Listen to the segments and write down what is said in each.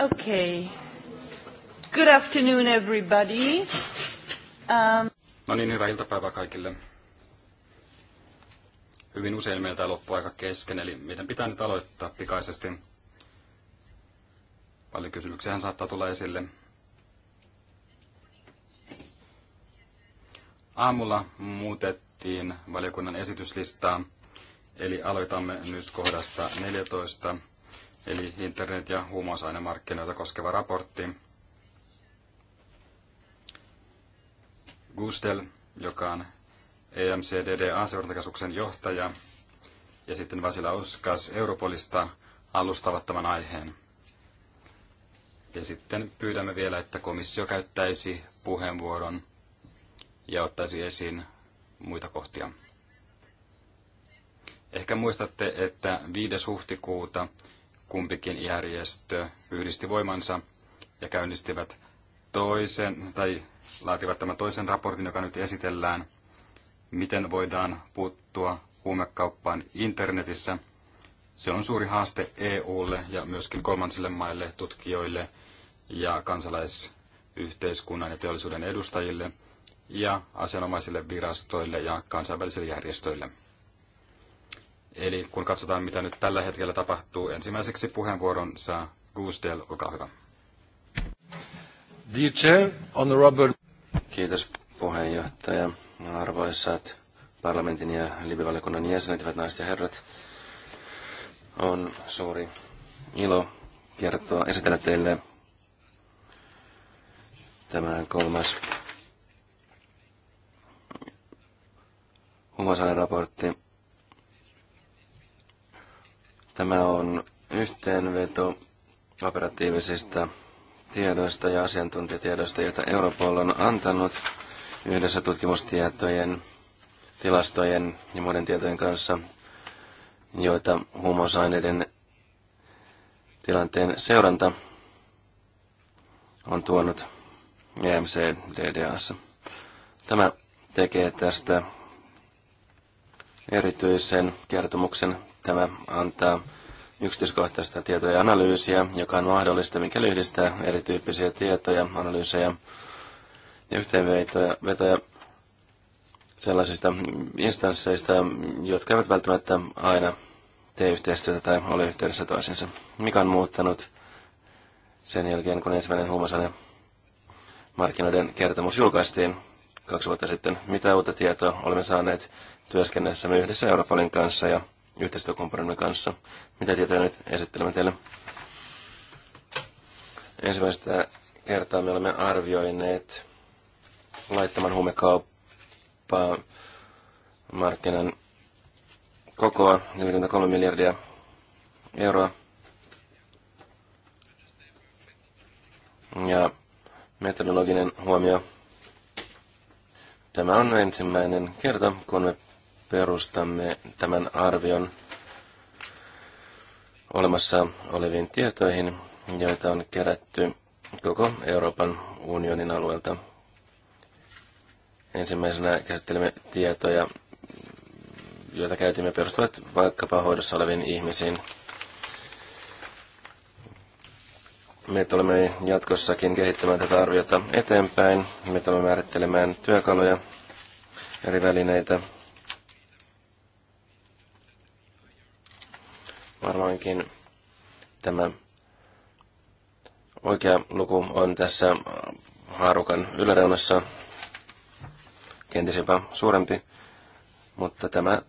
Okay. Good afternoon everybody. Um... No niin, hyvää iltapäivää kaikille. Hyvin usein meiltä aika kesken, eli meidän pitää nyt aloittaa pikaisesti. Paljon kysymyksiä saattaa tulla esille. Aamulla muutettiin valiokunnan esityslistaa, eli aloitamme nyt kohdasta 14 eli internet- ja huumausainemarkkinoita koskeva raportti. Gustel, joka on EMCDDA-seurantakeskuksen johtaja, ja sitten Vasila Uskas Europolista alustavat tämän aiheen. Ja sitten pyydämme vielä, että komissio käyttäisi puheenvuoron ja ottaisi esiin muita kohtia. Ehkä muistatte, että 5. huhtikuuta kumpikin järjestö yhdisti voimansa ja käynnistivät toisen, tai laativat tämän toisen raportin, joka nyt esitellään, miten voidaan puuttua huumekauppaan internetissä. Se on suuri haaste EUlle ja myöskin kolmansille maille, tutkijoille ja kansalaisyhteiskunnan ja teollisuuden edustajille ja asianomaisille virastoille ja kansainvälisille järjestöille. Eli kun katsotaan, mitä nyt tällä hetkellä tapahtuu, ensimmäiseksi puheenvuoron saa Gustel, olkaa hyvä. Dear Chair, Honorable... Kiitos puheenjohtaja, arvoisat parlamentin ja libivaliokunnan jäsenet, hyvät naiset ja herrat. On suuri ilo kertoa, esitellä teille tämän kolmas Humasain raportti Tämä on yhteenveto operatiivisista tiedoista ja asiantuntijatiedoista, joita Europol on antanut yhdessä tutkimustietojen, tilastojen ja muiden tietojen kanssa, joita huumausaineiden tilanteen seuranta on tuonut EMC-DDAssa. Tämä tekee tästä erityisen kertomuksen. Tämä antaa yksityiskohtaista tietoja ja analyysiä, joka on mahdollista, mikä yhdistää erityyppisiä tietoja, analyysejä ja yhteenvetoja sellaisista instansseista, jotka eivät välttämättä aina tee yhteistyötä tai ole yhteydessä toisiinsa. Mikä on muuttanut sen jälkeen, kun ensimmäinen huumasane markkinoiden kertomus julkaistiin kaksi vuotta sitten? Mitä uutta tietoa olemme saaneet työskennessämme yhdessä Europolin kanssa ja yhteistyökumppanimme kanssa. Mitä tietoja nyt esittelemme teille? Ensimmäistä kertaa me olemme arvioineet laittoman huumekauppaa markkinan kokoa 43 miljardia euroa. Ja metodologinen huomio. Tämä on ensimmäinen kerta, kun me perustamme tämän arvion olemassa oleviin tietoihin, joita on kerätty koko Euroopan unionin alueelta. Ensimmäisenä käsittelemme tietoja, joita käytimme perustuvat vaikkapa hoidossa oleviin ihmisiin. Me tulemme jatkossakin kehittämään tätä arviota eteenpäin. Me tulemme määrittelemään työkaluja, eri välineitä, Varmaankin tämä oikea luku on tässä äh, haarukan yläreunassa, kenties jopa suurempi, mutta tämä äh,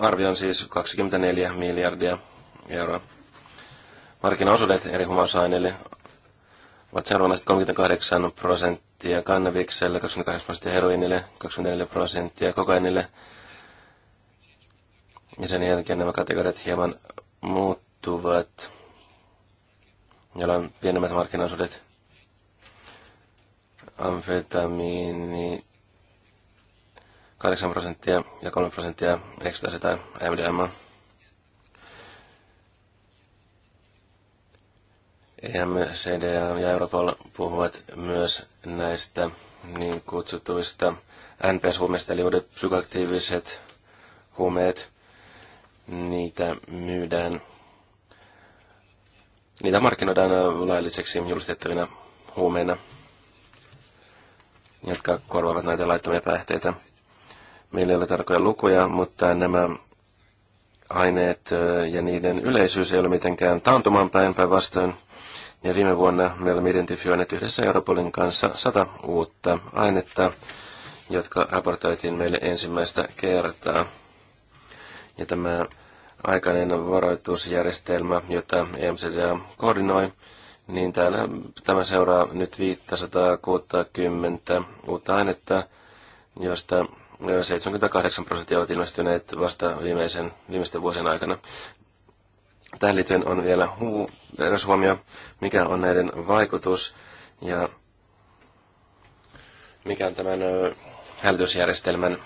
arvio on siis 24 miljardia euroa. Markkinaosuudet eri humausaineille ovat seuraavanlaiset 38 prosenttia kannabikselle, 28 prosenttia heroinille, 24 prosenttia kokainille, ja sen jälkeen nämä kategoriat hieman muuttuvat, jolloin pienemmät markkinaosuudet. Amfetamiini 8 prosenttia ja 3 prosenttia ekstasi tai MDMA. EMCD ja Europol puhuvat myös näistä niin kutsutuista NPS-huumeista, eli uudet psykoaktiiviset huumeet niitä myydään, niitä markkinoidaan lailliseksi julistettavina huumeina, jotka korvaavat näitä laittomia päihteitä. Meillä ei ole tarkoja lukuja, mutta nämä aineet ja niiden yleisyys ei ole mitenkään taantumaan päin päinvastoin. Ja viime vuonna me olemme identifioineet yhdessä Europolin kanssa sata uutta ainetta, jotka raportoitiin meille ensimmäistä kertaa. Ja tämä aikainen varoitusjärjestelmä, jota EMCDA koordinoi, niin täällä tämä seuraa nyt 560 uutta ainetta, joista 78 prosenttia ovat ilmestyneet vasta viimeisen, viimeisten vuosien aikana. Tähän liittyen on vielä huu, eräs huomio, mikä on näiden vaikutus ja mikä on tämän hälytysjärjestelmän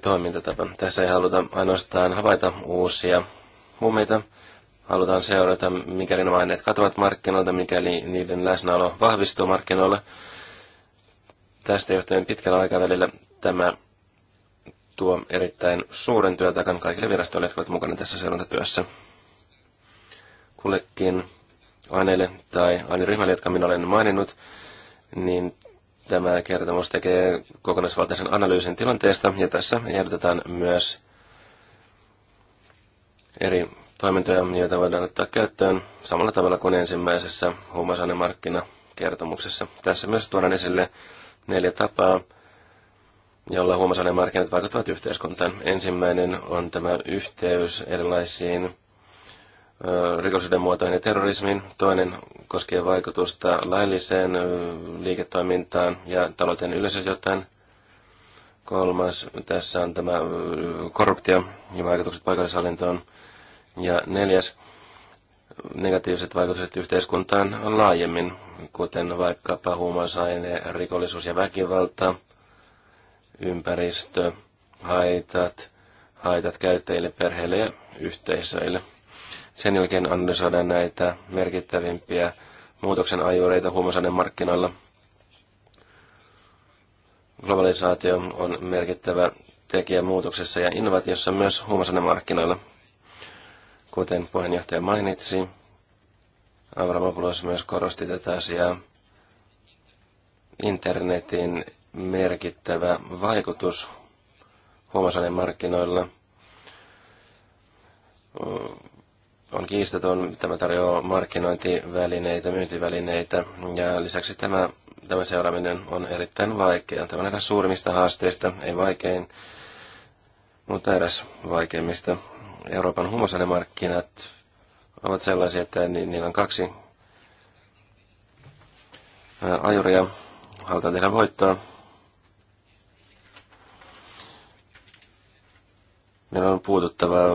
toimintatapa. Tässä ei haluta ainoastaan havaita uusia huumeita. halutaan seurata, mikäli nämä aineet katoavat markkinoilta, mikäli niiden läsnäolo vahvistuu markkinoilla. Tästä johtuen pitkällä aikavälillä tämä tuo erittäin suuren työtakan kaikille virastoille, jotka ovat mukana tässä seurantatyössä. Kullekin aineille tai aineryhmälle, jotka minä olen maininnut, niin Tämä kertomus tekee kokonaisvaltaisen analyysin tilanteesta ja tässä ehdotetaan myös eri toimintoja, joita voidaan ottaa käyttöön samalla tavalla kuin ensimmäisessä huumausainemarkkinakertomuksessa. Tässä myös tuodaan esille neljä tapaa, jolla huumausainemarkkinat vaikuttavat yhteiskuntaan. Ensimmäinen on tämä yhteys erilaisiin rikollisuuden muotoihin ja terrorismiin, toinen koskee vaikutusta lailliseen liiketoimintaan ja talouteen yleisesti ottaen, kolmas tässä on tämä korruptio ja vaikutukset paikallishallintoon, ja neljäs negatiiviset vaikutukset yhteiskuntaan laajemmin, kuten vaikkapa huumausaine, rikollisuus ja väkivalta, ympäristö, haitat, haitat käyttäjille, perheille ja yhteisöille. Sen jälkeen analysoida näitä merkittävimpiä muutoksen ajureita huumausaineiden markkinoilla. Globalisaatio on merkittävä tekijä muutoksessa ja innovaatiossa myös huumausainemarkkinoilla. Kuten puheenjohtaja mainitsi, Avramopoulos myös korosti tätä asiaa. Internetin merkittävä vaikutus huumausainemarkkinoilla markkinoilla on kiistaton. Tämä tarjoaa markkinointivälineitä, myyntivälineitä ja lisäksi tämä, tämä seuraaminen on erittäin vaikeaa. Tämä on eräs suurimmista haasteista, ei vaikein, mutta eräs vaikeimmista. Euroopan huumausaine-markkinat ovat sellaisia, että niillä on kaksi ajuria. Halutaan tehdä voittoa. Meillä on puututtava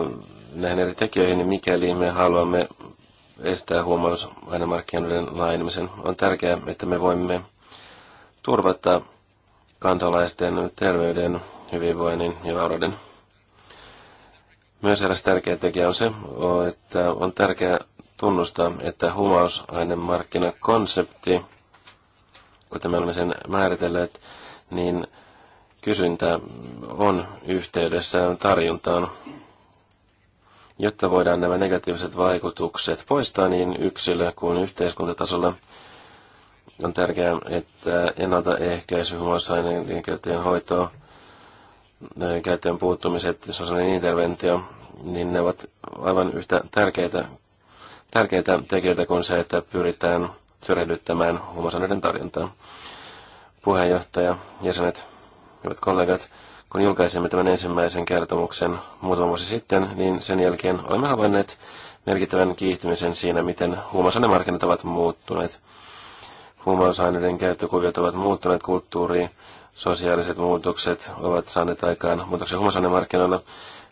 näihin eri tekijöihin, niin mikäli me haluamme estää markkinoiden laajenemisen. On tärkeää, että me voimme turvata kansalaisten terveyden, hyvinvoinnin ja vaurauden. Myös eräs tärkeä tekijä on se, että on tärkeää tunnustaa, että huumausainemarkkinakonsepti, kuten me olemme sen määritelleet, niin kysyntä on yhteydessä tarjontaan. Jotta voidaan nämä negatiiviset vaikutukset poistaa niin yksilö- kuin yhteiskuntatasolla, on tärkeää, että ennaltaehkäisy, huumausaineiden käyttäjän hoito, käyttöön puuttumiset, sosiaalinen interventio, niin ne ovat aivan yhtä tärkeitä, tärkeitä tekijöitä kuin se, että pyritään tyrehdyttämään huumausaineiden tarjontaa. Puheenjohtaja, jäsenet, hyvät kollegat, kun julkaisimme tämän ensimmäisen kertomuksen muutama vuosi sitten, niin sen jälkeen olemme havainneet merkittävän kiihtymisen siinä, miten huumausainemarkkinat ovat muuttuneet. Huumausaineiden käyttökuviot ovat muuttuneet kulttuuriin, sosiaaliset muutokset ovat saaneet aikaan muutoksia huumausainemarkkinoilla,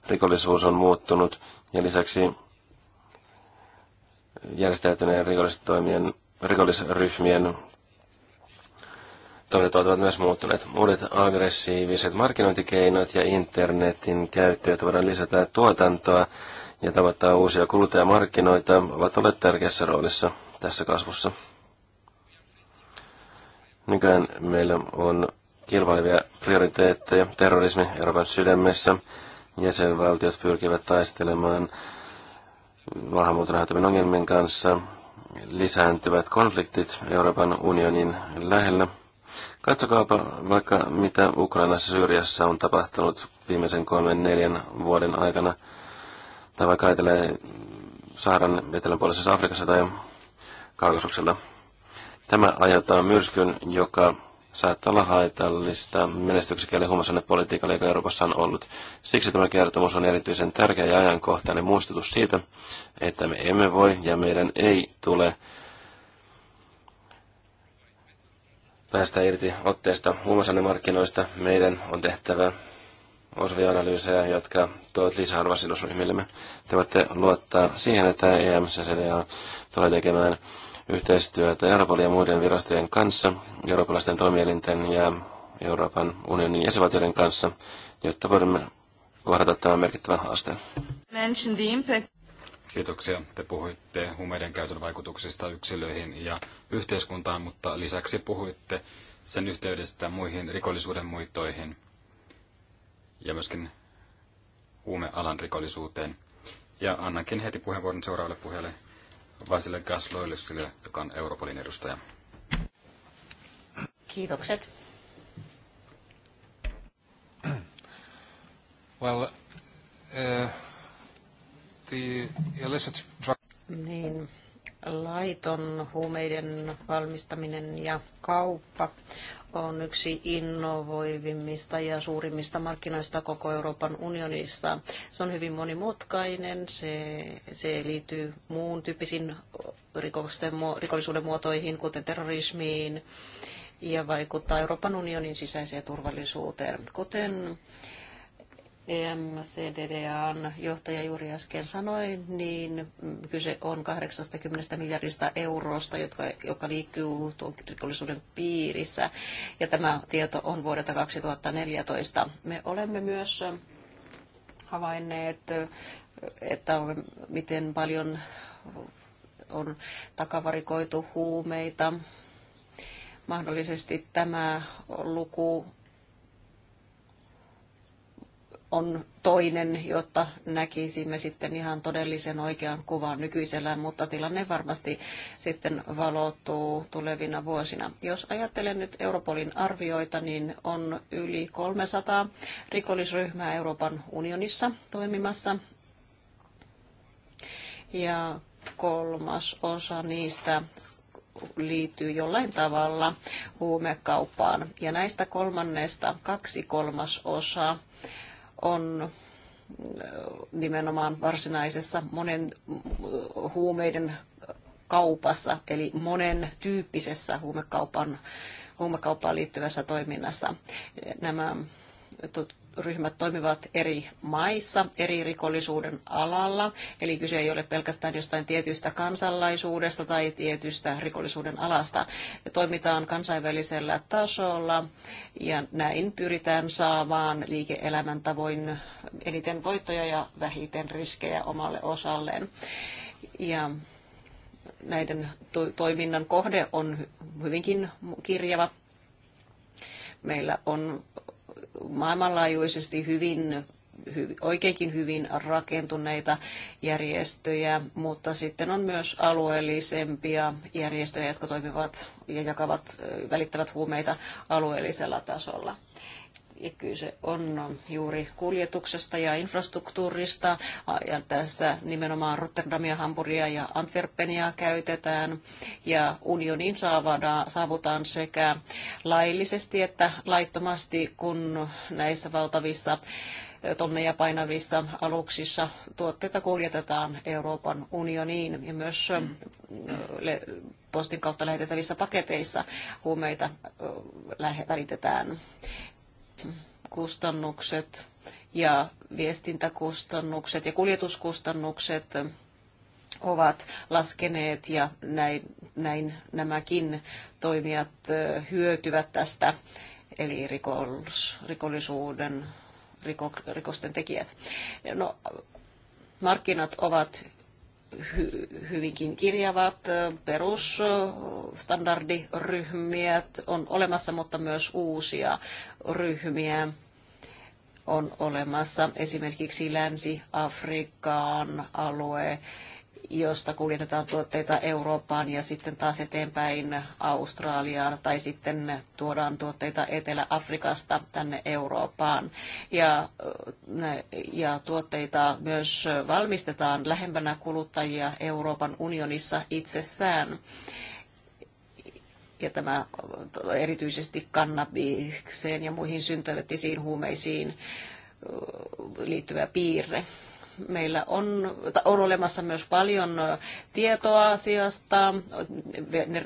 rikollisuus on muuttunut ja lisäksi järjestäytyneen rikollisryhmien toimintat ovat myös muuttuneet. Uudet aggressiiviset markkinointikeinot ja internetin käyttö, jotta voidaan lisätä tuotantoa ja tavoittaa uusia kuluttajamarkkinoita, ovat olleet tärkeässä roolissa tässä kasvussa. Nykyään meillä on kilpailevia prioriteetteja. Terrorismi Euroopan sydämessä. Jäsenvaltiot pyrkivät taistelemaan maahanmuuton aiheuttamien ongelmien kanssa. Lisääntyvät konfliktit Euroopan unionin lähellä Katsokaapa vaikka mitä Ukrainassa Syyriassa on tapahtunut viimeisen kolmen neljän vuoden aikana. Tai vaikka ajatellaan saaran eteläpuolisessa Afrikassa tai Kaukasuksella. Tämä aiheuttaa myrskyn, joka saattaa olla haitallista menestyksekälle politiikalle, joka Euroopassa on ollut. Siksi tämä kertomus on erityisen tärkeä ja ajankohtainen muistutus siitä, että me emme voi ja meidän ei tule päästä irti otteesta markkinoista meidän on tehtävä osuvia analyysejä, jotka tuovat lisäarvoa sidosryhmillemme. Te voitte luottaa siihen, että EMCCDA tulee tekemään yhteistyötä Euroopan ja muiden virastojen kanssa, eurooppalaisten toimielinten ja Euroopan unionin jäsenvaltioiden kanssa, jotta voimme kohdata tämän merkittävän haasteen. Kiitoksia. Te puhuitte huumeiden käytön vaikutuksista yksilöihin ja yhteiskuntaan, mutta lisäksi puhuitte sen yhteydestä muihin rikollisuuden muitoihin ja myöskin huumealan rikollisuuteen. Ja annankin heti puheenvuoron seuraavalle puheelle Vasille Gasloilisille, joka on Europolin edustaja. Kiitokset. Well, uh the illicit drug... Niin, laiton huumeiden valmistaminen ja kauppa on yksi innovoivimmista ja suurimmista markkinoista koko Euroopan unionissa. Se on hyvin monimutkainen, se, se liittyy muun tyyppisiin rikollisuuden muotoihin, kuten terrorismiin, ja vaikuttaa Euroopan unionin sisäiseen turvallisuuteen. Kuten EMCDDAn johtaja juuri äsken sanoi, niin kyse on 80 miljardista eurosta, jotka, joka liikkuu tuon rikollisuuden piirissä. Ja tämä tieto on vuodelta 2014. Me olemme myös havainneet, että miten paljon on takavarikoitu huumeita. Mahdollisesti tämä luku on toinen, jotta näkisimme sitten ihan todellisen oikean kuvan nykyisellään, mutta tilanne varmasti sitten valottuu tulevina vuosina. Jos ajattelen nyt Europolin arvioita, niin on yli 300 rikollisryhmää Euroopan unionissa toimimassa. Ja kolmas osa niistä liittyy jollain tavalla huumekauppaan. Ja näistä kolmannesta kaksi kolmasosaa on nimenomaan varsinaisessa monen huumeiden kaupassa, eli monen tyyppisessä huumekaupan, huumekauppaan liittyvässä toiminnassa. Nämä ryhmät toimivat eri maissa, eri rikollisuuden alalla. Eli kyse ei ole pelkästään jostain tietystä kansalaisuudesta tai tietystä rikollisuuden alasta. Toimitaan kansainvälisellä tasolla ja näin pyritään saamaan liike-elämän tavoin eniten voittoja ja vähiten riskejä omalle osalleen. Ja näiden to- toiminnan kohde on hyvinkin kirjava. Meillä on maailmanlaajuisesti hyvin oikeinkin hyvin rakentuneita järjestöjä, mutta sitten on myös alueellisempia järjestöjä, jotka toimivat ja jakavat, välittävät huumeita alueellisella tasolla. Ja kyse on juuri kuljetuksesta ja infrastruktuurista. Ja tässä nimenomaan Rotterdamia, Hamburgia ja Antwerpenia käytetään. Ja unionin saavutaan sekä laillisesti että laittomasti, kun näissä valtavissa eh, tonneja painavissa aluksissa tuotteita kuljetetaan Euroopan unioniin ja myös eh, postin kautta lähetettävissä paketeissa huumeita eh, välitetään kustannukset ja viestintäkustannukset ja kuljetuskustannukset ovat laskeneet ja näin, näin nämäkin toimijat hyötyvät tästä, eli rikollis, rikollisuuden, rikosten tekijät. No, markkinat ovat hy- hyvinkin kirjavat perusstandardiryhmiä on olemassa, mutta myös uusia ryhmiä on olemassa. Esimerkiksi Länsi-Afrikan alue josta kuljetetaan tuotteita Eurooppaan ja sitten taas eteenpäin Australiaan tai sitten tuodaan tuotteita Etelä-Afrikasta tänne Eurooppaan. Ja, ja tuotteita myös valmistetaan lähempänä kuluttajia Euroopan unionissa itsessään ja tämä erityisesti kannabikseen ja muihin synteettisiin huumeisiin liittyvä piirre. Meillä on, on olemassa myös paljon tietoa asiasta.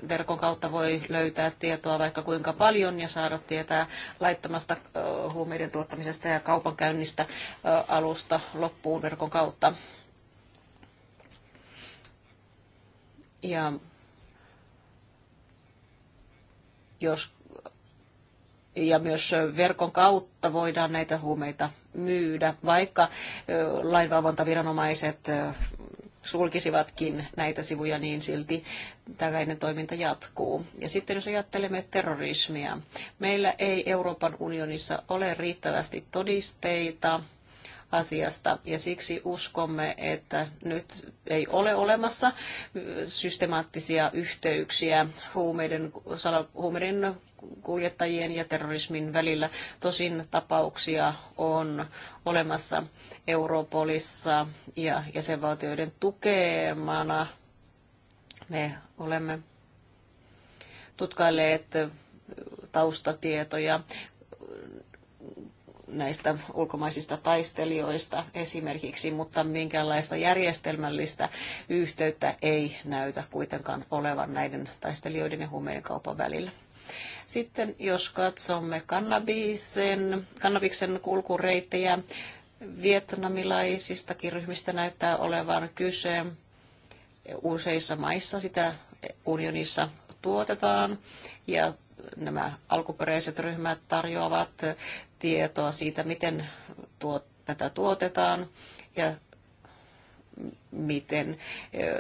Verkon kautta voi löytää tietoa vaikka kuinka paljon ja saada tietää laittomasta huumeiden tuottamisesta ja kaupankäynnistä alusta loppuun verkon kautta. Ja jos ja myös verkon kautta voidaan näitä huumeita myydä, vaikka lainvalvontaviranomaiset sulkisivatkin näitä sivuja, niin silti tällainen toiminta jatkuu. Ja sitten jos ajattelemme terrorismia, meillä ei Euroopan unionissa ole riittävästi todisteita asiasta. Ja siksi uskomme, että nyt ei ole olemassa systemaattisia yhteyksiä huumeiden, huumeiden kuljettajien ja terrorismin välillä. Tosin tapauksia on olemassa Europolissa ja jäsenvaltioiden tukemana. Me olemme tutkailleet taustatietoja näistä ulkomaisista taistelijoista esimerkiksi, mutta minkäänlaista järjestelmällistä yhteyttä ei näytä kuitenkaan olevan näiden taistelijoiden ja huumeiden kaupan välillä. Sitten jos katsomme kannabiksen, kannabiksen kulkureittejä, vietnamilaisistakin ryhmistä näyttää olevan kyse. Useissa maissa sitä unionissa tuotetaan ja nämä alkuperäiset ryhmät tarjoavat tietoa siitä, miten tuo tätä tuotetaan ja miten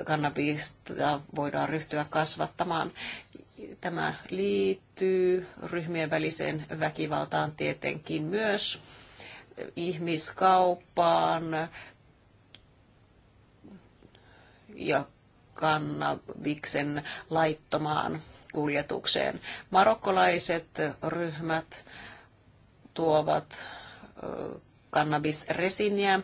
kannabista voidaan ryhtyä kasvattamaan. Tämä liittyy ryhmien väliseen väkivaltaan tietenkin myös ihmiskauppaan ja kannabiksen laittomaan kuljetukseen. Marokkolaiset ryhmät tuovat kannabisresiniä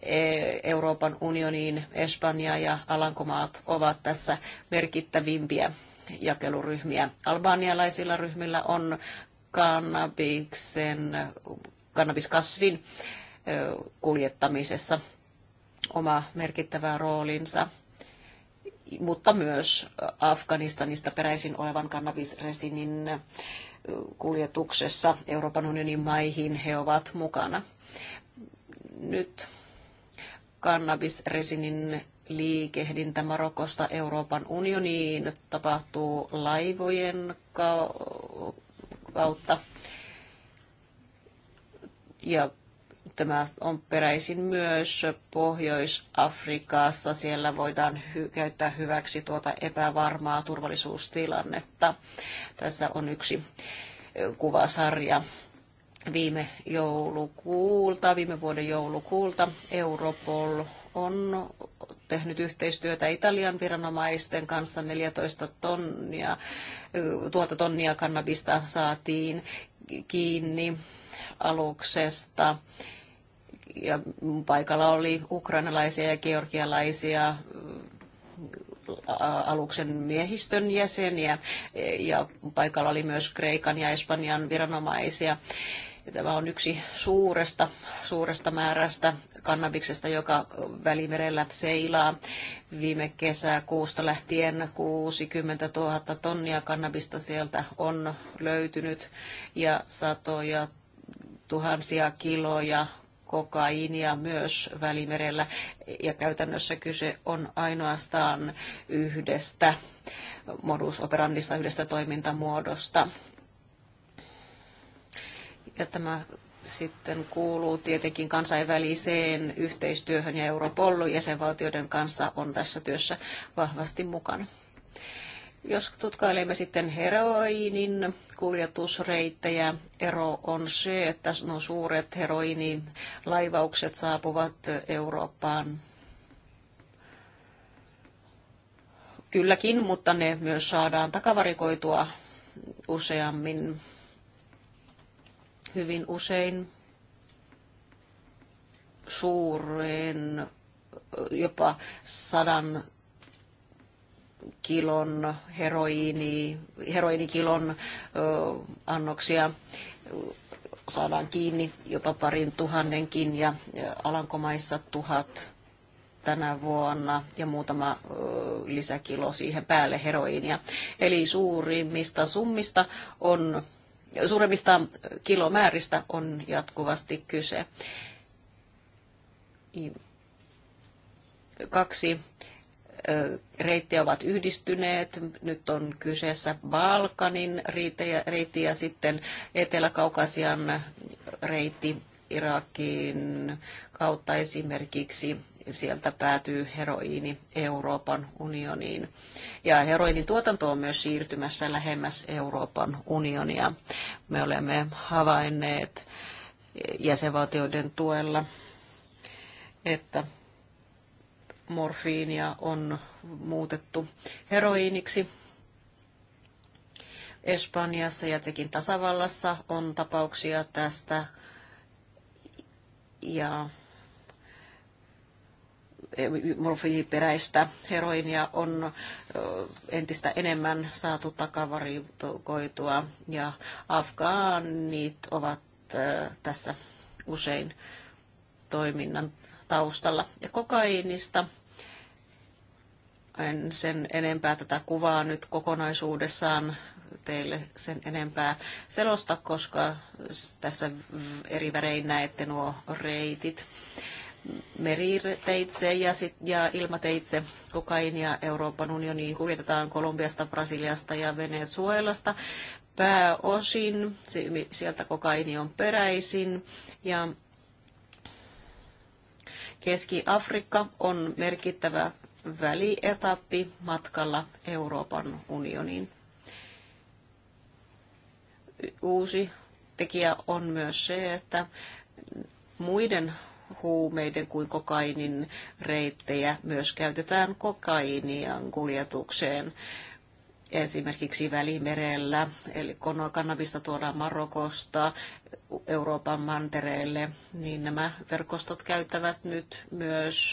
e, Euroopan unioniin. Espanja ja Alankomaat ovat tässä merkittävimpiä jakeluryhmiä. Albanialaisilla ryhmillä on kannabiksen, kannabiskasvin kuljettamisessa oma merkittävä roolinsa, mutta myös Afganistanista peräisin olevan kannabisresinin kuljetuksessa Euroopan unionin maihin he ovat mukana. Nyt kannabisresinin liikehdintä Marokosta Euroopan unioniin tapahtuu laivojen kautta ja Tämä on peräisin myös Pohjois-Afrikassa. Siellä voidaan hy- käyttää hyväksi tuota epävarmaa turvallisuustilannetta. Tässä on yksi kuvasarja viime joulukuulta, viime vuoden joulukuulta Europol on tehnyt yhteistyötä Italian viranomaisten kanssa. 14 tonnia, tuota tonnia kannabista saatiin kiinni aluksesta ja paikalla oli ukrainalaisia ja georgialaisia aluksen miehistön jäseniä ja paikalla oli myös Kreikan ja Espanjan viranomaisia. Tämä on yksi suuresta, suuresta määrästä kannabiksesta, joka Välimerellä seilaa. Viime kesäkuusta lähtien 60 000 tonnia kannabista sieltä on löytynyt ja satoja tuhansia kiloja kokaiinia myös Välimerellä ja käytännössä kyse on ainoastaan yhdestä modus operandista, yhdestä toimintamuodosta. Ja tämä sitten kuuluu tietenkin kansainväliseen yhteistyöhön ja Europollu jäsenvaltioiden kanssa on tässä työssä vahvasti mukana. Jos tutkailemme sitten heroiinin kuljetusreittejä, ero on se, että nuo suuret heroinin laivaukset saapuvat Eurooppaan kylläkin, mutta ne myös saadaan takavarikoitua useammin, hyvin usein suureen, jopa sadan kilon heroiini, heroiinikilon annoksia saadaan kiinni jopa parin tuhannenkin ja Alankomaissa tuhat tänä vuonna ja muutama lisäkilo siihen päälle heroiinia. Eli suurimmista summista on, suuremmista kilomääristä on jatkuvasti kyse. Kaksi reittejä ovat yhdistyneet. Nyt on kyseessä Balkanin reitti ja sitten Etelä-Kaukasian reitti Irakin kautta esimerkiksi sieltä päätyy heroiini Euroopan unioniin. Ja heroiinin tuotanto on myös siirtymässä lähemmäs Euroopan unionia. Me olemme havainneet jäsenvaltioiden tuella, että morfiinia on muutettu heroiiniksi. Espanjassa ja tekin tasavallassa on tapauksia tästä. Ja morfiiniperäistä heroinia on entistä enemmän saatu takavarikoitua ja afgaanit ovat tässä usein toiminnan taustalla. Ja kokaiinista, en sen enempää tätä kuvaa nyt kokonaisuudessaan teille sen enempää selosta, koska tässä eri värein näette nuo reitit meriteitse ja, sit, ja ilmateitse kokainia Euroopan unioniin kuljetetaan Kolumbiasta, Brasiliasta ja Venezuelasta pääosin. Sieltä kokaini on peräisin ja Keski-Afrikka on merkittävä välietappi matkalla Euroopan unioniin. Uusi tekijä on myös se, että muiden huumeiden kuin kokainin reittejä myös käytetään kokainian kuljetukseen esimerkiksi Välimerellä, eli kun kannabista tuodaan Marokosta Euroopan mantereelle, niin nämä verkostot käyttävät nyt myös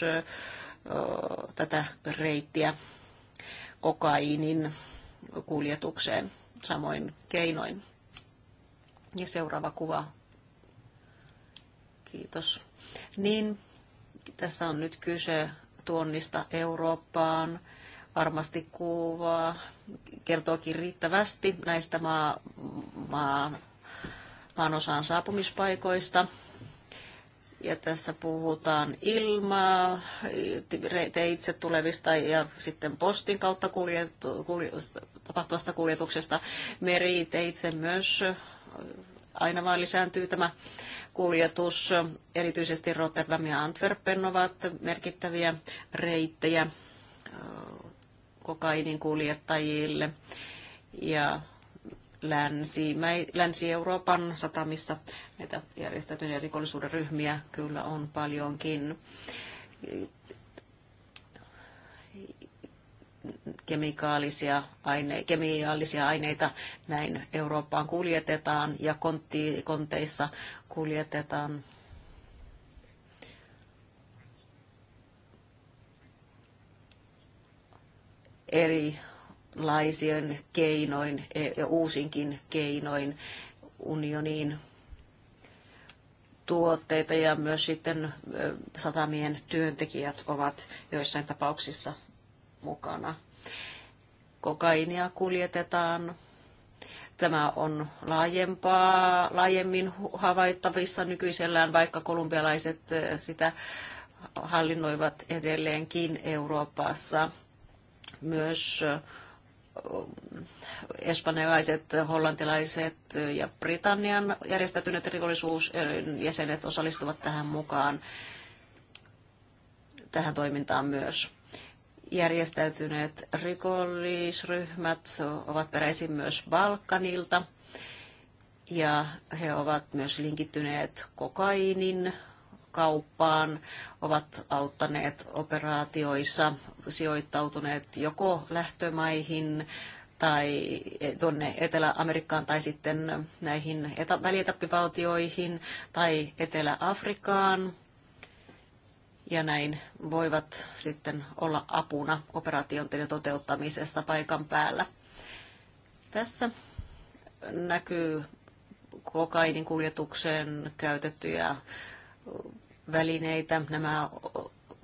tätä reittiä kokaiinin kuljetukseen samoin keinoin. Ja seuraava kuva. Kiitos. Niin, tässä on nyt kyse tuonnista Eurooppaan varmasti kuvaa, kertookin riittävästi näistä maa, maa, maan osaan saapumispaikoista. Ja tässä puhutaan ilmaa, teitse tulevista ja sitten postin kautta kuljetu, kuljet, tapahtuvasta kuljetuksesta. Meri teitse myös aina vaan lisääntyy tämä kuljetus. Erityisesti Rotterdam ja Antwerpen ovat merkittäviä reittejä kokainin kuljettajille ja Länsi, Länsi-Euroopan satamissa näitä järjestäytyneitä rikollisuuden ryhmiä kyllä on paljonkin. Kemikaalisia, aine, kemiallisia aineita näin Eurooppaan kuljetetaan ja kontti, konteissa kuljetetaan erilaisien keinoin e- ja uusinkin keinoin unioniin tuotteita ja myös sitten satamien työntekijät ovat joissain tapauksissa mukana. Kokainia kuljetetaan. Tämä on laajempaa, laajemmin havaittavissa nykyisellään, vaikka kolumbialaiset sitä hallinnoivat edelleenkin Euroopassa myös espanjalaiset, hollantilaiset ja Britannian järjestäytyneet rikollisuusjäsenet osallistuvat tähän mukaan tähän toimintaan myös. Järjestäytyneet rikollisryhmät ovat peräisin myös Balkanilta ja he ovat myös linkittyneet kokainin kauppaan, ovat auttaneet operaatioissa sijoittautuneet joko lähtömaihin tai tuonne Etelä-Amerikkaan tai sitten näihin etä- välietappivaltioihin tai Etelä-Afrikaan ja näin voivat sitten olla apuna operaation toteuttamisessa paikan päällä. Tässä näkyy kokainin kuljetukseen käytettyjä välineitä. Nämä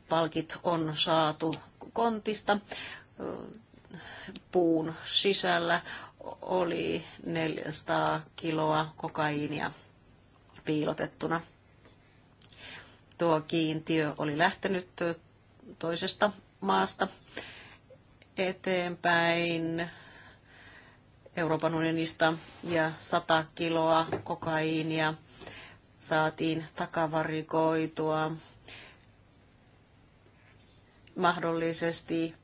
palkit on saatu kontista puun sisällä oli 400 kiloa kokaiinia piilotettuna. Tuo kiintiö oli lähtenyt toisesta maasta eteenpäin Euroopan unionista ja 100 kiloa kokaiinia saatiin takavarikoitua mahdollisesti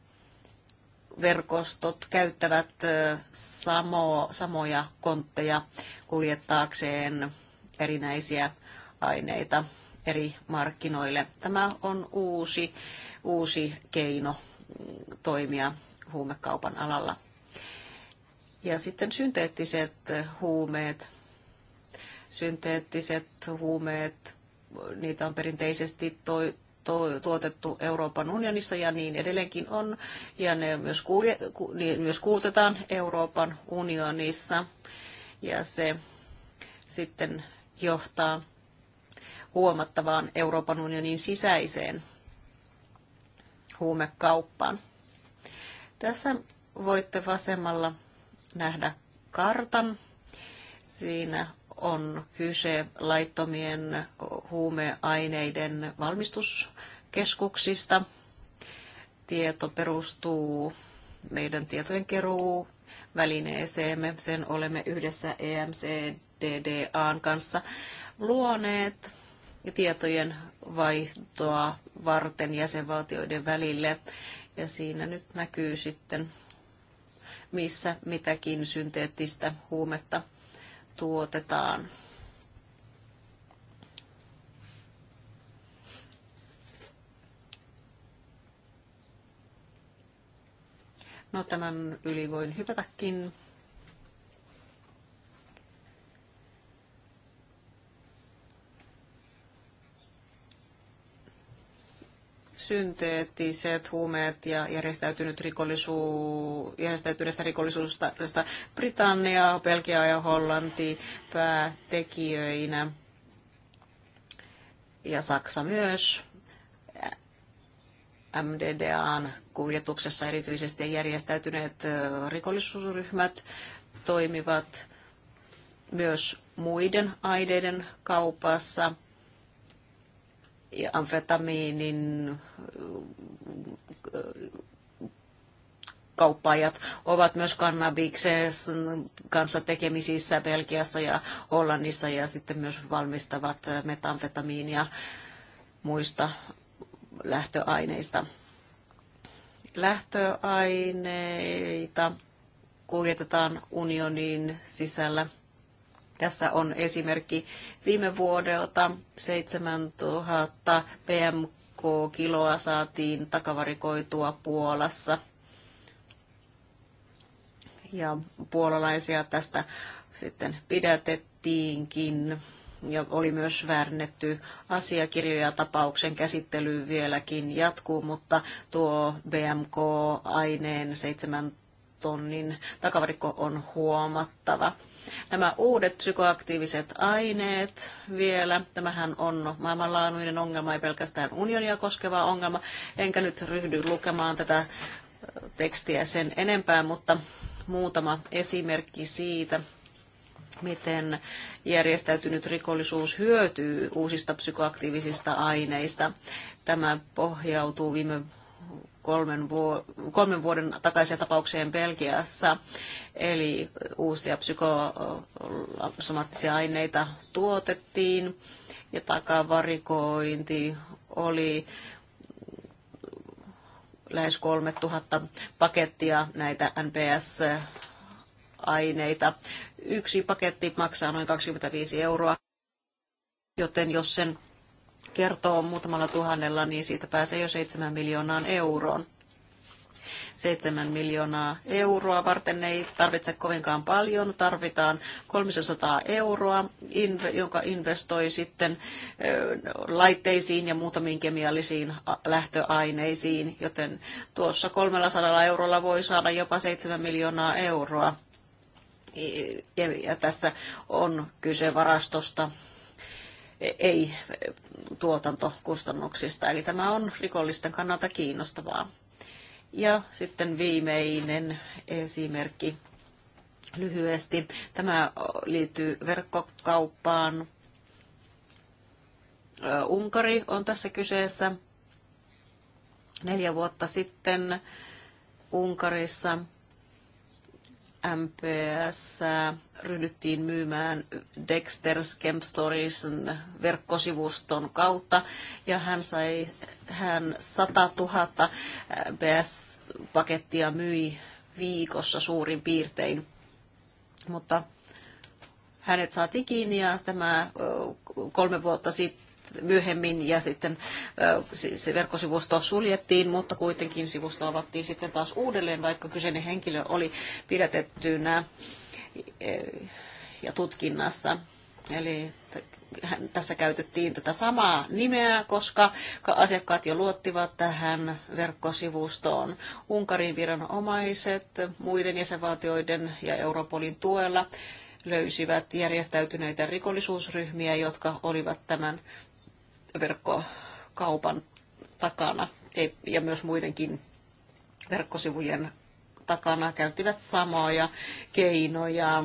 verkostot käyttävät samo, samoja kontteja kuljettaakseen erinäisiä aineita eri markkinoille. Tämä on uusi, uusi keino mm, toimia huumekaupan alalla. Ja sitten synteettiset huumeet. Synteettiset huumeet, niitä on perinteisesti toi, tuotettu Euroopan unionissa ja niin edelleenkin on, ja ne myös, kulje, myös kuulutetaan Euroopan unionissa, ja se sitten johtaa huomattavaan Euroopan unionin sisäiseen huumekauppaan. Tässä voitte vasemmalla nähdä kartan. Siinä on kyse laittomien huumeaineiden valmistuskeskuksista. Tieto perustuu meidän tietojen keruu välineeseemme. Sen olemme yhdessä EMCDDAn kanssa luoneet tietojen vaihtoa varten jäsenvaltioiden välille. Ja siinä nyt näkyy sitten, missä mitäkin synteettistä huumetta tuotetaan. No tämän yli voin hypätäkin. synteettiset huumeet ja järjestäytynyt rikollisuus, järjestäytyneestä rikollisuudesta Britannia, Belgia ja Hollanti päätekijöinä ja Saksa myös. MDDAn kuljetuksessa erityisesti järjestäytyneet rikollisuusryhmät toimivat myös muiden aineiden kaupassa amfetamiinin äh, kauppaajat ovat myös kannabiksen kanssa tekemisissä Belgiassa ja Hollannissa ja sitten myös valmistavat metamfetamiinia muista lähtöaineista. Lähtöaineita kuljetetaan unionin sisällä tässä on esimerkki viime vuodelta 7000 PMK-kiloa saatiin takavarikoitua Puolassa. Ja puolalaisia tästä sitten pidätettiinkin ja oli myös väärennetty asiakirjoja tapauksen käsittely vieläkin jatkuu, mutta tuo BMK-aineen seitsemän tonnin takavarikko on huomattava. Nämä uudet psykoaktiiviset aineet vielä, tämähän on maailmanlaajuinen ongelma, ei pelkästään unionia koskeva ongelma, enkä nyt ryhdy lukemaan tätä äh, tekstiä sen enempää, mutta muutama esimerkki siitä, miten järjestäytynyt rikollisuus hyötyy uusista psykoaktiivisista aineista. Tämä pohjautuu viime kolmen, vuo- kolmen vuoden takaisia tapaukseen Belgiassa. Eli uusia psykosomaattisia aineita tuotettiin ja takavarikointi oli lähes 3000 pakettia näitä NPS-aineita. Yksi paketti maksaa noin 25 euroa, joten jos sen kertoo muutamalla tuhannella, niin siitä pääsee jo 7 miljoonaan euroon. 7 miljoonaa euroa varten ei tarvitse kovinkaan paljon, tarvitaan 300 euroa, joka investoi sitten laitteisiin ja muutamiin kemiallisiin lähtöaineisiin, joten tuossa 300 eurolla voi saada jopa 7 miljoonaa euroa. Ja tässä on kyse varastosta, ei tuotantokustannuksista. Eli tämä on rikollisten kannalta kiinnostavaa. Ja sitten viimeinen esimerkki lyhyesti. Tämä liittyy verkkokauppaan. Unkari on tässä kyseessä. Neljä vuotta sitten Unkarissa MPS ryhdyttiin myymään Dexter's Camp Stories verkkosivuston kautta ja hän sai hän 100 000 MPS-pakettia myi viikossa suurin piirtein. Mutta hänet saatiin kiinni ja tämä kolme vuotta sitten myöhemmin ja sitten se verkkosivusto suljettiin, mutta kuitenkin sivusto avattiin sitten taas uudelleen, vaikka kyseinen henkilö oli pidätettynä ja tutkinnassa. Eli tässä käytettiin tätä samaa nimeä, koska asiakkaat jo luottivat tähän verkkosivustoon. Unkarin viranomaiset muiden jäsenvaltioiden ja Europolin tuella löysivät järjestäytyneitä rikollisuusryhmiä, jotka olivat tämän verkkokaupan takana ja myös muidenkin verkkosivujen takana käyttivät samoja keinoja.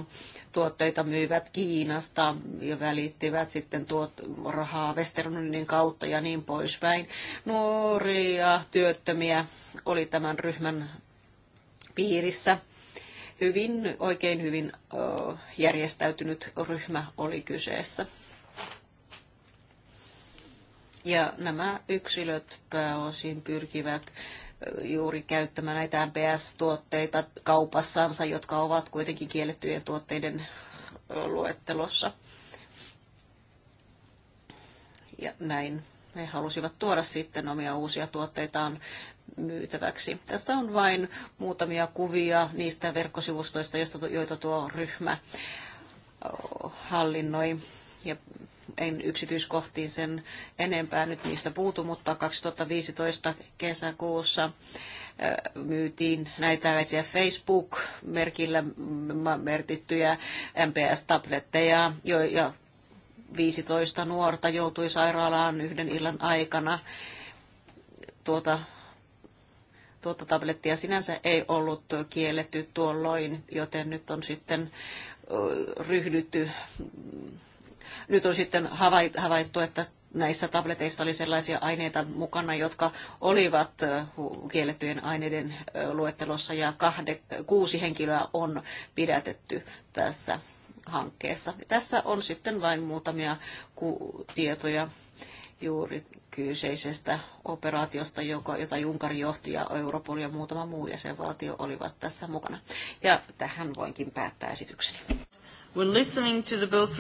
Tuotteita myivät Kiinasta ja välittivät sitten tuot rahaa Westernunin kautta ja niin poispäin. Nuoria työttömiä oli tämän ryhmän piirissä. Hyvin, oikein hyvin järjestäytynyt ryhmä oli kyseessä. Ja nämä yksilöt pääosin pyrkivät juuri käyttämään näitä MPS-tuotteita kaupassansa, jotka ovat kuitenkin kiellettyjen tuotteiden luettelossa. Ja näin he halusivat tuoda sitten omia uusia tuotteitaan myytäväksi. Tässä on vain muutamia kuvia niistä verkkosivustoista, joita tuo ryhmä hallinnoi ja en yksityiskohtiin sen enempää nyt niistä puutu, mutta 2015 kesäkuussa äh, myytiin näitä Facebook-merkillä merkittyjä MPS-tabletteja, ja 15 nuorta joutui sairaalaan yhden illan aikana. Tuota tuota tablettia sinänsä ei ollut kielletty tuolloin, joten nyt on sitten ryhdytty nyt on sitten havaittu, että näissä tableteissa oli sellaisia aineita mukana, jotka olivat kiellettyjen aineiden luettelossa ja kahde, kuusi henkilöä on pidätetty tässä hankkeessa. Tässä on sitten vain muutamia tietoja juuri kyseisestä operaatiosta, joka, jota Junkari johti ja Europol ja muutama muu jäsenvaltio olivat tässä mukana. Ja tähän voinkin päättää esitykseni. We're listening to the both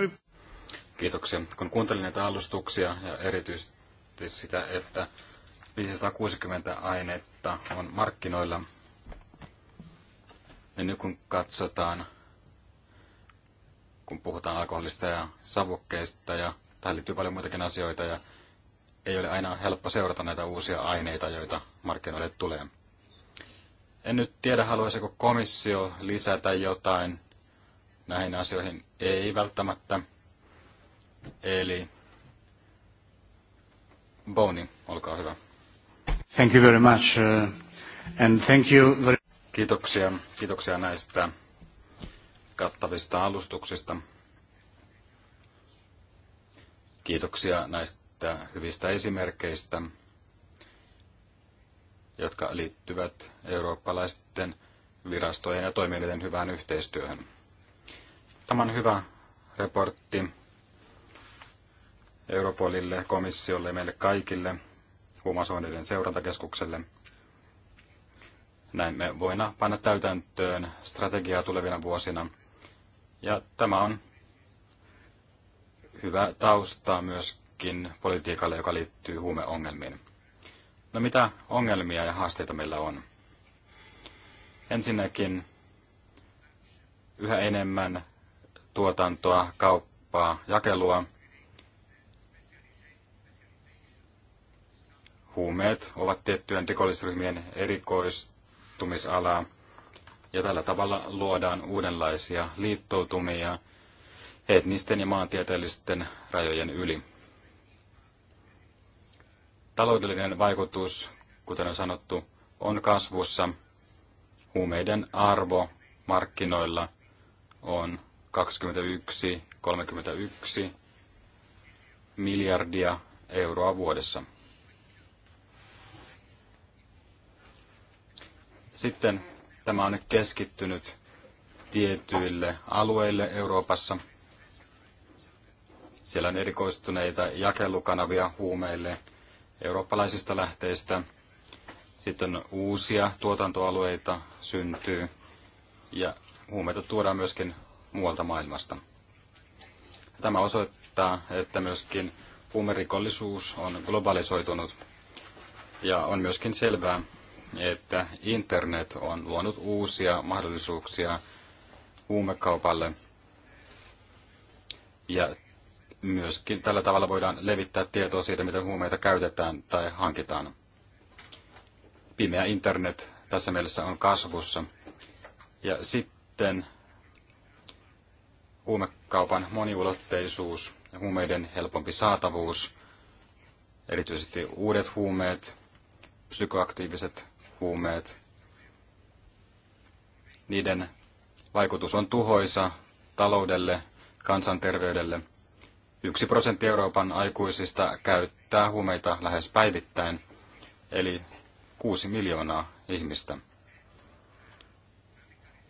Kiitoksia. Kun kuuntelin näitä alustuksia ja erityisesti sitä, että 560 ainetta on markkinoilla, niin nyt kun katsotaan, kun puhutaan alkoholista ja savukkeista ja tähän liittyy paljon muitakin asioita ja ei ole aina helppo seurata näitä uusia aineita, joita markkinoille tulee. En nyt tiedä, haluaisiko komissio lisätä jotain näihin asioihin. Ei välttämättä. Eli Boni, olkaa hyvä. Thank you very much. Uh, and thank you very... Kiitoksia, kiitoksia näistä kattavista alustuksista. Kiitoksia näistä hyvistä esimerkkeistä, jotka liittyvät eurooppalaisten virastojen ja toimijoiden hyvään yhteistyöhön. Tämä on hyvä raportti Europolille, komissiolle, meille kaikille, huumausaineiden seurantakeskukselle. Näin me voina panna täytäntöön strategiaa tulevina vuosina. Ja tämä on hyvä tausta myöskin politiikalle, joka liittyy huumeongelmiin. No mitä ongelmia ja haasteita meillä on? Ensinnäkin yhä enemmän tuotantoa, kauppaa, jakelua – huumeet ovat tiettyjen rikollisryhmien erikoistumisalaa, ja tällä tavalla luodaan uudenlaisia liittoutumia etnisten ja maantieteellisten rajojen yli. Taloudellinen vaikutus, kuten on sanottu, on kasvussa. Huumeiden arvo markkinoilla on 21 31 miljardia euroa vuodessa. Sitten tämä on nyt keskittynyt tietyille alueille Euroopassa. Siellä on erikoistuneita jakelukanavia huumeille eurooppalaisista lähteistä. Sitten uusia tuotantoalueita syntyy ja huumeita tuodaan myöskin muualta maailmasta. Tämä osoittaa, että myöskin huumerikollisuus on globalisoitunut ja on myöskin selvää, että internet on luonut uusia mahdollisuuksia huumekaupalle. Ja myöskin tällä tavalla voidaan levittää tietoa siitä, miten huumeita käytetään tai hankitaan. Pimeä internet tässä mielessä on kasvussa. Ja sitten huumekaupan moniulotteisuus ja huumeiden helpompi saatavuus, erityisesti uudet huumeet, psykoaktiiviset huumeet, niiden vaikutus on tuhoisa taloudelle, kansanterveydelle. Yksi prosentti Euroopan aikuisista käyttää huumeita lähes päivittäin, eli kuusi miljoonaa ihmistä.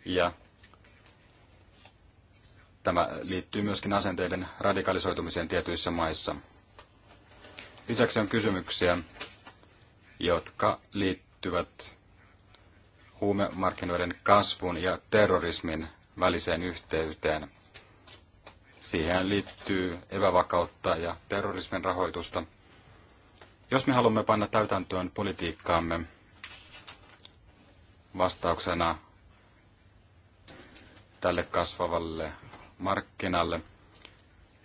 Ja tämä liittyy myöskin asenteiden radikalisoitumiseen tietyissä maissa. Lisäksi on kysymyksiä, jotka liittyvät liittyvät huumemarkkinoiden kasvun ja terrorismin väliseen yhteyteen. Siihen liittyy epävakautta ja terrorismin rahoitusta. Jos me haluamme panna täytäntöön politiikkaamme vastauksena tälle kasvavalle markkinalle,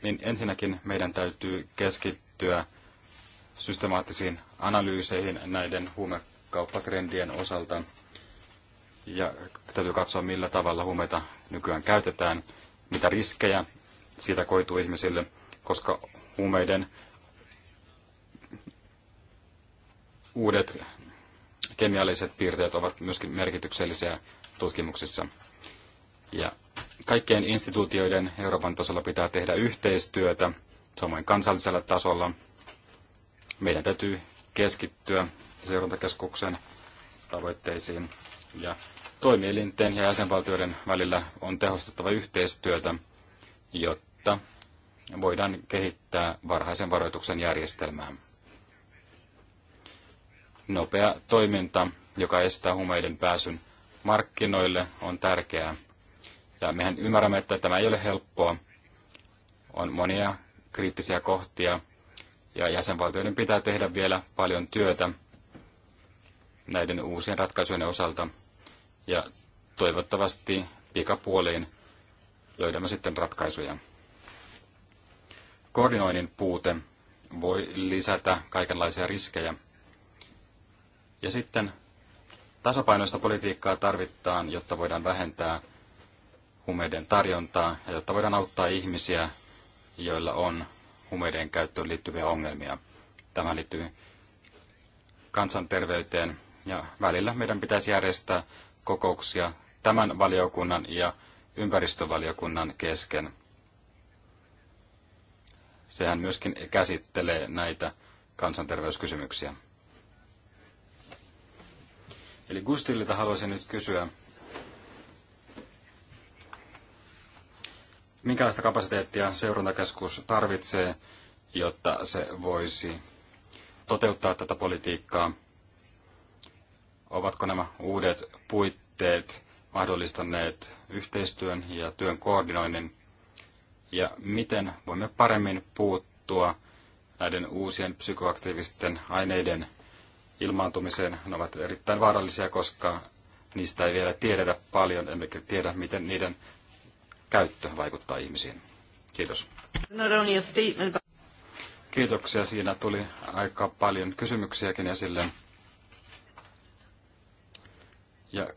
niin ensinnäkin meidän täytyy keskittyä systemaattisiin analyyseihin näiden huume kauppatrendien osalta. Ja täytyy katsoa, millä tavalla huumeita nykyään käytetään, mitä riskejä siitä koituu ihmisille, koska huumeiden uudet kemialliset piirteet ovat myöskin merkityksellisiä tutkimuksissa. Ja kaikkien instituutioiden Euroopan tasolla pitää tehdä yhteistyötä, samoin kansallisella tasolla. Meidän täytyy keskittyä seurantakeskuksen tavoitteisiin. Ja toimielinten ja jäsenvaltioiden välillä on tehostettava yhteistyötä, jotta voidaan kehittää varhaisen varoituksen järjestelmää. Nopea toiminta, joka estää humeiden pääsyn markkinoille, on tärkeää. Ja mehän ymmärrämme, että tämä ei ole helppoa. On monia kriittisiä kohtia, ja jäsenvaltioiden pitää tehdä vielä paljon työtä, näiden uusien ratkaisujen osalta. Ja toivottavasti pikapuoliin löydämme sitten ratkaisuja. Koordinoinnin puute voi lisätä kaikenlaisia riskejä. Ja sitten tasapainoista politiikkaa tarvitaan, jotta voidaan vähentää humeiden tarjontaa ja jotta voidaan auttaa ihmisiä, joilla on humeiden käyttöön liittyviä ongelmia. Tämä liittyy kansanterveyteen ja välillä meidän pitäisi järjestää kokouksia tämän valiokunnan ja ympäristövaliokunnan kesken. Sehän myöskin käsittelee näitä kansanterveyskysymyksiä. Eli Gustilta haluaisin nyt kysyä, minkälaista kapasiteettia seurantakeskus tarvitsee, jotta se voisi toteuttaa tätä politiikkaa ovatko nämä uudet puitteet mahdollistaneet yhteistyön ja työn koordinoinnin, ja miten voimme paremmin puuttua näiden uusien psykoaktiivisten aineiden ilmaantumiseen. Ne ovat erittäin vaarallisia, koska niistä ei vielä tiedetä paljon, emmekä tiedä, miten niiden käyttö vaikuttaa ihmisiin. Kiitos. Kiitoksia. Siinä tuli aika paljon kysymyksiäkin esille. Ja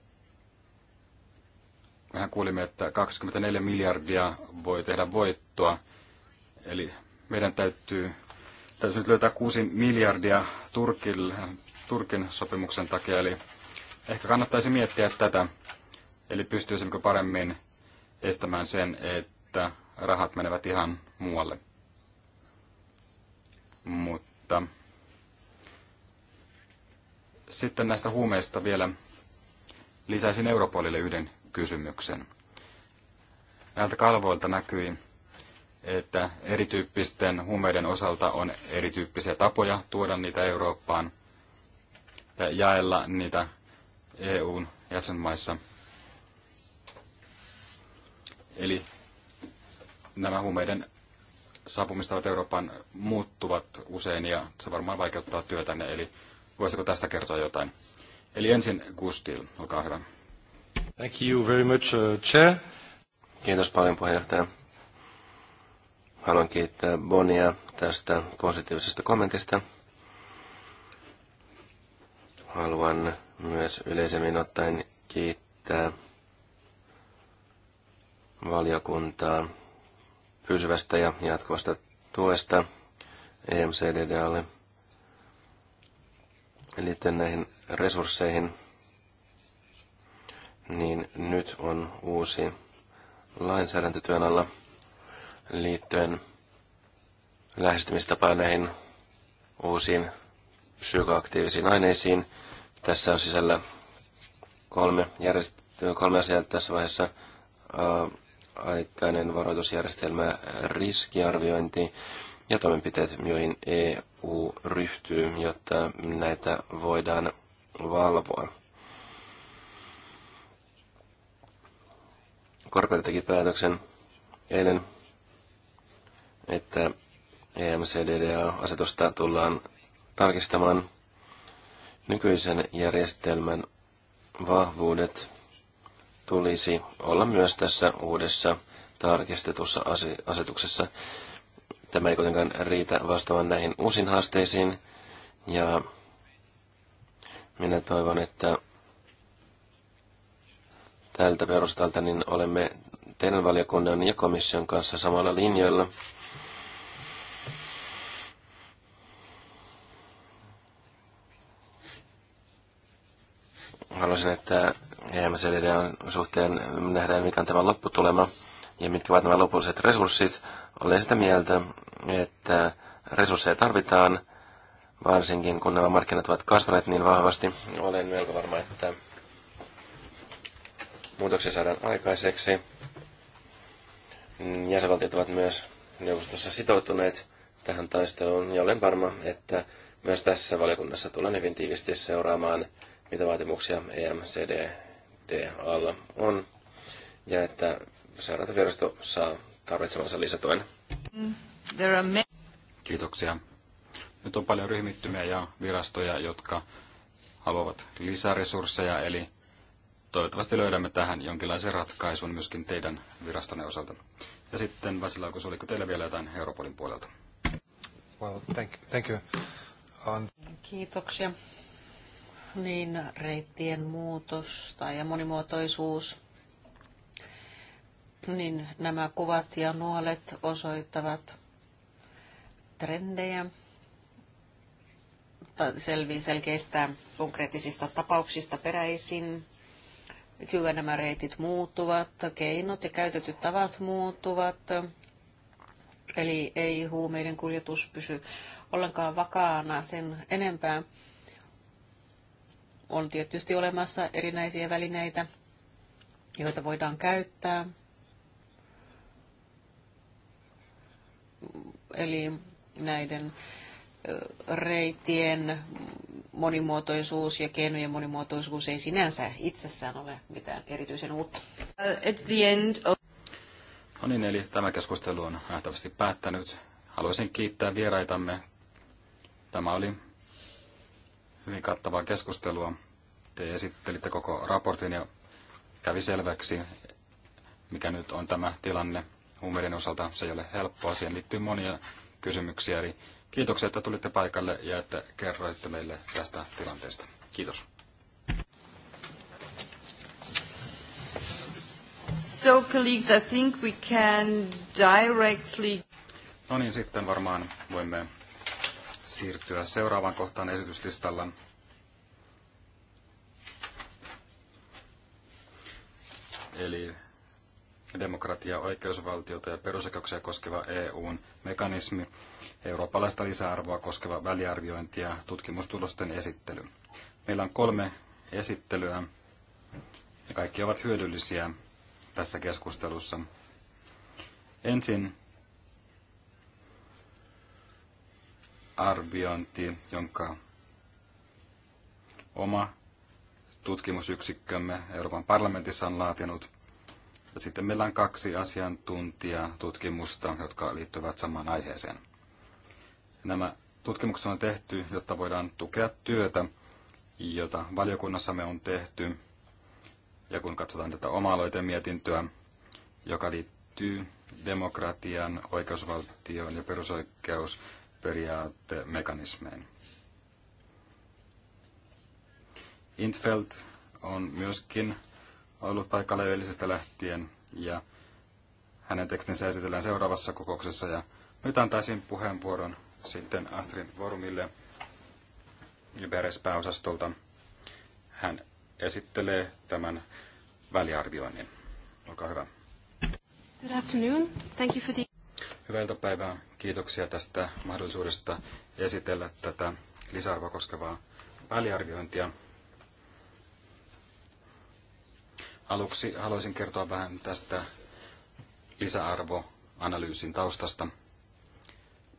mehän kuulimme, että 24 miljardia voi tehdä voittoa. Eli meidän täytyy, täytyy nyt löytää 6 miljardia Turkin, Turkin sopimuksen takia. Eli ehkä kannattaisi miettiä tätä. Eli pystyisimmekö paremmin estämään sen, että rahat menevät ihan muualle. Mutta sitten näistä huumeista vielä. Lisäisin Europolille yhden kysymyksen. Näiltä kalvoilta näkyi, että erityyppisten huumeiden osalta on erityyppisiä tapoja tuoda niitä Eurooppaan ja jaella niitä EUn jäsenmaissa. Eli nämä huumeiden saapumistavat Euroopan muuttuvat usein ja se varmaan vaikeuttaa työtänne, eli voisiko tästä kertoa jotain? Eli ensin Gustil, olkaa hyvä. Thank you very much, uh, Chair. Kiitos paljon puheenjohtaja. Haluan kiittää Bonia tästä positiivisesta kommentista. Haluan myös yleisemmin ottaen kiittää valiokuntaa pysyvästä ja jatkuvasta tuesta EMCDDAlle liittyen näihin resursseihin, niin nyt on uusi lainsäädäntötyön alla liittyen lähestymistapaan näihin uusiin psykoaktiivisiin aineisiin. Tässä on sisällä kolme, järjest- kolme asiaa tässä vaiheessa. Ää, aikainen varoitusjärjestelmä, riskiarviointi ja toimenpiteet, joihin EU ryhtyy, jotta näitä voidaan valvoin. Korpeli teki päätöksen eilen, että EMCDDA-asetusta tullaan tarkistamaan nykyisen järjestelmän vahvuudet tulisi olla myös tässä uudessa tarkistetussa asetuksessa. Tämä ei kuitenkaan riitä vastaamaan näihin uusiin haasteisiin ja minä toivon, että tältä perustalta niin olemme teidän valiokunnan ja komission kanssa samalla linjoilla. Haluaisin, että EMCDn suhteen nähdään, mikä on tämä lopputulema ja mitkä ovat nämä lopulliset resurssit. Olen sitä mieltä, että resursseja tarvitaan – varsinkin kun nämä markkinat ovat kasvaneet niin vahvasti, olen melko varma, että muutoksia saadaan aikaiseksi. Jäsenvaltiot ovat myös neuvostossa sitoutuneet tähän taisteluun ja olen varma, että myös tässä valiokunnassa tulen hyvin tiivisti seuraamaan, mitä vaatimuksia alla e on ja että säädäntövirasto saa tarvitsemansa lisätuen. Mm, Kiitoksia. Nyt on paljon ryhmittymiä ja virastoja, jotka haluavat lisäresursseja, eli toivottavasti löydämme tähän jonkinlaisen ratkaisun myöskin teidän virastonne osalta. Ja sitten Vasilaukus, oliko teillä vielä jotain Europolin puolelta? Well, thank, thank you. On... Kiitoksia. Niin, reittien muutos tai ja monimuotoisuus. Niin nämä kuvat ja nuolet osoittavat trendejä selvi, selkeistä konkreettisista tapauksista peräisin. Kyllä nämä reitit muuttuvat, keinot ja käytetyt tavat muuttuvat. Eli ei huumeiden kuljetus pysy ollenkaan vakaana sen enempää. On tietysti olemassa erinäisiä välineitä, joita voidaan käyttää. Eli näiden reittien monimuotoisuus ja keinojen monimuotoisuus ei sinänsä itsessään ole mitään erityisen uutta. Uh, at the end of... No niin, eli tämä keskustelu on nähtävästi päättänyt. Haluaisin kiittää vieraitamme. Tämä oli hyvin kattavaa keskustelua. Te esittelitte koko raportin ja kävi selväksi, mikä nyt on tämä tilanne huumeiden osalta. Se ei ole helppoa, siihen liittyy monia kysymyksiä, eli Kiitoksia, että tulitte paikalle ja että kerroitte meille tästä tilanteesta. Kiitos. So colleagues, I think we can directly... No niin, sitten varmaan voimme siirtyä seuraavaan kohtaan esityslistalla. Eli demokratia, oikeusvaltiota ja perusoikeuksia koskeva EUn mekanismi, eurooppalaista lisäarvoa koskeva väliarviointi ja tutkimustulosten esittely. Meillä on kolme esittelyä ja kaikki ovat hyödyllisiä tässä keskustelussa. Ensin arviointi, jonka oma tutkimusyksikkömme Euroopan parlamentissa on laatinut. Ja sitten meillä on kaksi asiantuntijatutkimusta, jotka liittyvät samaan aiheeseen. Nämä tutkimukset on tehty, jotta voidaan tukea työtä, jota valiokunnassa me on tehty. Ja kun katsotaan tätä oma mietintöä, joka liittyy demokratian, oikeusvaltion ja perusoikeusperiaatemekanismeen. Intfeld on myöskin ollut paikalla eilisestä lähtien ja hänen tekstinsä esitellään seuraavassa kokouksessa. Ja nyt antaisin puheenvuoron sitten Astrid Vormille Beres-pääosastolta. Hän esittelee tämän väliarvioinnin. Olkaa hyvä. Good afternoon. Thank you for the... Hyvää iltapäivää. Kiitoksia tästä mahdollisuudesta esitellä tätä lisäarvoa koskevaa väliarviointia. Aluksi haluaisin kertoa vähän tästä lisäarvoanalyysin taustasta.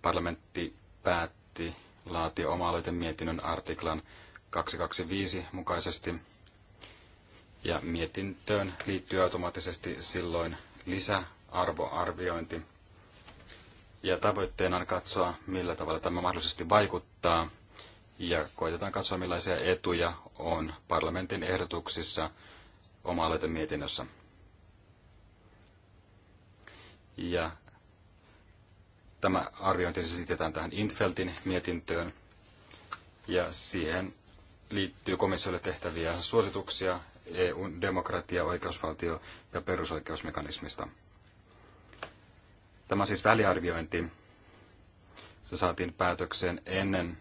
Parlamentti päätti laatia oma mietinnön artiklan 225 mukaisesti, ja mietintöön liittyy automaattisesti silloin lisäarvoarviointi. Ja tavoitteena on katsoa, millä tavalla tämä mahdollisesti vaikuttaa, ja koitetaan katsoa, millaisia etuja on parlamentin ehdotuksissa – oma mietinnössä. Ja tämä arviointi siis esitetään tähän Infeltin mietintöön, ja siihen liittyy komissiolle tehtäviä suosituksia EUn demokratia, oikeusvaltio ja perusoikeusmekanismista. Tämä siis väliarviointi. Se saatiin päätökseen ennen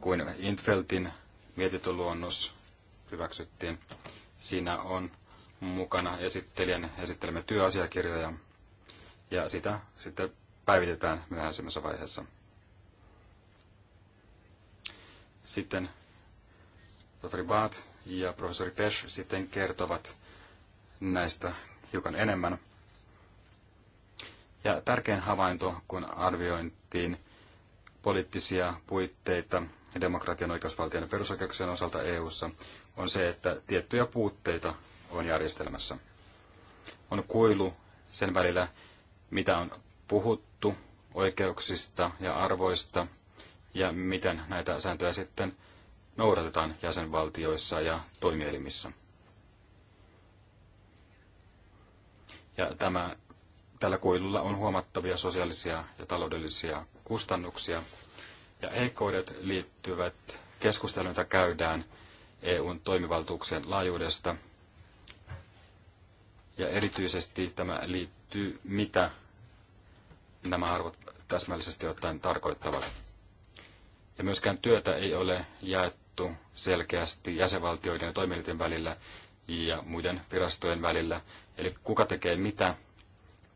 kuin Intfeltin mietintöluonnos hyväksyttiin. Siinä on mukana esittelijän esittelemme työasiakirjoja ja sitä sitten päivitetään myöhäisemmässä vaiheessa. Sitten tohtori Baat ja professori Pesh sitten kertovat näistä hiukan enemmän. Ja tärkein havainto, kun arviointiin poliittisia puitteita demokratian, oikeusvaltion ja perusoikeuksien osalta EU:ssa, on se, että tiettyjä puutteita on järjestelmässä. On kuilu sen välillä, mitä on puhuttu oikeuksista ja arvoista ja miten näitä sääntöjä sitten noudatetaan jäsenvaltioissa ja toimielimissä. Ja tämä, tällä kuilulla on huomattavia sosiaalisia ja taloudellisia kustannuksia. Ja heikkoudet liittyvät keskusteluita käydään – EUn toimivaltuuksien laajuudesta. Ja erityisesti tämä liittyy, mitä nämä arvot täsmällisesti ottaen tarkoittavat. Ja myöskään työtä ei ole jaettu selkeästi jäsenvaltioiden ja toimielinten välillä ja muiden virastojen välillä. Eli kuka tekee mitä,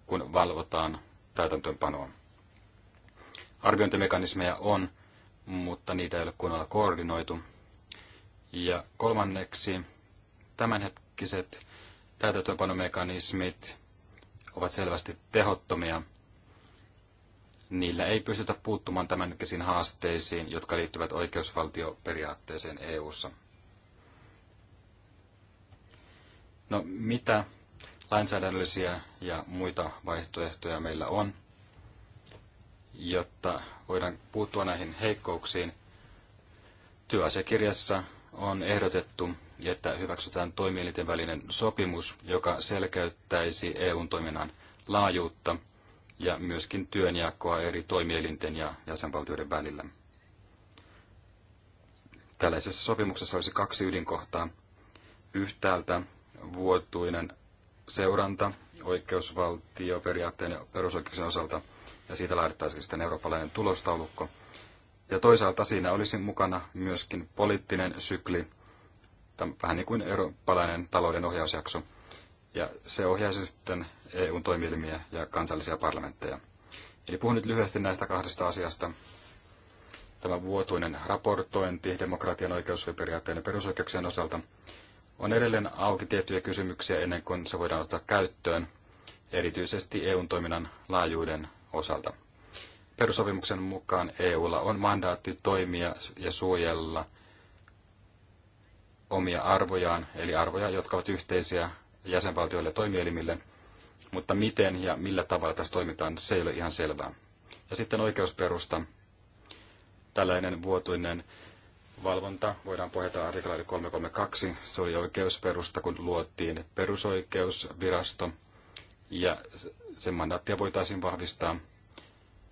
kun valvotaan täytäntöönpanoa. Arviointimekanismeja on, mutta niitä ei ole kunnolla koordinoitu – ja kolmanneksi tämänhetkiset täytäntöönpanomekanismit ovat selvästi tehottomia. Niillä ei pystytä puuttumaan tämänhetkisiin haasteisiin, jotka liittyvät oikeusvaltioperiaatteeseen EU:ssa. No mitä lainsäädännöllisiä ja muita vaihtoehtoja meillä on, jotta voidaan puuttua näihin heikkouksiin? Työasiakirjassa on ehdotettu, että hyväksytään toimielinten välinen sopimus, joka selkeyttäisi EUn toiminnan laajuutta ja myöskin työnjakoa eri toimielinten ja jäsenvaltioiden välillä. Tällaisessa sopimuksessa olisi kaksi ydinkohtaa. Yhtäältä vuotuinen seuranta oikeusvaltioperiaatteen ja perusoikeuksien osalta, ja siitä laadittaisiin sitten eurooppalainen tulostaulukko – ja toisaalta siinä olisi mukana myöskin poliittinen sykli, vähän niin kuin eurooppalainen talouden ohjausjakso. Ja se ohjaisi sitten EUn toimielimiä ja kansallisia parlamentteja. Eli puhun nyt lyhyesti näistä kahdesta asiasta. Tämä vuotuinen raportointi demokratian periaatteiden ja perusoikeuksien osalta on edelleen auki tiettyjä kysymyksiä ennen kuin se voidaan ottaa käyttöön, erityisesti EUn toiminnan laajuuden osalta perusopimuksen mukaan EUlla on mandaatti toimia ja suojella omia arvojaan, eli arvoja, jotka ovat yhteisiä jäsenvaltioille ja toimielimille, mutta miten ja millä tavalla tässä toimitaan, se ei ole ihan selvää. Ja sitten oikeusperusta. Tällainen vuotuinen valvonta voidaan pohjata artikla 332. Se oli oikeusperusta, kun luotiin perusoikeusvirasto, ja sen mandaattia voitaisiin vahvistaa –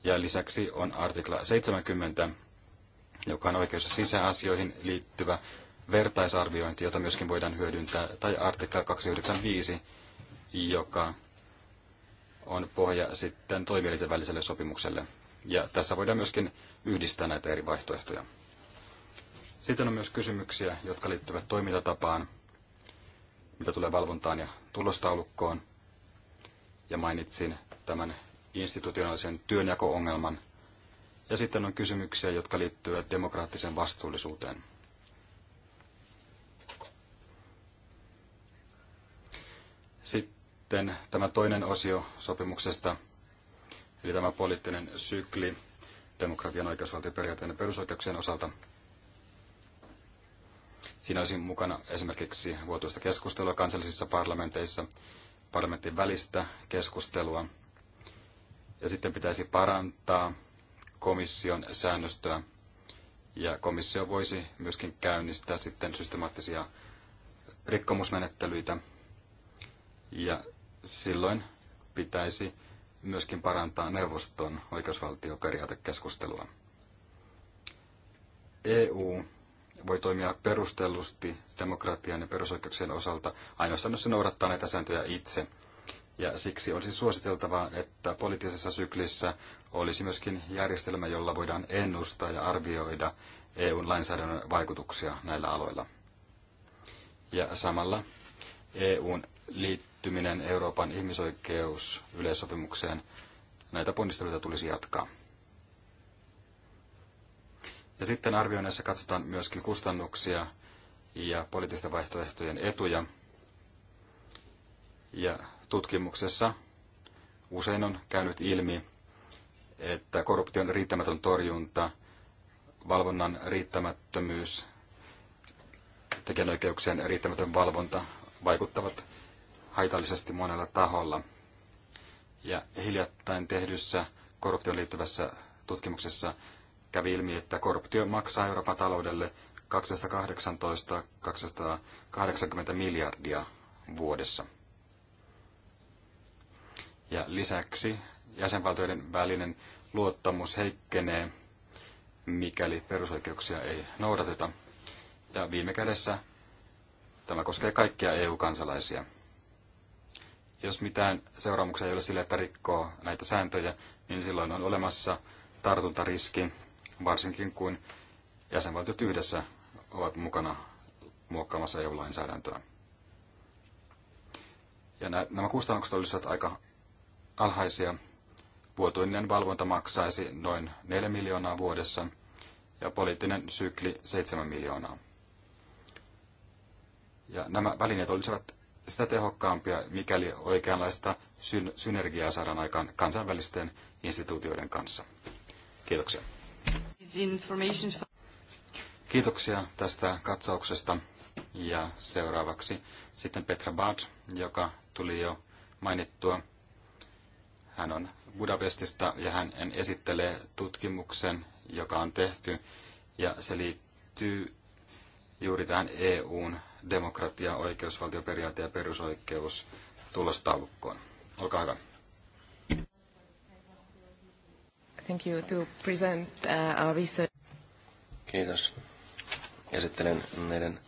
ja lisäksi on artikla 70, joka on oikeus- ja sisäasioihin liittyvä vertaisarviointi, jota myöskin voidaan hyödyntää, tai artikla 295, joka on pohja sitten toimielinten väliselle sopimukselle. Ja tässä voidaan myöskin yhdistää näitä eri vaihtoehtoja. Sitten on myös kysymyksiä, jotka liittyvät toimintatapaan, mitä tulee valvontaan ja tulostaulukkoon. Ja mainitsin tämän institutionaalisen työnjako-ongelman. Ja sitten on kysymyksiä, jotka liittyvät demokraattiseen vastuullisuuteen. Sitten tämä toinen osio sopimuksesta, eli tämä poliittinen sykli demokratian oikeusvaltioperiaatteen ja perusoikeuksien osalta. Siinä olisi mukana esimerkiksi vuotuista keskustelua kansallisissa parlamenteissa, parlamentin välistä keskustelua – ja sitten pitäisi parantaa komission säännöstöä. Ja komissio voisi myöskin käynnistää sitten systemaattisia rikkomusmenettelyitä. Ja silloin pitäisi myöskin parantaa neuvoston oikeusvaltioperiaatekeskustelua. EU voi toimia perustellusti demokratian ja perusoikeuksien osalta ainoastaan, jos se noudattaa näitä sääntöjä itse – ja siksi olisi suositeltavaa, että poliittisessa syklissä olisi myöskin järjestelmä, jolla voidaan ennustaa ja arvioida EUn lainsäädännön vaikutuksia näillä aloilla. Ja samalla EUn liittyminen Euroopan ihmisoikeusyleissopimukseen, näitä ponnisteluita tulisi jatkaa. Ja sitten arvioinnissa katsotaan myöskin kustannuksia ja poliittisten vaihtoehtojen etuja. Ja tutkimuksessa usein on käynyt ilmi, että korruption riittämätön torjunta, valvonnan riittämättömyys, tekijänoikeuksien riittämätön valvonta vaikuttavat haitallisesti monella taholla. Ja hiljattain tehdyssä korruptioon liittyvässä tutkimuksessa kävi ilmi, että korruptio maksaa Euroopan taloudelle 218-280 miljardia vuodessa. Ja lisäksi jäsenvaltioiden välinen luottamus heikkenee, mikäli perusoikeuksia ei noudateta. Ja viime kädessä tämä koskee kaikkia EU-kansalaisia. Jos mitään seuraamuksia ei ole sillä, että rikkoo näitä sääntöjä, niin silloin on olemassa tartuntariski, varsinkin kun jäsenvaltiot yhdessä ovat mukana muokkaamassa EU-lainsäädäntöä. Ja nämä kustannukset olisivat aika alhaisia. Vuotuinen valvonta maksaisi noin 4 miljoonaa vuodessa ja poliittinen sykli 7 miljoonaa. Ja nämä välineet olisivat sitä tehokkaampia, mikäli oikeanlaista syn- synergiaa saadaan aikaan kansainvälisten instituutioiden kanssa. Kiitoksia. Kiitoksia tästä katsauksesta. Ja seuraavaksi sitten Petra Bad, joka tuli jo mainittua. Hän on Budapestista ja hän esittelee tutkimuksen, joka on tehty, ja se liittyy juuri tähän EUn demokratia, oikeusvaltioperiaate ja perusoikeus tulostaulukkoon. Olkaa hyvä. Thank you to present uh, our research. Kiitos. Esittelen meidän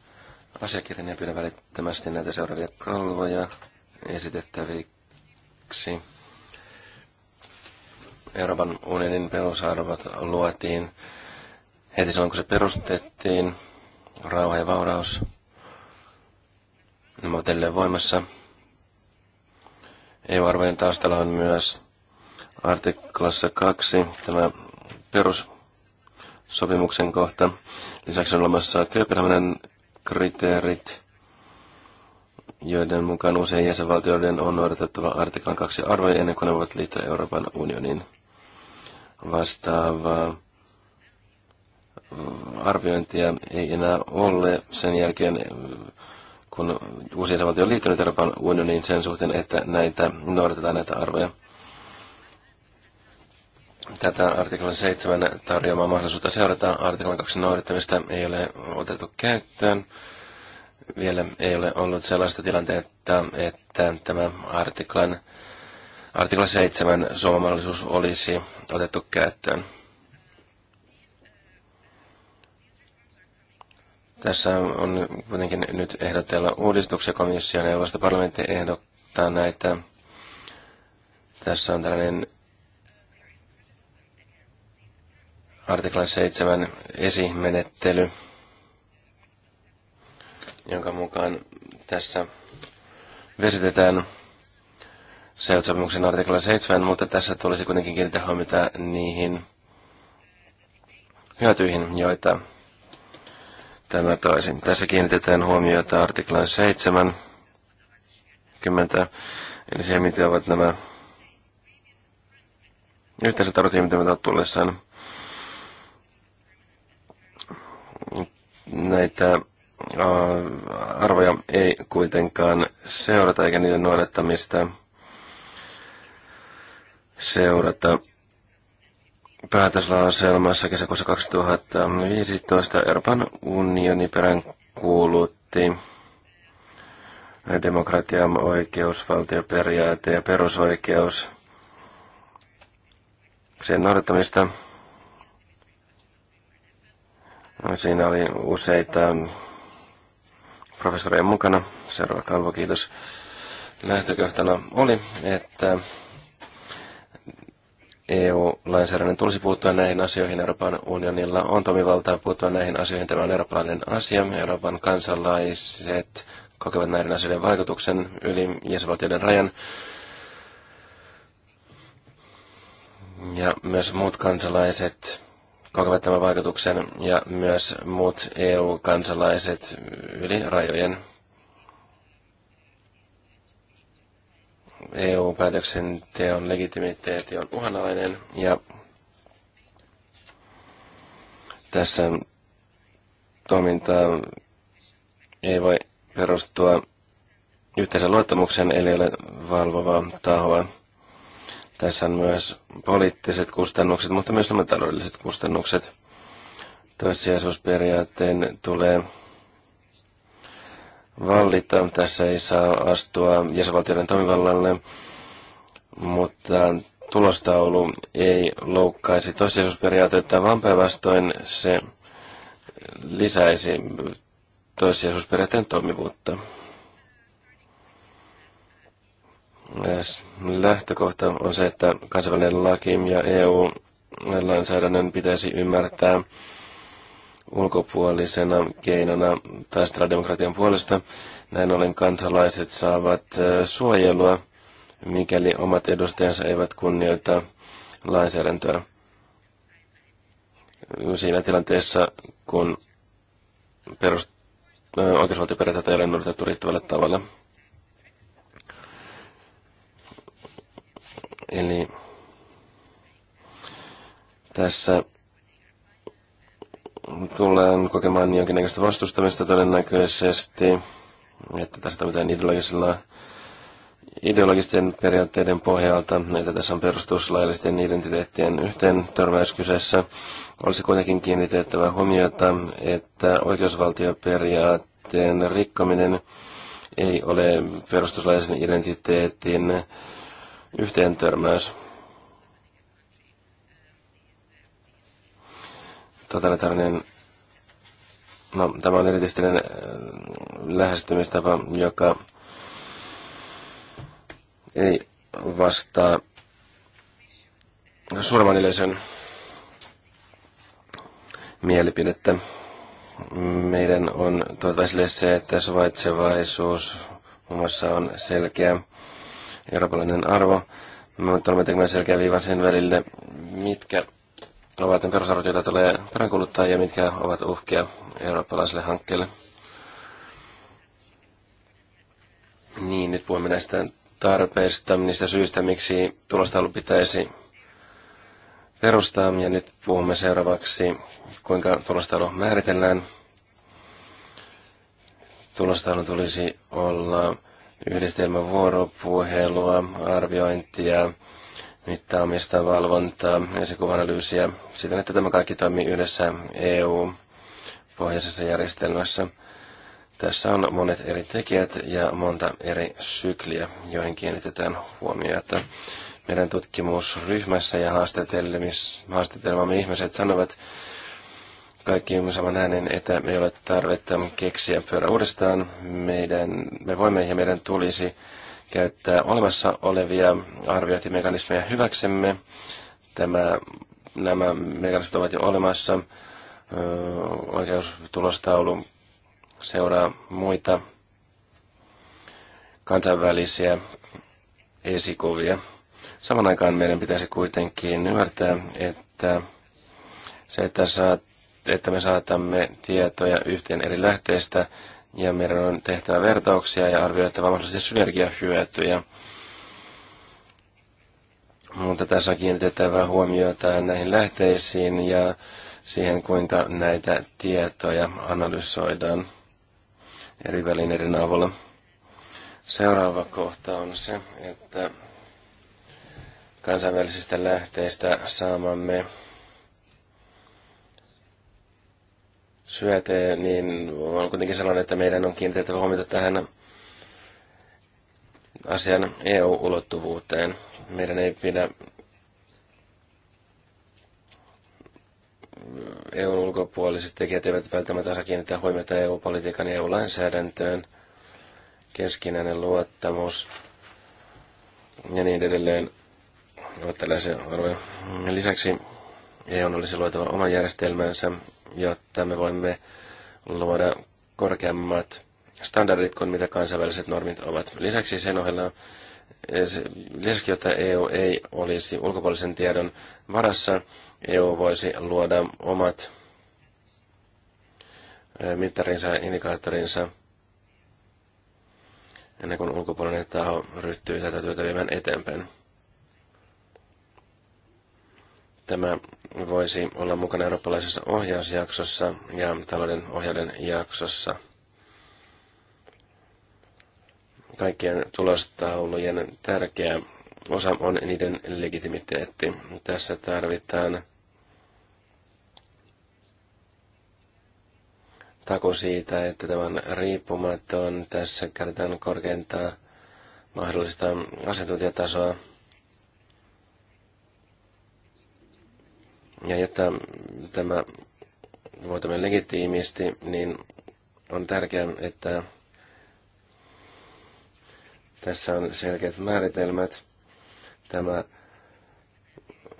asiakirjan ja pyydän välittömästi näitä seuraavia kalvoja esitettäviksi. Euroopan unionin perusarvot luotiin heti silloin, kun se perustettiin. Rauha ja vauraus. Nämä ovat edelleen voimassa. EU-arvojen taustalla on myös artiklassa 2 tämä perussopimuksen kohta. Lisäksi on olemassa Kööpenhaminan kriteerit, joiden mukaan usein jäsenvaltioiden on noudatettava artiklan 2 arvoja ennen kuin ne voivat liittyä Euroopan unioniin vastaavaa arviointia ei enää ole sen jälkeen, kun uusi jäsenvaltio on liittynyt Euroopan unioniin sen suhteen, että näitä noudatetaan näitä arvoja. Tätä artiklan 7 tarjoamaa mahdollisuutta seurata artiklan 2 noudattamista ei ole otettu käyttöön. Vielä ei ole ollut sellaista tilannetta, että tämä artiklan, artikla 7 suomalaisuus olisi otettu käyttöön. Tässä on kuitenkin nyt ehdotella uudistuksia komission ja vasta parlamentti ehdottaa näitä. Tässä on tällainen artiklan 7 esimenettely, jonka mukaan tässä vesitetään seutsopimuksen artikla 7, mutta tässä tulisi kuitenkin kiinnittää huomiota niihin hyötyihin, joita tämä toisin. Tässä kiinnitetään huomiota artiklaan 7, 10, eli siihen, mitä ovat nämä yhteiset arvot, mitä ovat tullessaan näitä arvoja ei kuitenkaan seurata eikä niiden noudattamista seurata päätöslauselmassa kesäkuussa 2015 Euroopan unioni perään kuulutti demokratia, oikeusvaltioperiaate ja perusoikeus sen noudattamista. Siinä oli useita professoreja mukana. Seuraava kalvo, kiitos. Lähtökohtana oli, että EU-lainsäädännön tulisi puuttua näihin asioihin. Euroopan unionilla on toimivaltaa puuttua näihin asioihin. Tämä on eurooppalainen asia. Euroopan kansalaiset kokevat näiden asioiden vaikutuksen yli jäsenvaltioiden rajan. Ja myös muut kansalaiset kokevat tämän vaikutuksen ja myös muut EU-kansalaiset yli rajojen. EU-päätöksenteon legitimiteetti on uhanalainen ja tässä toiminta ei voi perustua yhteisen luottamuksen, eli ole valvovaa tahoa. Tässä on myös poliittiset kustannukset, mutta myös nämä taloudelliset kustannukset. Toissijaisuusperiaatteen tulee vallita. Tässä ei saa astua jäsenvaltioiden toimivallalle, mutta tulostaulu ei loukkaisi toissijaisuusperiaatetta, vaan päinvastoin se lisäisi toissijaisuusperiaatteen toimivuutta. Lähtökohta on se, että kansainvälinen laki ja EU-lainsäädännön pitäisi ymmärtää ulkopuolisena keinona taistella demokratian puolesta. Näin ollen kansalaiset saavat suojelua, mikäli omat edustajansa eivät kunnioita lainsäädäntöä. Siinä tilanteessa, kun perust- oikeusvaltioperiaatteita ei ole noudatettu riittävällä tavalla. Eli tässä tullaan kokemaan jonkinnäköistä vastustamista todennäköisesti, että tästä mitään ideologisella ideologisten periaatteiden pohjalta, että tässä on perustuslaillisten identiteettien yhteen törmäys kyseessä, olisi kuitenkin kiinnitettävä huomiota, että oikeusvaltioperiaatteen rikkominen ei ole perustuslaillisen identiteetin yhteen törmäys. tällainen no tämä on äh, lähestymistapa, joka ei vastaa suurman yleisön mielipidettä. Meidän on tuotava esille se, että suvaitsevaisuus muun muassa on selkeä eurooppalainen arvo. Me olemme tekemään selkeä viivan sen välille, mitkä globaalien perusarvot, joita tulee peräänkuluttaa ja mitkä ovat uhkia eurooppalaiselle hankkeelle. Niin, nyt puhumme näistä tarpeista, niistä syistä, miksi tulostaulu pitäisi perustaa. Ja nyt puhumme seuraavaksi, kuinka tulostaulu määritellään. Tulostaulun tulisi olla yhdistelmä vuoropuhelua, arviointia, mittaamista, valvontaa, esikuvanalyysiä, siten että tämä kaikki toimii yhdessä EU-pohjaisessa järjestelmässä. Tässä on monet eri tekijät ja monta eri sykliä, joihin kiinnitetään huomiota. Meidän tutkimusryhmässä ja haastatelmamme ihmiset sanovat kaikki saman äänen, että me ei ole tarvetta keksiä pyörä uudestaan. Meidän, me voimme ja meidän tulisi käyttää olemassa olevia arviointimekanismeja hyväksemme. Tämä, nämä mekanismit ovat jo olemassa. Oikeustulostaulu seuraa muita kansainvälisiä esikuvia. Saman aikaan meidän pitäisi kuitenkin ymmärtää, että se, että, saat, että me saatamme tietoja yhteen eri lähteistä, ja meidän on tehtävä vertauksia ja arvioitava mahdollisia synergiahyötyjä. Mutta tässä on kiinnitettävä huomiota näihin lähteisiin ja siihen, kuinka näitä tietoja analysoidaan eri välineiden avulla. Seuraava kohta on se, että kansainvälisistä lähteistä saamamme syöte, niin on kuitenkin sellainen, että meidän on kiinnitettävä huomiota tähän asian EU-ulottuvuuteen. Meidän ei pidä EUn ulkopuoliset tekijät eivät välttämättä saa kiinnittää huomiota EU-politiikan ja EU-lainsäädäntöön, keskinäinen luottamus ja niin edelleen Lisäksi EU olisi luotava oma järjestelmänsä, jotta me voimme luoda korkeammat standardit kuin mitä kansainväliset normit ovat. Lisäksi sen ohella, lisäksi jotta EU ei olisi ulkopuolisen tiedon varassa, EU voisi luoda omat mittarinsa ja indikaattorinsa ennen kuin ulkopuolinen taho ryhtyy tätä työtä viemään eteenpäin. Tämä voisi olla mukana eurooppalaisessa ohjausjaksossa ja talouden ohjauden jaksossa. Kaikkien tulostaulujen tärkeä osa on niiden legitimiteetti. Tässä tarvitaan taku siitä, että tämä on riippumaton. Tässä käytetään korkeintaan mahdollista asiantuntijatasoa Ja jotta tämä voi toimia legitiimisti, niin on tärkeää, että tässä on selkeät määritelmät. Tämä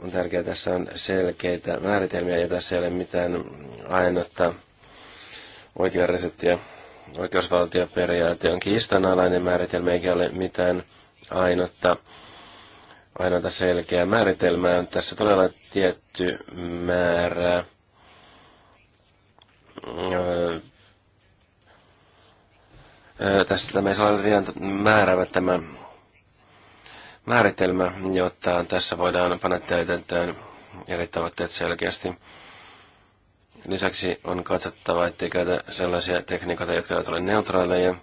on tärkeää, tässä on selkeitä määritelmiä ja tässä ei ole mitään ainutta oikea reseptiä. Oikeusvaltioperiaate on kiistanalainen määritelmä eikä ole mitään ainutta ainoata selkeää määritelmää. Tässä todella tietty määrä tässä tämä ei saa liian tämä määritelmä, jotta tässä voidaan panna täytäntöön eri tavoitteet selkeästi. Lisäksi on katsottava, ettei käytä sellaisia tekniikoita, jotka eivät ole neutraaleja.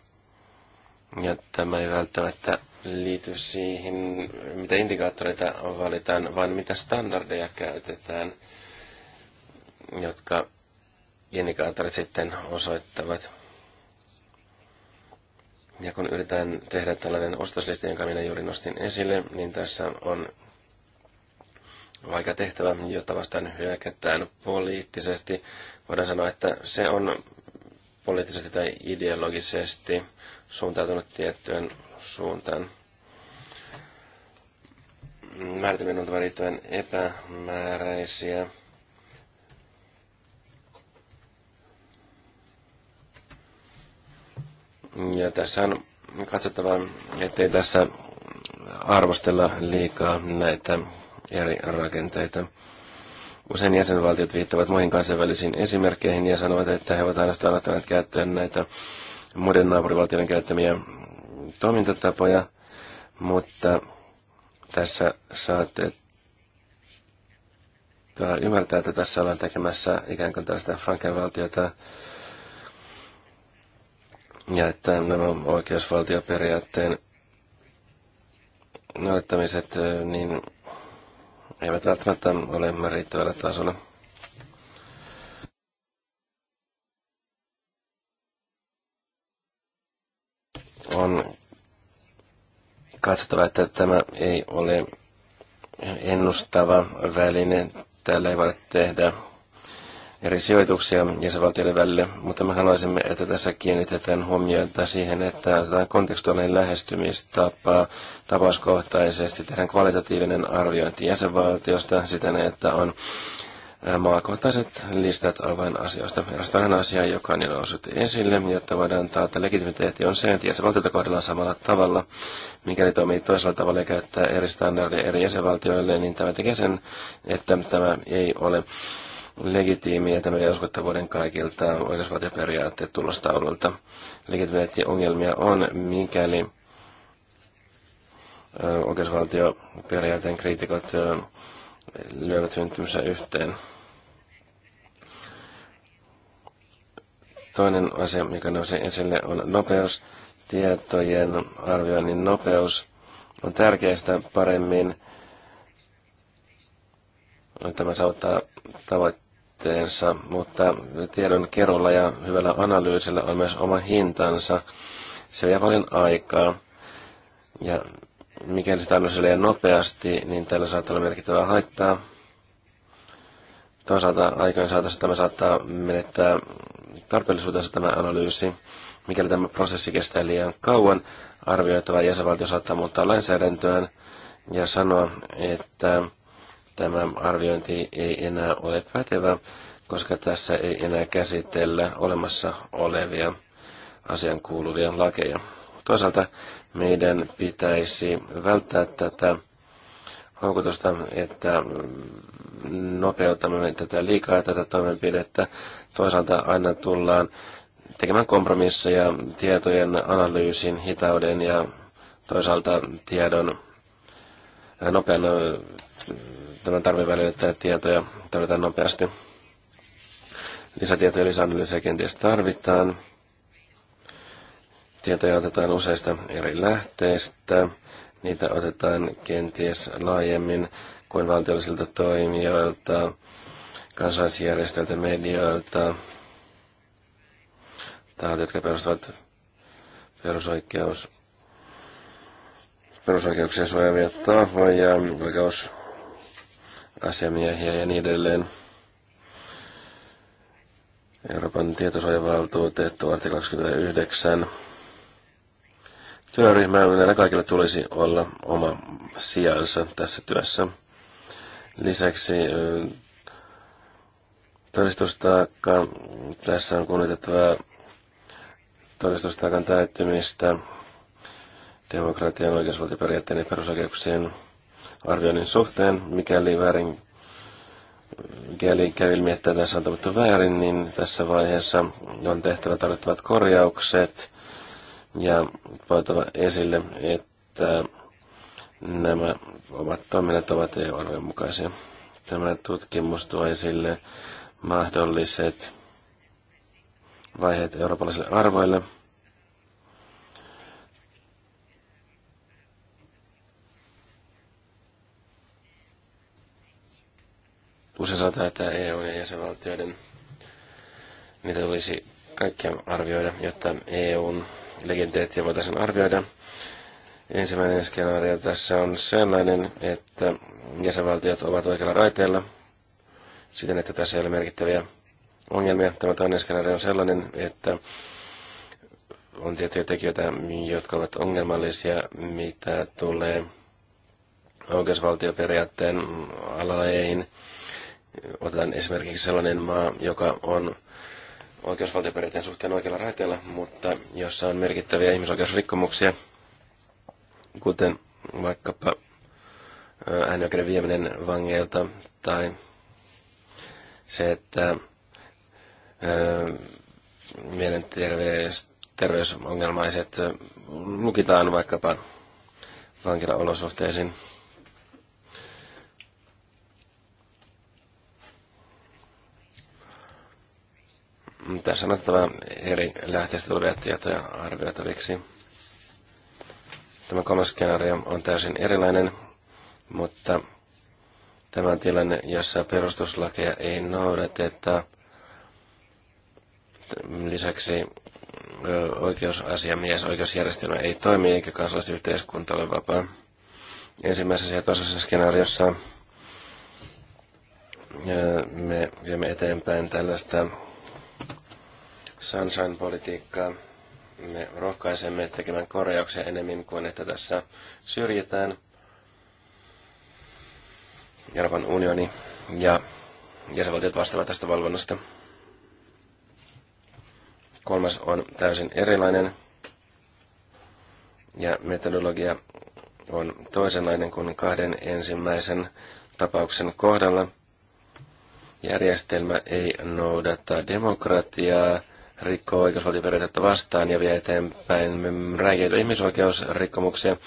Ja tämä ei välttämättä liity siihen, mitä indikaattoreita valitaan, vaan mitä standardeja käytetään, jotka indikaattorit sitten osoittavat. Ja kun yritetään tehdä tällainen ostoslisti, jonka minä juuri nostin esille, niin tässä on vaikka tehtävä, jota vastaan hyökätään poliittisesti. Voidaan sanoa, että se on poliittisesti tai ideologisesti suuntautunut tiettyyn suuntaan. Määritelmien on oltava riittävän epämääräisiä. Ja tässä on katsottava, ettei tässä arvostella liikaa näitä eri rakenteita. Usein jäsenvaltiot viittavat muihin kansainvälisiin esimerkkeihin ja sanovat, että he ovat ainoastaan ottaneet käyttöön näitä muiden naapurivaltioiden käyttämiä toimintatapoja, mutta tässä saatte ymmärtää, että tässä ollaan tekemässä ikään kuin tällaista Frankenvaltiota ja että nämä oikeusvaltioperiaatteen noudattamiset niin eivät välttämättä ole riittävällä tasolla. On katsottava, että tämä ei ole ennustava väline. Täällä ei voi tehdä eri sijoituksia jäsenvaltioiden välille, mutta me haluaisimme, että tässä kiinnitetään huomiota siihen, että tämä kontekstuaalinen lähestymistapa tapauskohtaisesti tehdään kvalitatiivinen arviointi jäsenvaltiosta siten, että on maakohtaiset listat avainasioista. Eräs toinen asia, joka on noussut esille, jotta voidaan että legitimiteetti, on se, että jäsenvaltiota kohdellaan samalla tavalla. Mikäli toimii toisella tavalla ja käyttää eri standardia eri jäsenvaltioille, niin tämä tekee sen, että tämä ei ole legitiimi, ja tämä ei uskottavuuden kaikilta oikeusvaltioperiaatteet tulostaululta. Legitimiteettiongelmia on, mikäli oikeusvaltioperiaatteen kriitikot lyövät hynttynsä yhteen. Toinen asia, mikä nousi esille, on nopeus. Tietojen arvioinnin nopeus on tärkeästä paremmin. Tämä saavuttaa tavoitteensa, mutta tiedon kerolla ja hyvällä analyysillä on myös oma hintansa. Se vie paljon aikaa ja Mikäli sitä annos liian nopeasti, niin tällä saattaa olla merkittävää haittaa. Toisaalta aikojen saatossa tämä saattaa menettää tarpeellisuutensa tämä analyysi. Mikäli tämä prosessi kestää liian kauan, arvioitava jäsenvaltio saattaa muuttaa lainsäädäntöään ja sanoa, että tämä arviointi ei enää ole pätevä, koska tässä ei enää käsitellä olemassa olevia asian kuuluvia lakeja. Toisaalta meidän pitäisi välttää tätä houkutusta, että nopeutamme tätä liikaa tätä toimenpidettä. Toisaalta aina tullaan tekemään kompromisseja tietojen analyysin, hitauden ja toisaalta tiedon äh, nopean äh, tämän tarve tietoja tarvitaan nopeasti. Lisätietoja ja lisäanalyysiä kenties tarvitaan. Tietoja otetaan useista eri lähteistä. Niitä otetaan kenties laajemmin kuin valtiollisilta toimijoilta, kansalaisjärjestöiltä, medioilta, tahot, jotka perustavat perusoikeus, perusoikeuksia suojaavia tahoja, oikeusasiamiehiä ja niin edelleen. Euroopan tietosuojavaltuutettu artikla 29 Työryhmä näillä kaikilla tulisi olla oma sijansa tässä työssä. Lisäksi todistustaakka, tässä on kunnioitettava todistustaakan täyttymistä, demokratian oikeusvaltioperiaatteiden ja perusoikeuksien arvioinnin suhteen, mikäli väärin mikäli käy ilmi, että tässä on tapahtunut väärin, niin tässä vaiheessa on tehtävä tarvittavat korjaukset ja voitava esille, että nämä ovat toiminnat ovat EU-arvojen mukaisia. Tämä tutkimus tuo esille mahdolliset vaiheet eurooppalaisille arvoille. Usein sanotaan, että EU- ja jäsenvaltioiden mitä tulisi kaikkia arvioida, jotta EUn legitimiteettiä voitaisiin arvioida. Ensimmäinen skenaario tässä on sellainen, että jäsenvaltiot ovat oikealla raiteella siten, että tässä ei ole merkittäviä ongelmia. Tämä toinen skenaario on sellainen, että on tiettyjä tekijöitä, jotka ovat ongelmallisia, mitä tulee oikeusvaltioperiaatteen alalajeihin. Otetaan esimerkiksi sellainen maa, joka on oikeusvaltioperiaatteen suhteen oikealla raiteella, mutta jossa on merkittäviä ihmisoikeusrikkomuksia, kuten vaikkapa äänioikeuden vieminen vangeilta tai se, että mielenterveysongelmaiset terveysongelmaiset lukitaan vaikkapa vankilaolosuhteisiin. Tässä on otettava eri lähteistä tulevia tietoja arvioitaviksi. Tämä kolmas skenaario on täysin erilainen, mutta tämä on tilanne, jossa perustuslakeja ei noudateta. Lisäksi oikeusasiamies, oikeusjärjestelmä ei toimi eikä kansalaisyhteiskunta ole vapaa. Ensimmäisessä ja toisessa skenaariossa me viemme eteenpäin tällaista sunshine-politiikkaa. Me rohkaisemme tekemään korjauksia enemmän kuin että tässä syrjitään Euroopan unioni ja jäsenvaltiot vastaavat tästä valvonnasta. Kolmas on täysin erilainen ja metodologia on toisenlainen kuin kahden ensimmäisen tapauksen kohdalla. Järjestelmä ei noudata demokratiaa, rikkoo oikeusvaltioperiaatetta vastaan ja vie eteenpäin räikeitä ihmisoikeusrikkomuksia,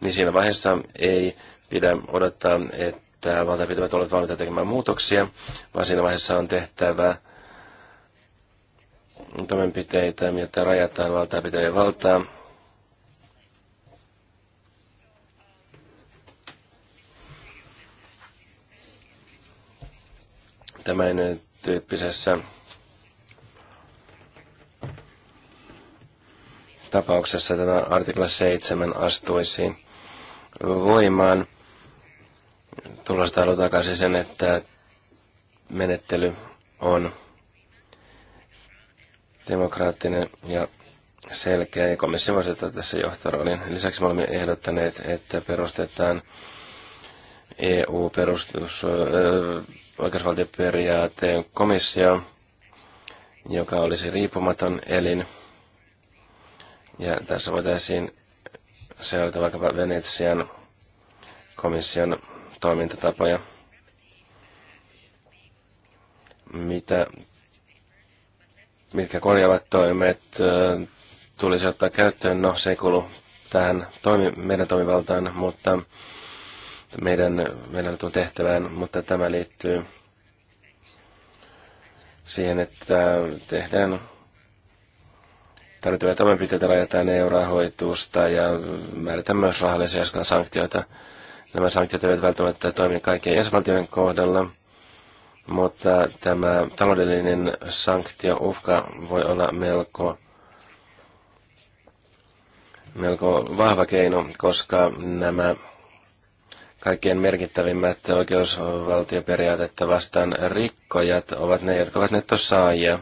niin siinä vaiheessa ei pidä odottaa, että valtapitävät ovat valmiita tekemään muutoksia, vaan siinä vaiheessa on tehtävä toimenpiteitä, jotta rajataan valtapitävien valtaa. Tämän tyyppisessä tapauksessa tämä artikla 7 astuisi voimaan. Tulosta haluaa takaisin sen, että menettely on demokraattinen ja selkeä, ja komissio voisi ottaa tässä johtoroolin. Lisäksi me olemme ehdottaneet, että perustetaan EU-perustus, oikeusvaltioperiaatteen komissio, joka olisi riippumaton elin, ja tässä voitaisiin seurata vaikka Venetsian komission toimintatapoja. Mitä, mitkä korjaavat toimet tulisi ottaa käyttöön? No, se ei kuulu tähän toimi, meidän toimivaltaan, mutta meidän, meidän tehtävään, mutta tämä liittyy siihen, että tehdään tarvittavia toimenpiteitä, rajataan EU-rahoitusta ja määrätään myös rahallisia sanktioita. Nämä sanktiot eivät välttämättä toimi kaikkien jäsenvaltioiden kohdalla, mutta tämä taloudellinen sanktio uhka voi olla melko melko vahva keino, koska nämä kaikkien merkittävimmät oikeusvaltioperiaatetta vastaan rikkojat ovat ne, jotka ovat nettosaajia.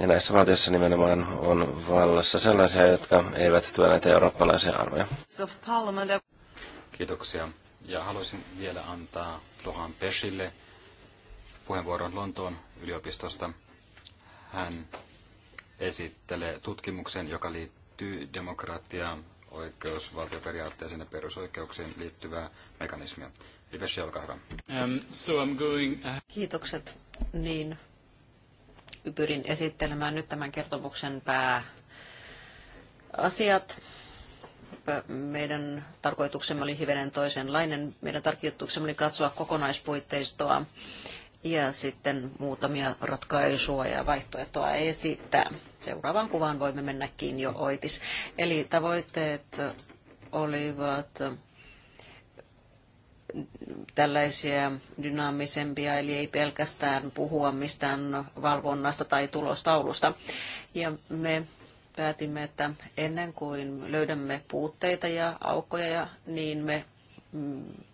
Ja näissä valtioissa nimenomaan on vallassa sellaisia, jotka eivät tue näitä eurooppalaisia arvoja. Kiitoksia. Ja haluaisin vielä antaa Lohan Pesille puheenvuoron Lontoon yliopistosta. Hän esittelee tutkimuksen, joka liittyy demokratiaan, oikeusvaltioperiaatteeseen ja perusoikeuksiin liittyvää mekanismia. Um, so I'm going... Uh, Kiitokset. Niin, pyrin esittelemään nyt tämän kertomuksen pääasiat. Meidän tarkoituksemme oli hivenen toisenlainen. Meidän tarkoituksemme oli katsoa kokonaispuitteistoa ja sitten muutamia ratkaisuja ja vaihtoehtoa esittää. Seuraavaan kuvaan voimme mennäkin jo oitis. Eli tavoitteet olivat tällaisia dynaamisempia, eli ei pelkästään puhua mistään valvonnasta tai tulostaulusta. Ja me päätimme, että ennen kuin löydämme puutteita ja aukkoja, niin me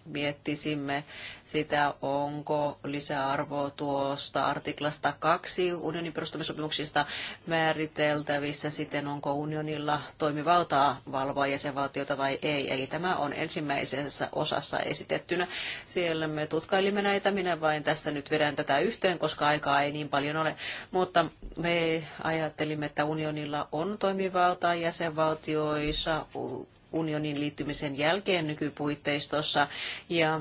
miettisimme sitä, onko lisäarvoa tuosta artiklasta 2 unionin perustamisopimuksista määriteltävissä siten, onko unionilla toimivaltaa valvoa jäsenvaltiota vai ei. Eli tämä on ensimmäisessä osassa esitettynä. Siellä me tutkailimme näitä, minä vain tässä nyt vedän tätä yhteen, koska aikaa ei niin paljon ole, mutta me ajattelimme, että unionilla on toimivaltaa jäsenvaltioissa unionin liittymisen jälkeen nykypuitteistossa. Ja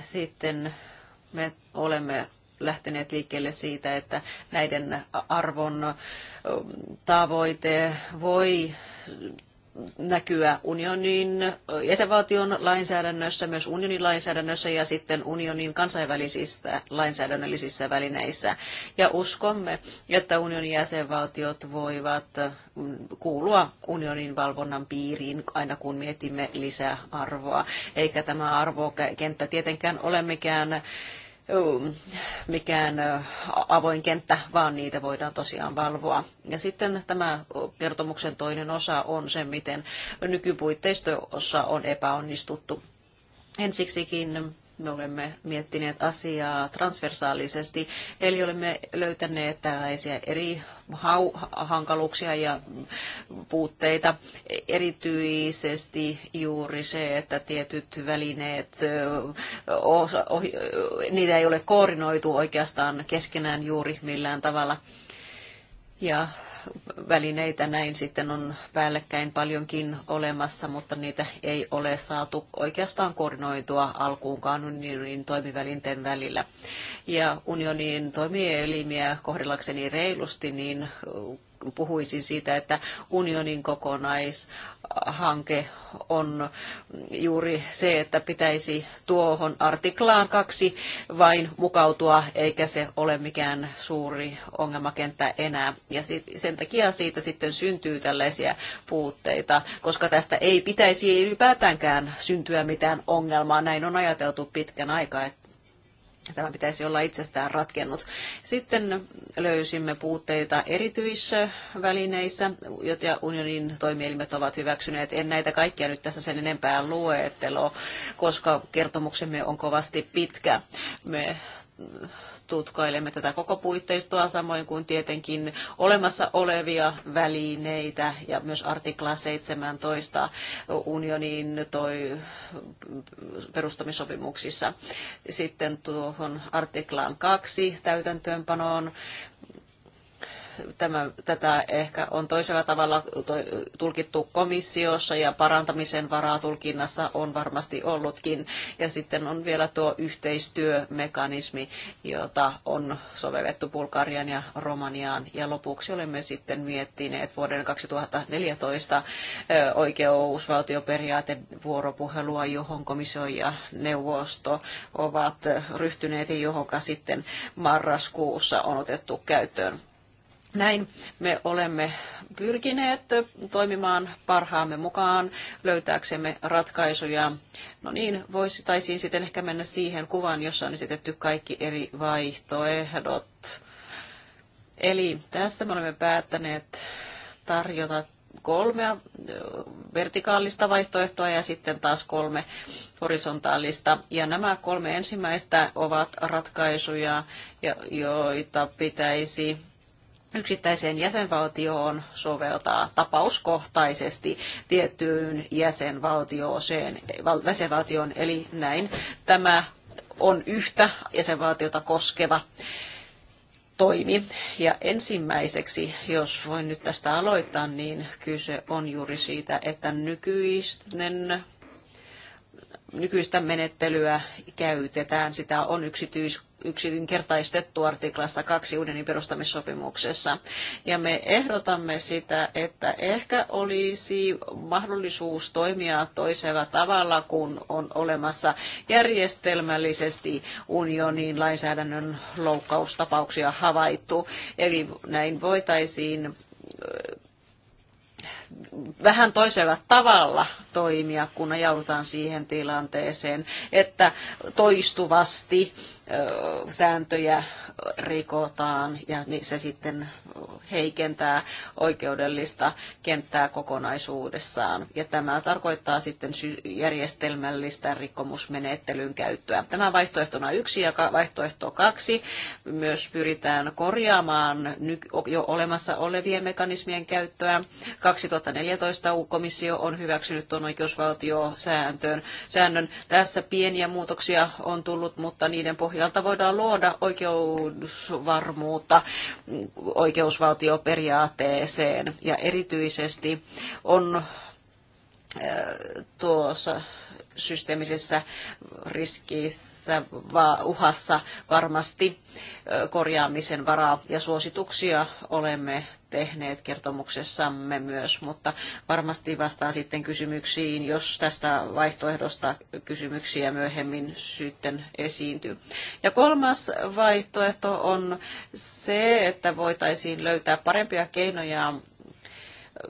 sitten me olemme lähteneet liikkeelle siitä, että näiden arvon tavoite voi näkyä unionin jäsenvaltion lainsäädännössä, myös unionin lainsäädännössä ja sitten unionin kansainvälisissä lainsäädännöllisissä välineissä. Ja uskomme, että unionin jäsenvaltiot voivat kuulua unionin valvonnan piiriin aina kun mietimme lisäarvoa. Eikä tämä arvokenttä tietenkään ole mikään mikään avoin kenttä, vaan niitä voidaan tosiaan valvoa. Ja sitten tämä kertomuksen toinen osa on se, miten nykypuitteistossa on epäonnistuttu. Ensiksikin me olemme miettineet asiaa transversaalisesti, eli olemme löytäneet tällaisia eri hankaluuksia ja puutteita. Erityisesti juuri se, että tietyt välineet, niitä ei ole koordinoitu oikeastaan keskenään juuri millään tavalla. Ja välineitä näin sitten on päällekkäin paljonkin olemassa, mutta niitä ei ole saatu oikeastaan koordinoitua alkuunkaan unionin toimivälinten välillä. Ja unionin toimielimiä kohdellakseni reilusti, niin puhuisin siitä, että unionin kokonaishanke on juuri se, että pitäisi tuohon artiklaan kaksi vain mukautua, eikä se ole mikään suuri ongelmakenttä enää. Ja sen takia siitä sitten syntyy tällaisia puutteita, koska tästä ei pitäisi ylipäätäänkään syntyä mitään ongelmaa. Näin on ajateltu pitkän aikaa, että Tämä pitäisi olla itsestään ratkennut. Sitten löysimme puutteita erityisvälineissä, joita unionin toimielimet ovat hyväksyneet. En näitä kaikkia nyt tässä sen enempää luettelo, koska kertomuksemme on kovasti pitkä. Me tutkailemme tätä koko puitteistoa samoin kuin tietenkin olemassa olevia välineitä ja myös artikla 17 unionin toi perustamissopimuksissa. Sitten tuohon artiklaan 2 täytäntöönpanoon Tämä, tätä ehkä on toisella tavalla tulkittu komissiossa ja parantamisen varaa tulkinnassa on varmasti ollutkin. Ja sitten on vielä tuo yhteistyömekanismi, jota on sovellettu Bulgarian ja Romaniaan. Ja lopuksi olemme sitten miettineet vuoden 2014 vuoropuhelua, johon komissio ja neuvosto ovat ryhtyneet ja johonka sitten marraskuussa on otettu käyttöön näin me olemme pyrkineet toimimaan parhaamme mukaan löytääksemme ratkaisuja. No niin, voisi taisiin sitten ehkä mennä siihen kuvaan, jossa on esitetty kaikki eri vaihtoehdot. Eli tässä me olemme päättäneet tarjota kolmea vertikaalista vaihtoehtoa ja sitten taas kolme horisontaalista. Ja nämä kolme ensimmäistä ovat ratkaisuja, joita pitäisi yksittäiseen jäsenvaltioon soveltaa tapauskohtaisesti tiettyyn jäsenvaltiooseen, jäsenvaltioon, eli näin tämä on yhtä jäsenvaltiota koskeva toimi. Ja ensimmäiseksi, jos voin nyt tästä aloittaa, niin kyse on juuri siitä, että nykyisten nykyistä menettelyä käytetään. Sitä on yksityis, yksinkertaistettu artiklassa kaksi unionin perustamissopimuksessa. Ja me ehdotamme sitä, että ehkä olisi mahdollisuus toimia toisella tavalla, kun on olemassa järjestelmällisesti unionin lainsäädännön loukkaustapauksia havaittu. Eli näin voitaisiin vähän toisella tavalla toimia, kun ajaudutaan siihen tilanteeseen, että toistuvasti sääntöjä rikotaan ja se sitten heikentää oikeudellista kenttää kokonaisuudessaan. Ja tämä tarkoittaa sitten järjestelmällistä rikkomusmenettelyn käyttöä. Tämä vaihtoehtona yksi ja vaihtoehto kaksi myös pyritään korjaamaan jo olemassa olevien mekanismien käyttöä. 2014 komissio on hyväksynyt tuon oikeusvaltiosääntön. Säännön. Tässä pieniä muutoksia on tullut, mutta niiden pohjalta voidaan luoda oikeusvarmuutta oikeusvaltioperiaatteeseen. Ja erityisesti on äh, tuossa systeemisessä riskissä, uhassa varmasti äh, korjaamisen varaa ja suosituksia olemme tehneet kertomuksessamme myös, mutta varmasti vastaan sitten kysymyksiin, jos tästä vaihtoehdosta kysymyksiä myöhemmin sitten esiintyy. Ja kolmas vaihtoehto on se, että voitaisiin löytää parempia keinoja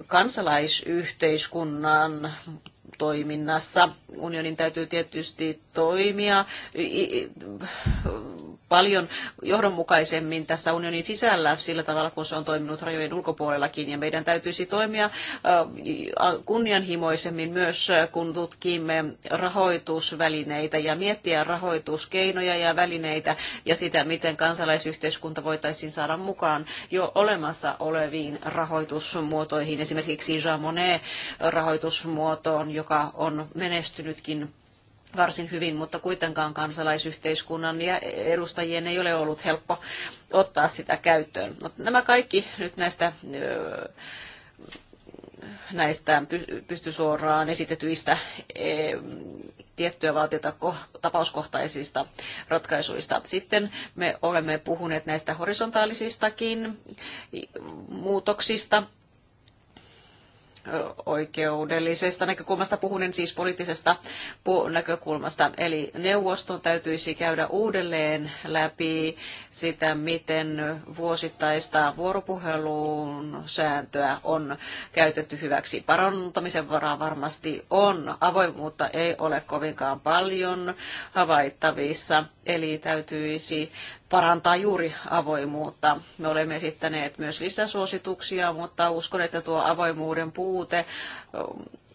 kansalaisyhteiskunnan toiminnassa. Unionin täytyy tietysti toimia paljon johdonmukaisemmin tässä unionin sisällä sillä tavalla, kun se on toiminut rajojen ulkopuolellakin. Ja meidän täytyisi toimia äh, kunnianhimoisemmin myös, äh, kun tutkimme rahoitusvälineitä ja miettiä rahoituskeinoja ja välineitä ja sitä, miten kansalaisyhteiskunta voitaisiin saada mukaan jo olemassa oleviin rahoitusmuotoihin, esimerkiksi Jean Monnet rahoitusmuotoon, joka on menestynytkin varsin hyvin, mutta kuitenkaan kansalaisyhteiskunnan ja edustajien ei ole ollut helppo ottaa sitä käyttöön. Mutta nämä kaikki nyt näistä näistä pystysuoraan esitetyistä e, tiettyä valtiota tapauskohtaisista ratkaisuista. Sitten me olemme puhuneet näistä horisontaalisistakin muutoksista oikeudellisesta näkökulmasta puhunen, siis poliittisesta näkökulmasta. Eli neuvoston täytyisi käydä uudelleen läpi sitä, miten vuosittaista vuoropuhelun sääntöä on käytetty hyväksi. Parantamisen varaa varmasti on. Avoimuutta ei ole kovinkaan paljon havaittavissa, eli täytyisi parantaa juuri avoimuutta. Me olemme esittäneet myös lisäsuosituksia, mutta uskon, että tuo avoimuuden puute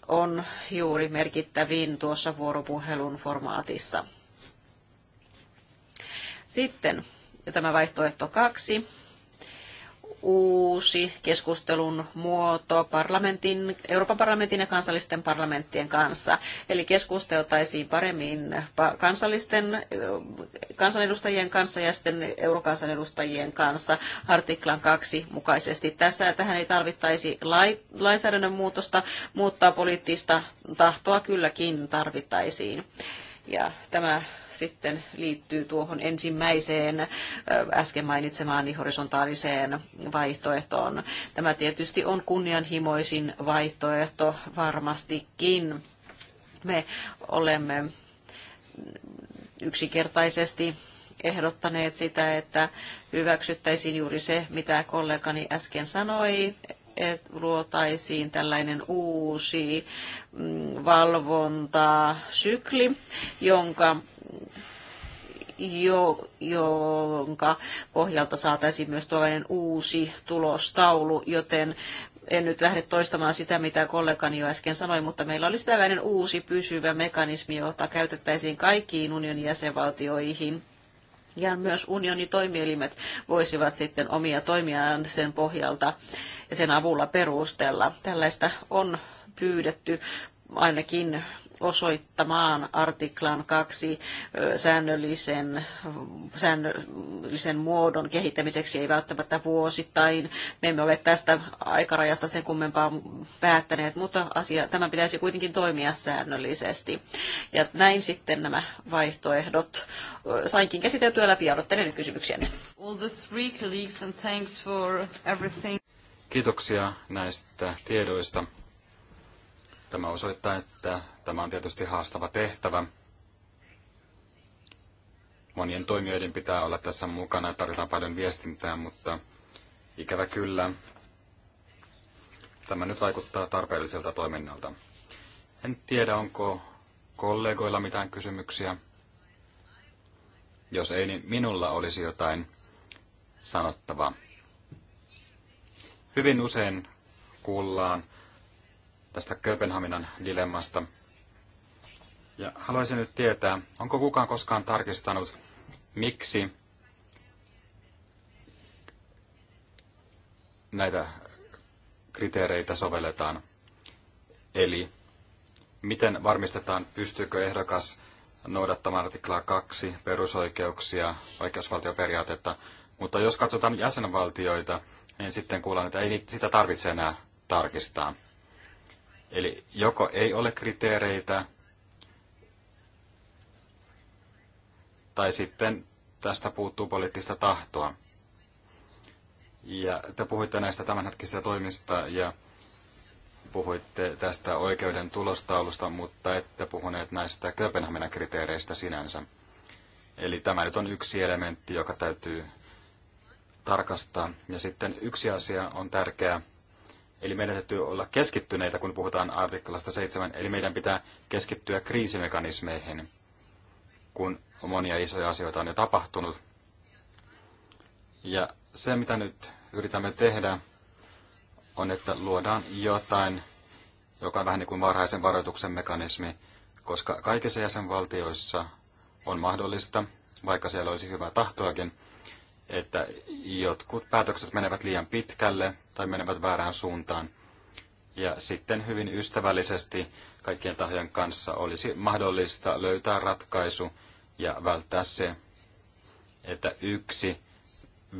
on juuri merkittävin tuossa vuoropuhelun formaatissa. Sitten ja tämä vaihtoehto kaksi uusi keskustelun muoto parlamentin, Euroopan parlamentin ja kansallisten parlamenttien kanssa. Eli keskusteltaisiin paremmin kansallisten kansanedustajien kanssa ja sitten eurokansanedustajien kanssa artiklan 2 mukaisesti. Tässä tähän ei tarvittaisi lai, lainsäädännön muutosta, mutta poliittista tahtoa kylläkin tarvittaisiin. Ja tämä sitten liittyy tuohon ensimmäiseen äsken mainitsemaan horisontaaliseen vaihtoehtoon. Tämä tietysti on kunnianhimoisin vaihtoehto varmastikin. Me olemme yksinkertaisesti ehdottaneet sitä, että hyväksyttäisiin juuri se, mitä kollegani äsken sanoi, luotaisiin tällainen uusi mm, valvontasykli, jonka jo, jonka pohjalta saataisiin myös tuollainen uusi tulostaulu, joten en nyt lähde toistamaan sitä, mitä kollegani jo äsken sanoi, mutta meillä olisi tällainen uusi pysyvä mekanismi, jota käytettäisiin kaikkiin unionin jäsenvaltioihin ja myös unionin toimielimet voisivat sitten omia toimiaan sen pohjalta ja sen avulla perustella. Tällaista on pyydetty ainakin osoittamaan artiklan kaksi säännöllisen, säännöllisen muodon kehittämiseksi, ei välttämättä vuosittain. Me emme ole tästä aikarajasta sen kummempaa päättäneet, mutta asia, tämä pitäisi kuitenkin toimia säännöllisesti. Ja näin sitten nämä vaihtoehdot sainkin käsiteltyä läpi ja odottelen kysymyksiänne. Kiitoksia näistä tiedoista Tämä osoittaa, että tämä on tietysti haastava tehtävä. Monien toimijoiden pitää olla tässä mukana ja tarvitaan paljon viestintää, mutta ikävä kyllä tämä nyt vaikuttaa tarpeelliselta toiminnalta. En tiedä, onko kollegoilla mitään kysymyksiä. Jos ei, niin minulla olisi jotain sanottavaa. Hyvin usein kuullaan tästä Kööpenhaminan dilemmasta. Ja haluaisin nyt tietää, onko kukaan koskaan tarkistanut, miksi näitä kriteereitä sovelletaan. Eli miten varmistetaan, pystyykö ehdokas noudattamaan artiklaa 2 perusoikeuksia, oikeusvaltioperiaatetta, mutta jos katsotaan jäsenvaltioita, niin sitten kuullaan, että ei sitä tarvitse enää tarkistaa. Eli joko ei ole kriteereitä, tai sitten tästä puuttuu poliittista tahtoa. Ja te puhuitte näistä tämänhetkisistä toimista ja puhuitte tästä oikeuden tulostaulusta, mutta ette puhuneet näistä Kööpenhaminan kriteereistä sinänsä. Eli tämä nyt on yksi elementti, joka täytyy tarkastaa. Ja sitten yksi asia on tärkeä, Eli meidän täytyy olla keskittyneitä, kun puhutaan artiklasta 7, eli meidän pitää keskittyä kriisimekanismeihin, kun monia isoja asioita on jo tapahtunut. Ja se, mitä nyt yritämme tehdä, on, että luodaan jotain, joka on vähän niin kuin varhaisen varoituksen mekanismi, koska kaikissa jäsenvaltioissa on mahdollista, vaikka siellä olisi hyvää tahtoakin, että jotkut päätökset menevät liian pitkälle tai menevät väärään suuntaan. Ja sitten hyvin ystävällisesti kaikkien tahojen kanssa olisi mahdollista löytää ratkaisu ja välttää se, että yksi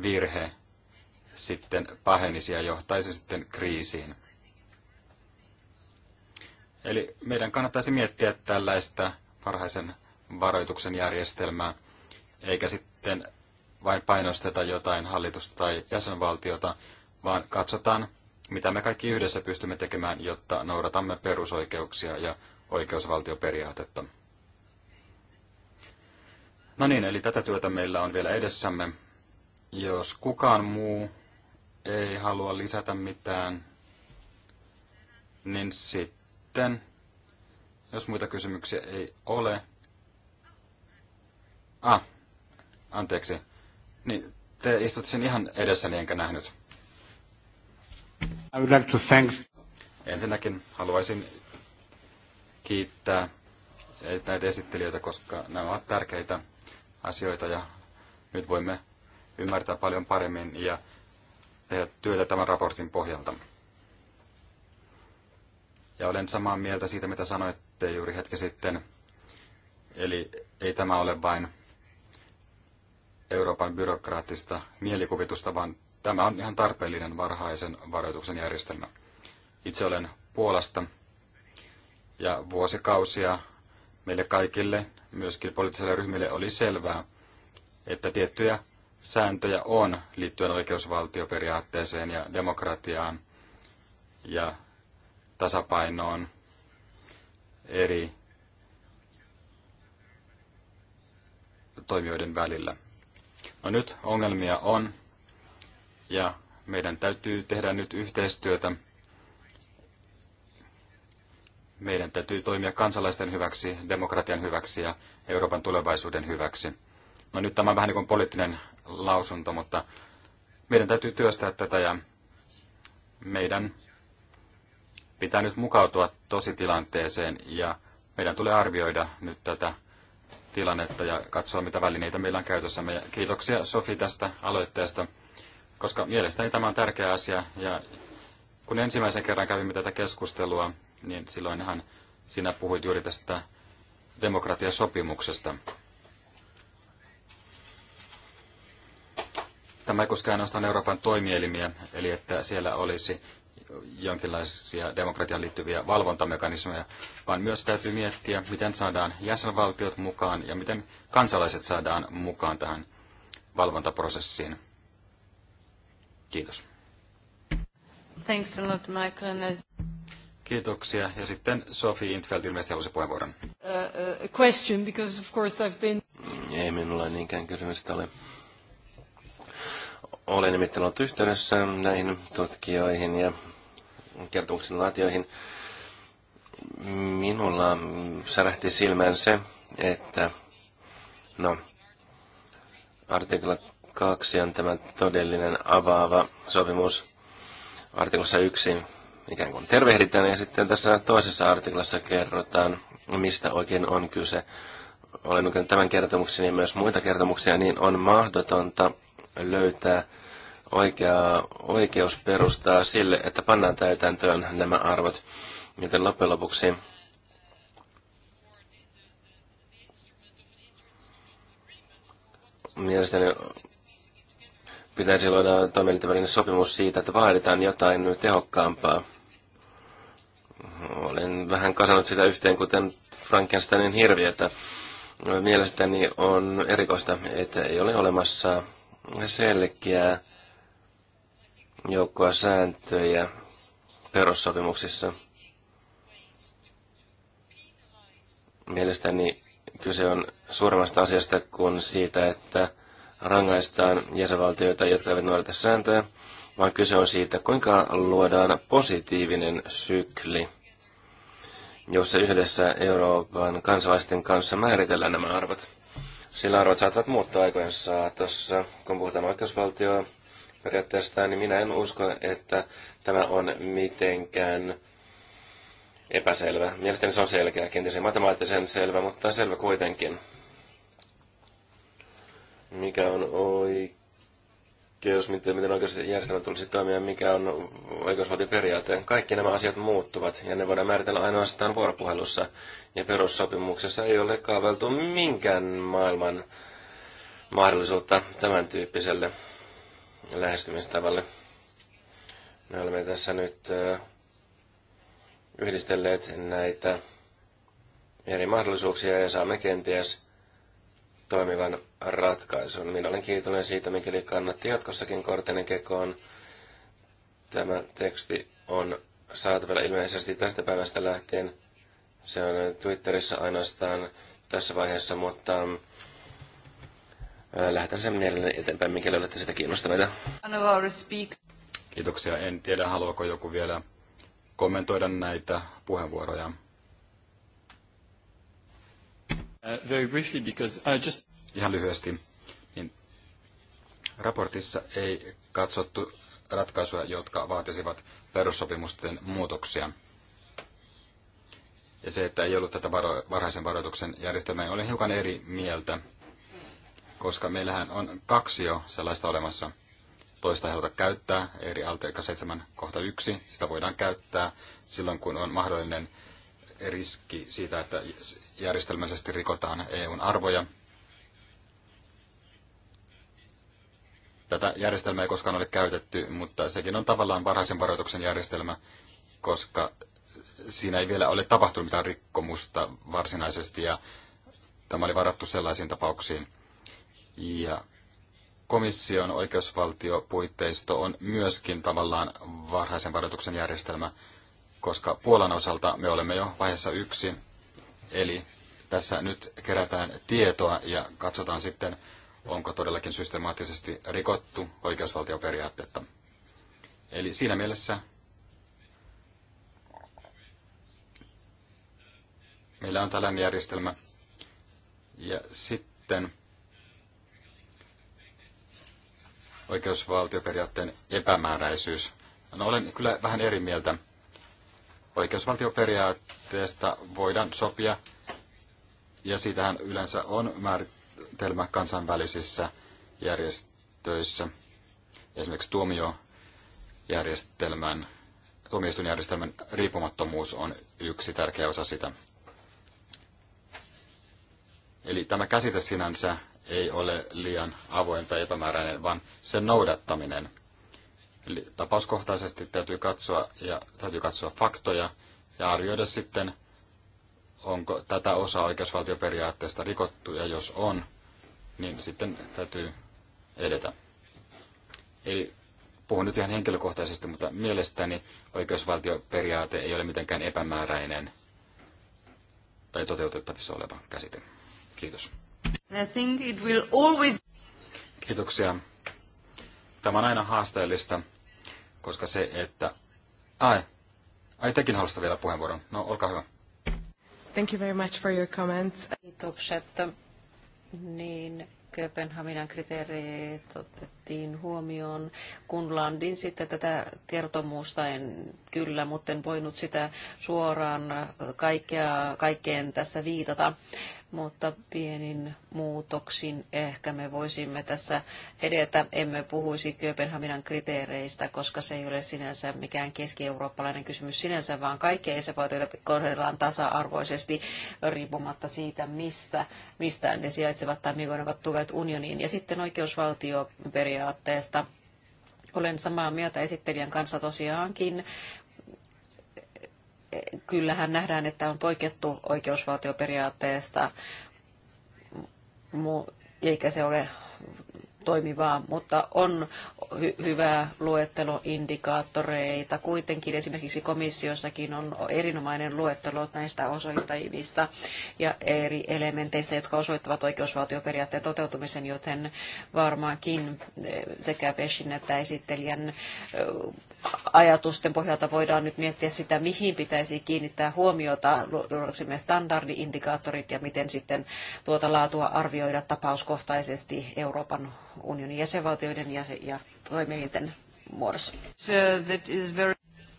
virhe sitten pahenisi ja johtaisi sitten kriisiin. Eli meidän kannattaisi miettiä tällaista varhaisen varoituksen järjestelmää, eikä sitten vain painosteta jotain hallitusta tai jäsenvaltiota, vaan katsotaan, mitä me kaikki yhdessä pystymme tekemään, jotta noudatamme perusoikeuksia ja oikeusvaltioperiaatetta. No niin, eli tätä työtä meillä on vielä edessämme. Jos kukaan muu ei halua lisätä mitään, niin sitten, jos muita kysymyksiä ei ole. Ah, anteeksi. Niin, te istutte sen ihan edessäni enkä nähnyt. I would like to thank... Ensinnäkin haluaisin kiittää näitä esittelijöitä, koska nämä ovat tärkeitä asioita ja nyt voimme ymmärtää paljon paremmin ja tehdä työtä tämän raportin pohjalta. Ja olen samaa mieltä siitä, mitä sanoitte juuri hetki sitten. Eli ei tämä ole vain Euroopan byrokraattista mielikuvitusta, vaan tämä on ihan tarpeellinen varhaisen varoituksen järjestelmä. Itse olen Puolasta ja vuosikausia meille kaikille, myöskin poliittisille ryhmille, oli selvää, että tiettyjä sääntöjä on liittyen oikeusvaltioperiaatteeseen ja demokratiaan ja tasapainoon eri toimijoiden välillä. No nyt ongelmia on ja meidän täytyy tehdä nyt yhteistyötä. Meidän täytyy toimia kansalaisten hyväksi, demokratian hyväksi ja Euroopan tulevaisuuden hyväksi. No nyt tämä on vähän niin kuin poliittinen lausunto, mutta meidän täytyy työstää tätä ja meidän pitää nyt mukautua tositilanteeseen ja meidän tulee arvioida nyt tätä tilannetta ja katsoa, mitä välineitä meillä on käytössämme. Ja kiitoksia Sofi tästä aloitteesta, koska mielestäni tämä on tärkeä asia. Ja kun ensimmäisen kerran kävimme tätä keskustelua, niin silloin ihan sinä puhuit juuri tästä demokratiasopimuksesta. Tämä ei koskaan ainoastaan Euroopan toimielimiä, eli että siellä olisi jonkinlaisia demokratiaan liittyviä valvontamekanismeja, vaan myös täytyy miettiä, miten saadaan jäsenvaltiot mukaan ja miten kansalaiset saadaan mukaan tähän valvontaprosessiin. Kiitos. Thanks a lot, Michael. Kiitoksia. Ja sitten Sophie Intfeld ilmeisesti halusi puheenvuoron. Uh, uh, question, because of course I've been... Ei minulla niinkään kysymystä ole. Olen nimittäin ollut yhteydessä näihin tutkijoihin ja kertomuksen laatioihin. Minulla särähti silmään se, että no, artikla 2 on tämä todellinen avaava sopimus. Artiklassa 1 ikään kuin tervehditään ja sitten tässä toisessa artiklassa kerrotaan, mistä oikein on kyse. Olen lukenut tämän kertomuksen ja myös muita kertomuksia, niin on mahdotonta löytää Oikeus perustaa sille, että pannaan täytäntöön nämä arvot. Joten loppujen lopuksi mielestäni pitäisi luoda toimielinten sopimus siitä, että vaaditaan jotain tehokkaampaa. Olen vähän kasannut sitä yhteen, kuten Frankensteinin että Mielestäni on erikoista, että ei ole olemassa selkeää joukkoa sääntöjä perussopimuksissa. Mielestäni kyse on suuremmasta asiasta kuin siitä, että rangaistaan jäsenvaltioita, jotka eivät noudata sääntöjä, vaan kyse on siitä, kuinka luodaan positiivinen sykli, jossa yhdessä Euroopan kansalaisten kanssa määritellään nämä arvot. Sillä arvot saattavat muuttaa aikojen saatossa, kun puhutaan oikeusvaltioa, periaatteesta, niin minä en usko, että tämä on mitenkään epäselvä. Mielestäni se on selkeä, kenties matemaattisen selvä, mutta selvä kuitenkin. Mikä on oikeus, miten, miten oikeusjärjestelmä tulisi toimia, mikä on oikeusvaltioperiaate. Kaikki nämä asiat muuttuvat ja ne voidaan määritellä ainoastaan vuoropuhelussa. Ja perussopimuksessa ei ole kaaveltu minkään maailman mahdollisuutta tämän tyyppiselle lähestymistavalle. Me olemme tässä nyt yhdistelleet näitä eri mahdollisuuksia ja saamme kenties toimivan ratkaisun. Minä olen kiitollinen siitä, mikäli kannatti jatkossakin kortinen kekoon. Tämä teksti on saatavilla ilmeisesti tästä päivästä lähtien. Se on Twitterissä ainoastaan tässä vaiheessa, mutta lähetän sen mielelläni eteenpäin, mikäli olette sitä kiinnostuneita. Kiitoksia. En tiedä, haluaako joku vielä kommentoida näitä puheenvuoroja. Uh, very briefly, because I just... Ihan lyhyesti. Niin raportissa ei katsottu ratkaisuja, jotka vaatisivat perussopimusten muutoksia. Ja se, että ei ollut tätä varo- varhaisen varoituksen järjestelmää, niin olen hiukan eri mieltä koska meillähän on kaksi jo sellaista olemassa. Toista haluta käyttää, eri alteikka 7 kohta 1, sitä voidaan käyttää silloin, kun on mahdollinen riski siitä, että järjestelmällisesti rikotaan EUn arvoja. Tätä järjestelmää ei koskaan ole käytetty, mutta sekin on tavallaan varhaisen varoituksen järjestelmä, koska siinä ei vielä ole tapahtunut mitään rikkomusta varsinaisesti ja tämä oli varattu sellaisiin tapauksiin, ja komission oikeusvaltiopuitteisto on myöskin tavallaan varhaisen varoituksen järjestelmä, koska Puolan osalta me olemme jo vaiheessa yksi. Eli tässä nyt kerätään tietoa ja katsotaan sitten, onko todellakin systemaattisesti rikottu oikeusvaltioperiaatteetta. Eli siinä mielessä meillä on tällainen järjestelmä. Ja sitten oikeusvaltioperiaatteen epämääräisyys. No olen kyllä vähän eri mieltä. Oikeusvaltioperiaatteesta voidaan sopia, ja siitähän yleensä on määritelmä kansainvälisissä järjestöissä. Esimerkiksi tuomiojärjestelmän, tuomioistuinjärjestelmän riippumattomuus on yksi tärkeä osa sitä. Eli tämä käsite sinänsä ei ole liian avoin tai epämääräinen, vaan sen noudattaminen. Eli tapauskohtaisesti täytyy katsoa, ja täytyy katsoa faktoja ja arvioida sitten, onko tätä osaa oikeusvaltioperiaatteesta rikottu, ja jos on, niin sitten täytyy edetä. Eli puhun nyt ihan henkilökohtaisesti, mutta mielestäni oikeusvaltioperiaate ei ole mitenkään epämääräinen tai toteutettavissa oleva käsite. Kiitos. I think it will always... Kiitoksia. Tämä on aina haasteellista, koska se, että... Ai, ai tekin halusitte vielä puheenvuoron. No, olkaa hyvä. Thank you very much for your comments. Kiitokset. Niin, Kööpenhaminan kriteerit otettiin huomioon, kun landin sitten tätä kertomusta, en kyllä, mutta en voinut sitä suoraan kaikkea, kaikkeen tässä viitata mutta pienin muutoksin ehkä me voisimme tässä edetä. Emme puhuisi Kööpenhaminan kriteereistä, koska se ei ole sinänsä mikään keski-eurooppalainen kysymys sinänsä, vaan kaikkia jäsenvaltioita kohdellaan tasa-arvoisesti riippumatta siitä, mistä, mistä ne sijaitsevat tai milloin ovat tulleet unioniin. Ja sitten oikeusvaltioperiaatteesta olen samaa mieltä esittelijän kanssa tosiaankin kyllähän nähdään, että on poikettu oikeusvaltioperiaatteesta, eikä se ole toimivaa, mutta on hy- hyvä luettelo indikaattoreita. Kuitenkin esimerkiksi komissiossakin on erinomainen luettelo näistä osoittajista ja eri elementeistä, jotka osoittavat oikeusvaltioperiaatteen toteutumisen, joten varmaankin eh, sekä Peshin että esittelijän eh, ajatusten pohjalta voidaan nyt miettiä sitä, mihin pitäisi kiinnittää huomiota, luodaksemme standardiindikaattorit ja miten sitten tuota laatua arvioida tapauskohtaisesti Euroopan unionin jäsenvaltioiden ja, ja toimielinten muodossa.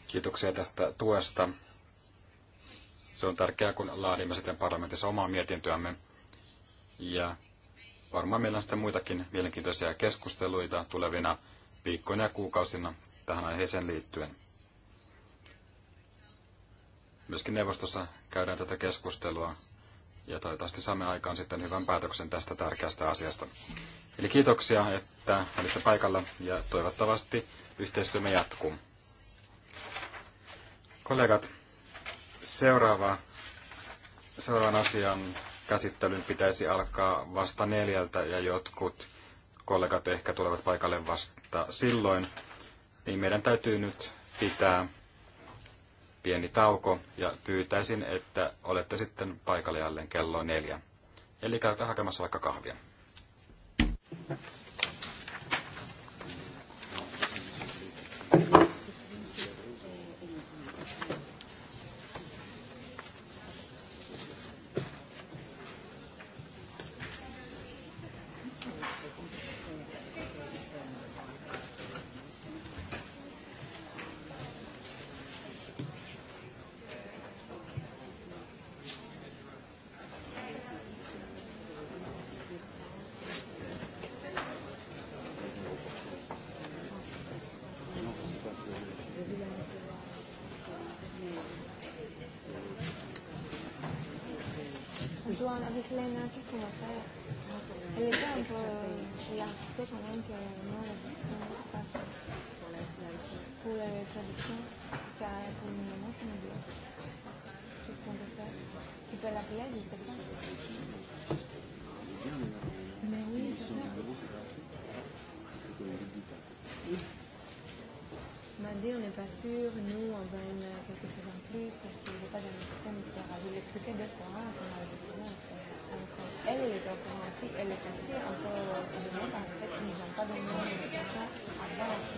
Kiitoksia tästä tuesta. Se on tärkeää, kun laadimme sitten parlamentissa omaa mietintöämme. Ja varmaan meillä on sitten muitakin mielenkiintoisia keskusteluita tulevina viikkoina ja kuukausina tähän aiheeseen liittyen. Myöskin neuvostossa käydään tätä keskustelua ja toivottavasti saamme aikaan sitten hyvän päätöksen tästä tärkeästä asiasta. Eli kiitoksia, että olitte paikalla ja toivottavasti yhteistyömme jatkuu. Kollegat, seuraava, seuraavan asian käsittelyn pitäisi alkaa vasta neljältä ja jotkut kollegat ehkä tulevat paikalle vasta silloin niin meidän täytyy nyt pitää pieni tauko ja pyytäisin, että olette sitten paikalle jälleen kello neljä. Eli käytä hakemassa vaikka kahvia. elle est partie un peu en fait, ils n'ont pas donné les fonction avant que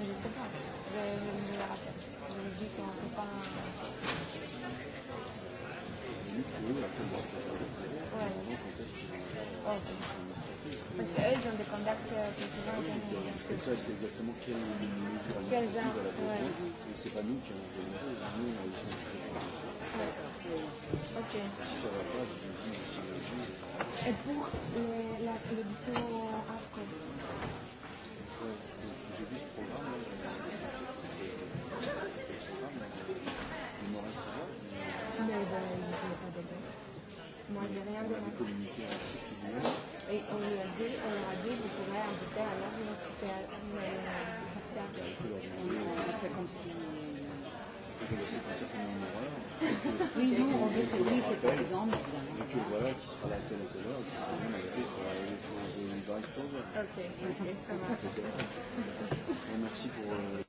Mais je sais pas, je, je me le rappelle. Je me dis qu'on ne peut pas. Okay. Parce qu'eux, ils ont des contacts effectivement avec les universités. ça, c'est exactement quelle mesure administrative elle a besoin. Ouais. C'est pas nous qui avons fait le Nous, on a eu son. D'accord. Ok. ça va et pour l'édition AFCO. J'ai vu ce programme, là, il m'aurait savoir. Mais ben, je n'ai pas d'abord. Moi, j'ai rien de communiqué avec ce qui vient. Et on lui a dit, on leur a dit, vous pourrez inviter à l'ordre, mais c'est comme si que bah, c'était certainement Oui, non, on veut que c'est fatigant, mais évidemment. Et que voilà, qui sera là telle ou telle heure, qui sera là à telle pour aller pour une Ok, ok, ça va. Merci pour. Euh,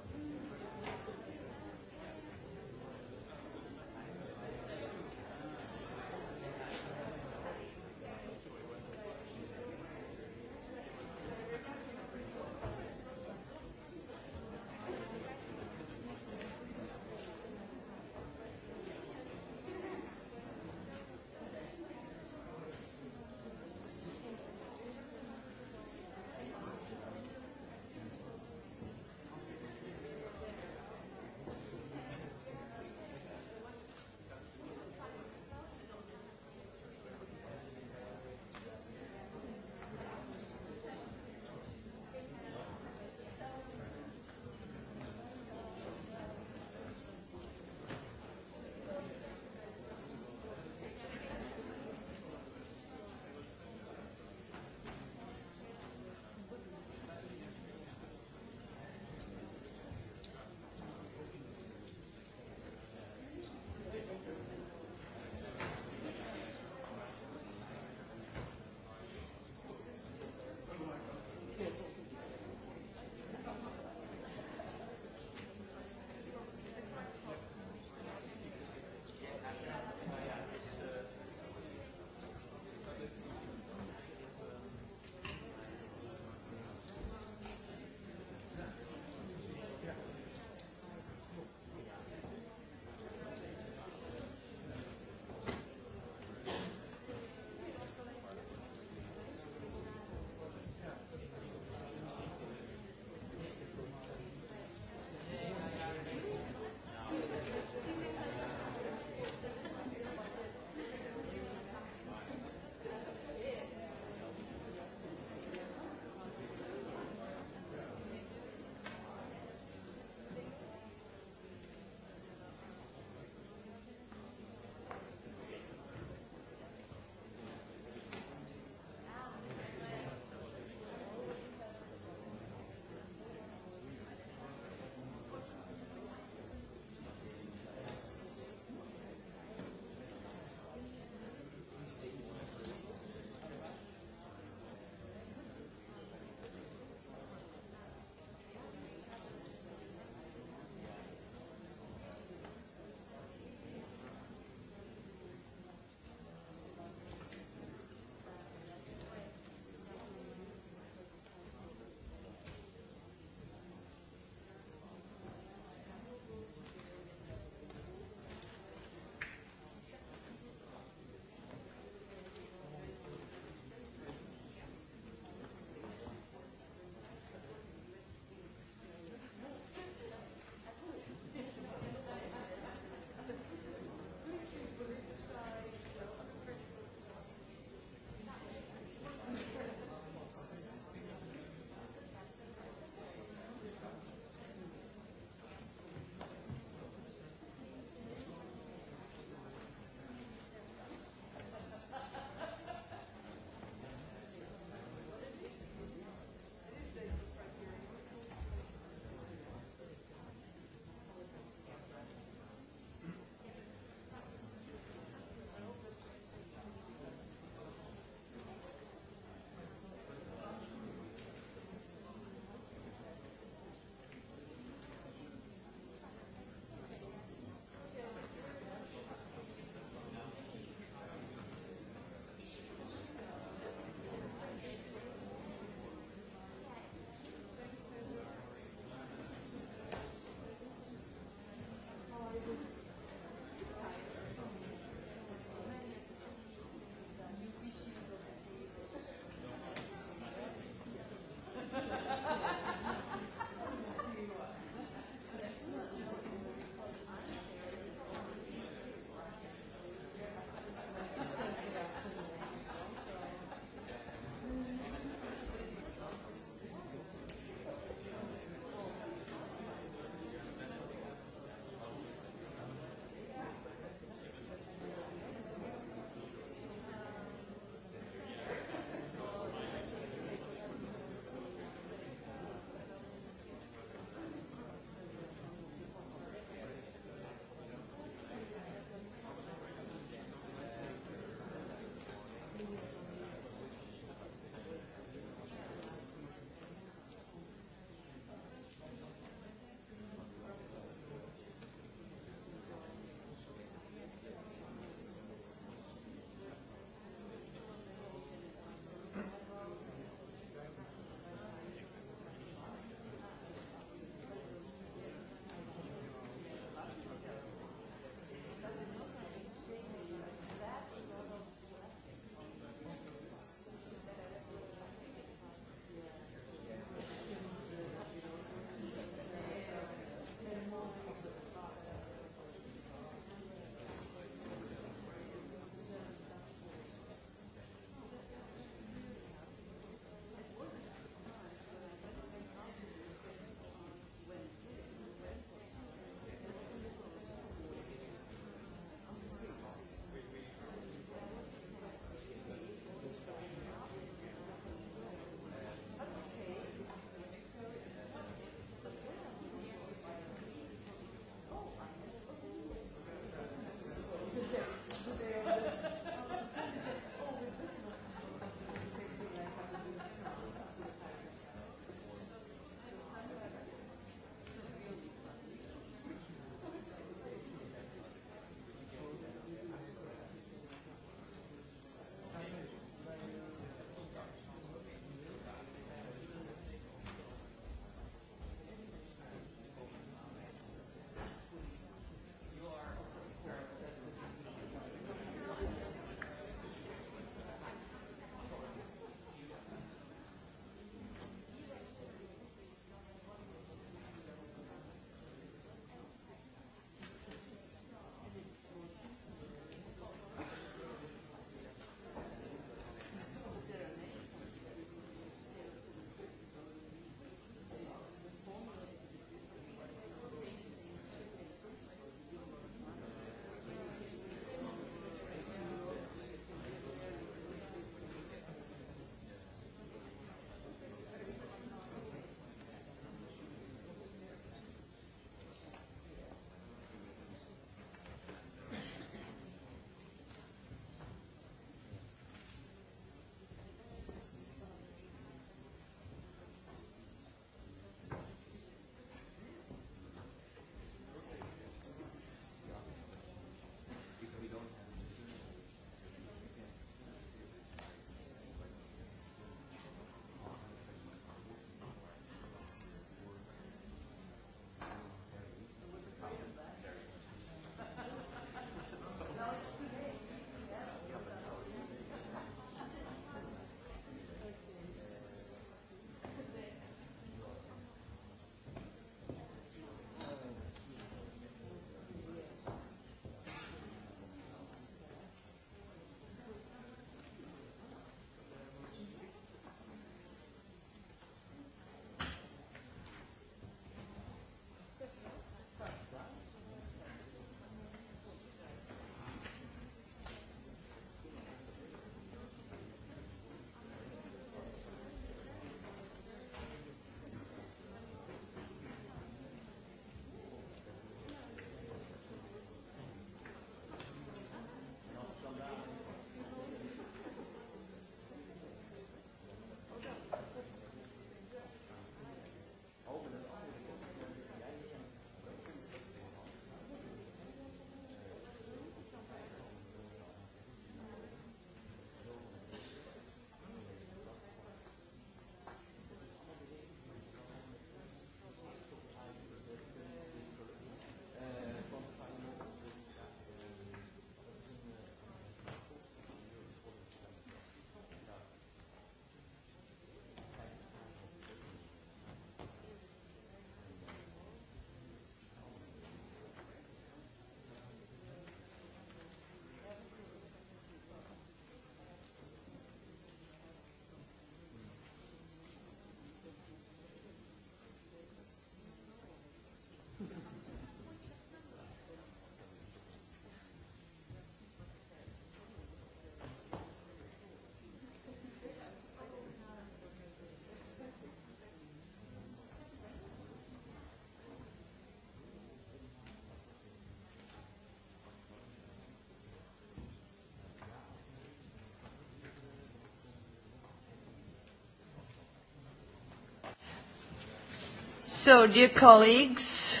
So, dear colleagues,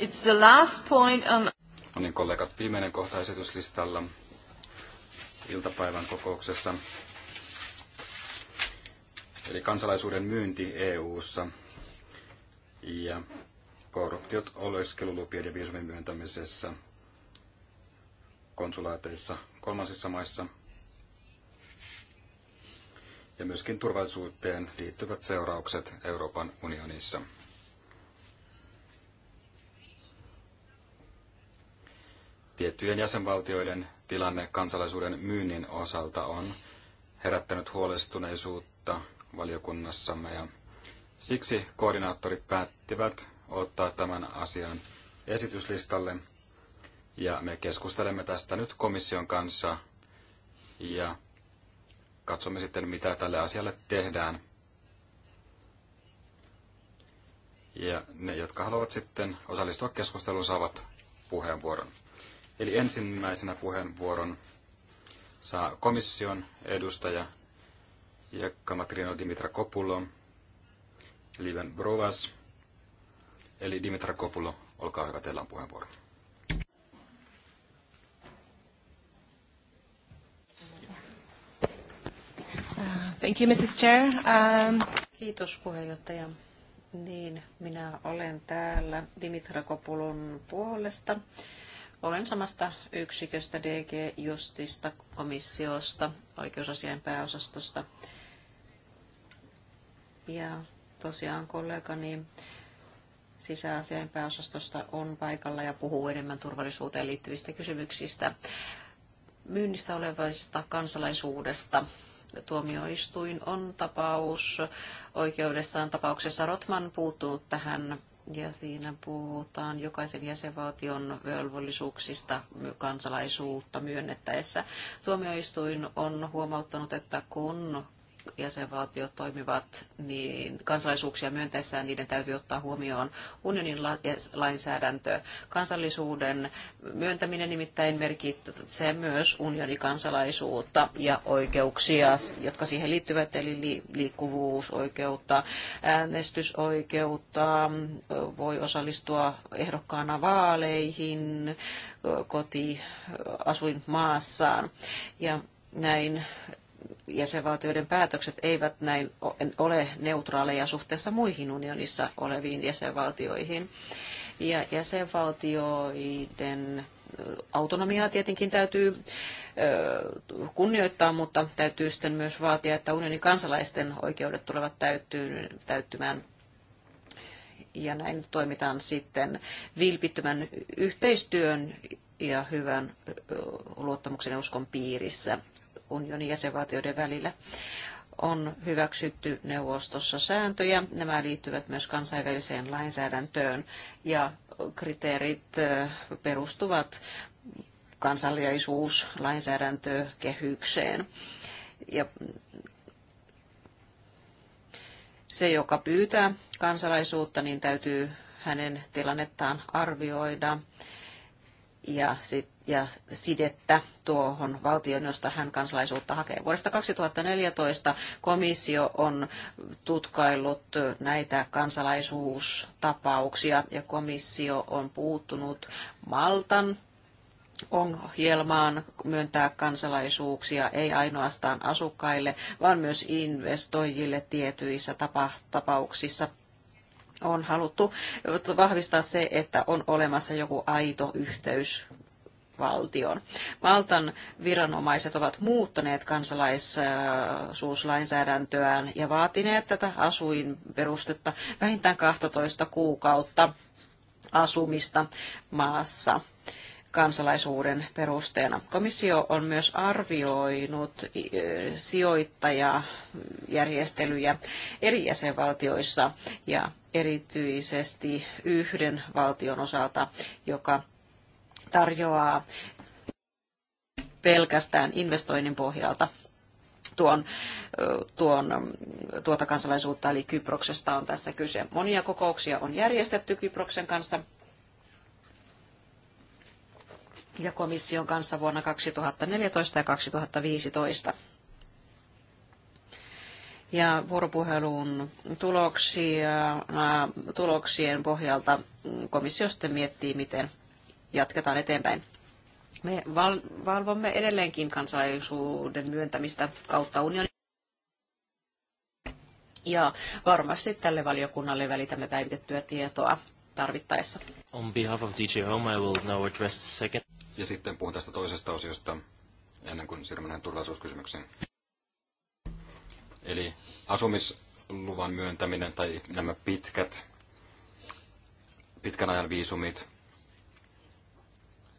it's the last point on... No niin, kollegat, viimeinen kohta esityslistalla iltapäivän kokouksessa. Eli kansalaisuuden myynti EU-ssa ja korruptiot oleskelulupien ja viisumin myöntämisessä konsulaateissa kolmansissa maissa ja myöskin turvallisuuteen liittyvät seuraukset Euroopan unionissa. tiettyjen jäsenvaltioiden tilanne kansalaisuuden myynnin osalta on herättänyt huolestuneisuutta valiokunnassamme ja siksi koordinaattorit päättivät ottaa tämän asian esityslistalle ja me keskustelemme tästä nyt komission kanssa ja katsomme sitten, mitä tälle asialle tehdään. Ja ne, jotka haluavat sitten osallistua keskusteluun, saavat puheenvuoron. Eli ensimmäisenä puheenvuoron saa komission edustaja Jekka Matrino Dimitra Kopulo, Liven Brovas. Eli Dimitra Kopulo, olkaa hyvä, teillä on puheenvuoro. Thank you, Mrs. Chair. Um... Kiitos puheenjohtaja. Niin, minä olen täällä Dimitra Kopulon puolesta. Olen samasta yksiköstä DG Justista, komissiosta, oikeusasiain pääosastosta. Ja tosiaan kollegani sisäasiain pääosastosta on paikalla ja puhuu enemmän turvallisuuteen liittyvistä kysymyksistä. Myynnissä olevasta kansalaisuudesta tuomioistuin on tapaus oikeudessaan tapauksessa Rotman puuttunut tähän ja siinä puhutaan jokaisen jäsenvaltion velvollisuuksista kansalaisuutta myönnettäessä. Tuomioistuin on huomauttanut, että kun jäsenvaltiot toimivat, niin kansalaisuuksia myöntäessään niiden täytyy ottaa huomioon unionin lainsäädäntö. Kansallisuuden myöntäminen nimittäin merkitsee myös unionikansalaisuutta ja oikeuksia, jotka siihen liittyvät, eli liikkuvuusoikeutta, äänestysoikeutta, voi osallistua ehdokkaana vaaleihin, koti asuin maassaan. Ja näin jäsenvaltioiden päätökset eivät näin ole neutraaleja suhteessa muihin unionissa oleviin jäsenvaltioihin. Ja jäsenvaltioiden autonomiaa tietenkin täytyy kunnioittaa, mutta täytyy sitten myös vaatia, että unionin kansalaisten oikeudet tulevat täyttymään ja näin toimitaan sitten vilpittömän yhteistyön ja hyvän luottamuksen ja uskon piirissä unionin jäsenvaltioiden välillä on hyväksytty neuvostossa sääntöjä. Nämä liittyvät myös kansainväliseen lainsäädäntöön ja kriteerit perustuvat kansallisuuslainsäädäntökehykseen. Ja se, joka pyytää kansalaisuutta, niin täytyy hänen tilannettaan arvioida ja sitten ja sidettä tuohon valtioon, josta hän kansalaisuutta hakee. Vuodesta 2014 komissio on tutkaillut näitä kansalaisuustapauksia ja komissio on puuttunut Maltan ohjelmaan myöntää kansalaisuuksia ei ainoastaan asukkaille, vaan myös investoijille tietyissä tapa- tapauksissa on haluttu vahvistaa se, että on olemassa joku aito yhteys valtion. Maltan viranomaiset ovat muuttaneet kansalaisuuslainsäädäntöään ja vaatineet tätä asuinperustetta vähintään 12 kuukautta asumista maassa kansalaisuuden perusteena. Komissio on myös arvioinut eh, sijoittajajärjestelyjä eri jäsenvaltioissa ja erityisesti yhden valtion osalta, joka tarjoaa pelkästään investoinnin pohjalta tuon, tuon, tuota kansalaisuutta, eli Kyproksesta on tässä kyse. Monia kokouksia on järjestetty Kyproksen kanssa ja komission kanssa vuonna 2014 ja 2015. Ja vuoropuhelun tuloksia, tuloksien pohjalta mm, komissio sitten miettii, miten jatketaan eteenpäin. Me val- valvomme edelleenkin kansalaisuuden myöntämistä kautta unionin. Ja varmasti tälle valiokunnalle välitämme päivitettyä tietoa tarvittaessa. On behalf of DJ Home, I will now address the second. Ja sitten puhun tästä toisesta osiosta ennen kuin siirrymme näihin turvallisuuskysymyksiin. Eli asumisluvan myöntäminen tai nämä pitkät, pitkän ajan viisumit,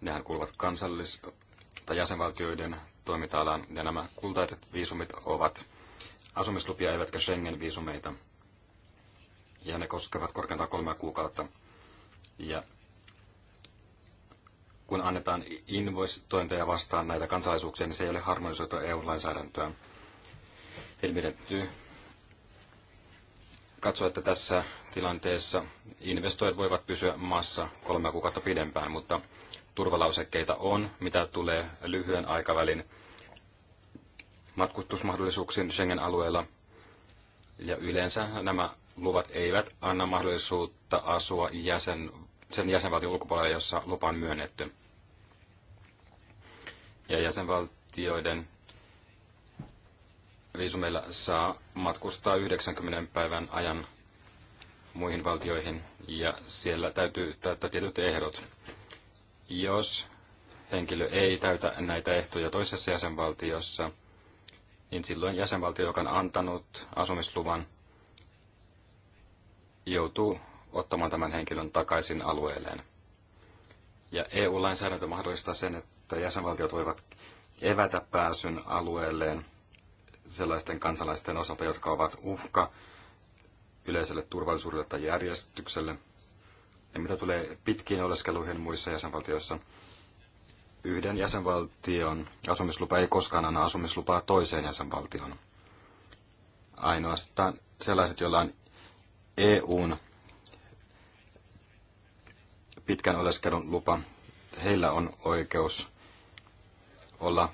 Nehän kuuluvat kansallis- tai jäsenvaltioiden toiminta ja nämä kultaiset viisumit ovat asumislupia eivätkä Schengen-viisumeita, ja ne koskevat korkeintaan kolmea kuukautta. Ja kun annetaan invoistointeja vastaan näitä kansalaisuuksia, niin se ei ole harmonisoitua EU-lainsäädäntöä. Eli katsoa, että tässä tilanteessa investoijat voivat pysyä maassa kolme kuukautta pidempään, mutta turvalausekkeita on, mitä tulee lyhyen aikavälin matkustusmahdollisuuksiin Schengen-alueella. Ja yleensä nämä luvat eivät anna mahdollisuutta asua jäsen, sen jäsenvaltion ulkopuolella, jossa lupa on myönnetty. Ja jäsenvaltioiden viisumeilla saa matkustaa 90 päivän ajan muihin valtioihin ja siellä täytyy täyttää tietyt ehdot. Jos henkilö ei täytä näitä ehtoja toisessa jäsenvaltiossa, niin silloin jäsenvaltio, joka on antanut asumisluvan, joutuu ottamaan tämän henkilön takaisin alueelleen. Ja EU-lainsäädäntö mahdollistaa sen, että jäsenvaltiot voivat evätä pääsyn alueelleen sellaisten kansalaisten osalta, jotka ovat uhka yleiselle turvallisuudelle tai järjestykselle – ja mitä tulee pitkiin oleskeluihin muissa jäsenvaltioissa, yhden jäsenvaltion asumislupa ei koskaan anna asumislupaa toiseen jäsenvaltioon. Ainoastaan sellaiset, joilla on EUn pitkän oleskelun lupa, heillä on oikeus olla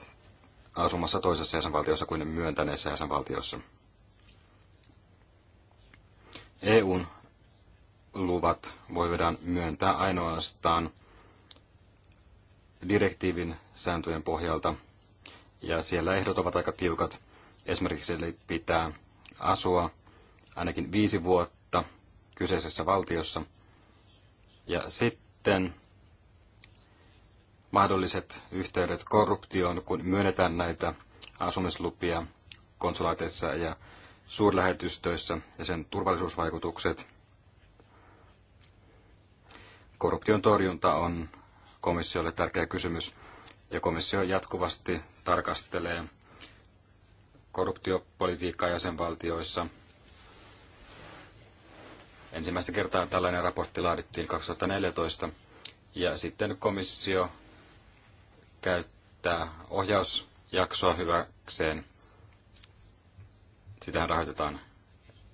asumassa toisessa jäsenvaltiossa kuin myöntäneessä jäsenvaltiossa. EUn luvat voidaan myöntää ainoastaan direktiivin sääntöjen pohjalta. Ja siellä ehdot ovat aika tiukat. Esimerkiksi eli pitää asua ainakin viisi vuotta kyseisessä valtiossa. Ja sitten mahdolliset yhteydet korruptioon, kun myönnetään näitä asumislupia konsulaateissa ja suurlähetystöissä ja sen turvallisuusvaikutukset. Korruption torjunta on komissiolle tärkeä kysymys ja komissio jatkuvasti tarkastelee korruptiopolitiikkaa jäsenvaltioissa. Ensimmäistä kertaa tällainen raportti laadittiin 2014 ja sitten komissio käyttää ohjausjaksoa hyväkseen. Sitähän rahoitetaan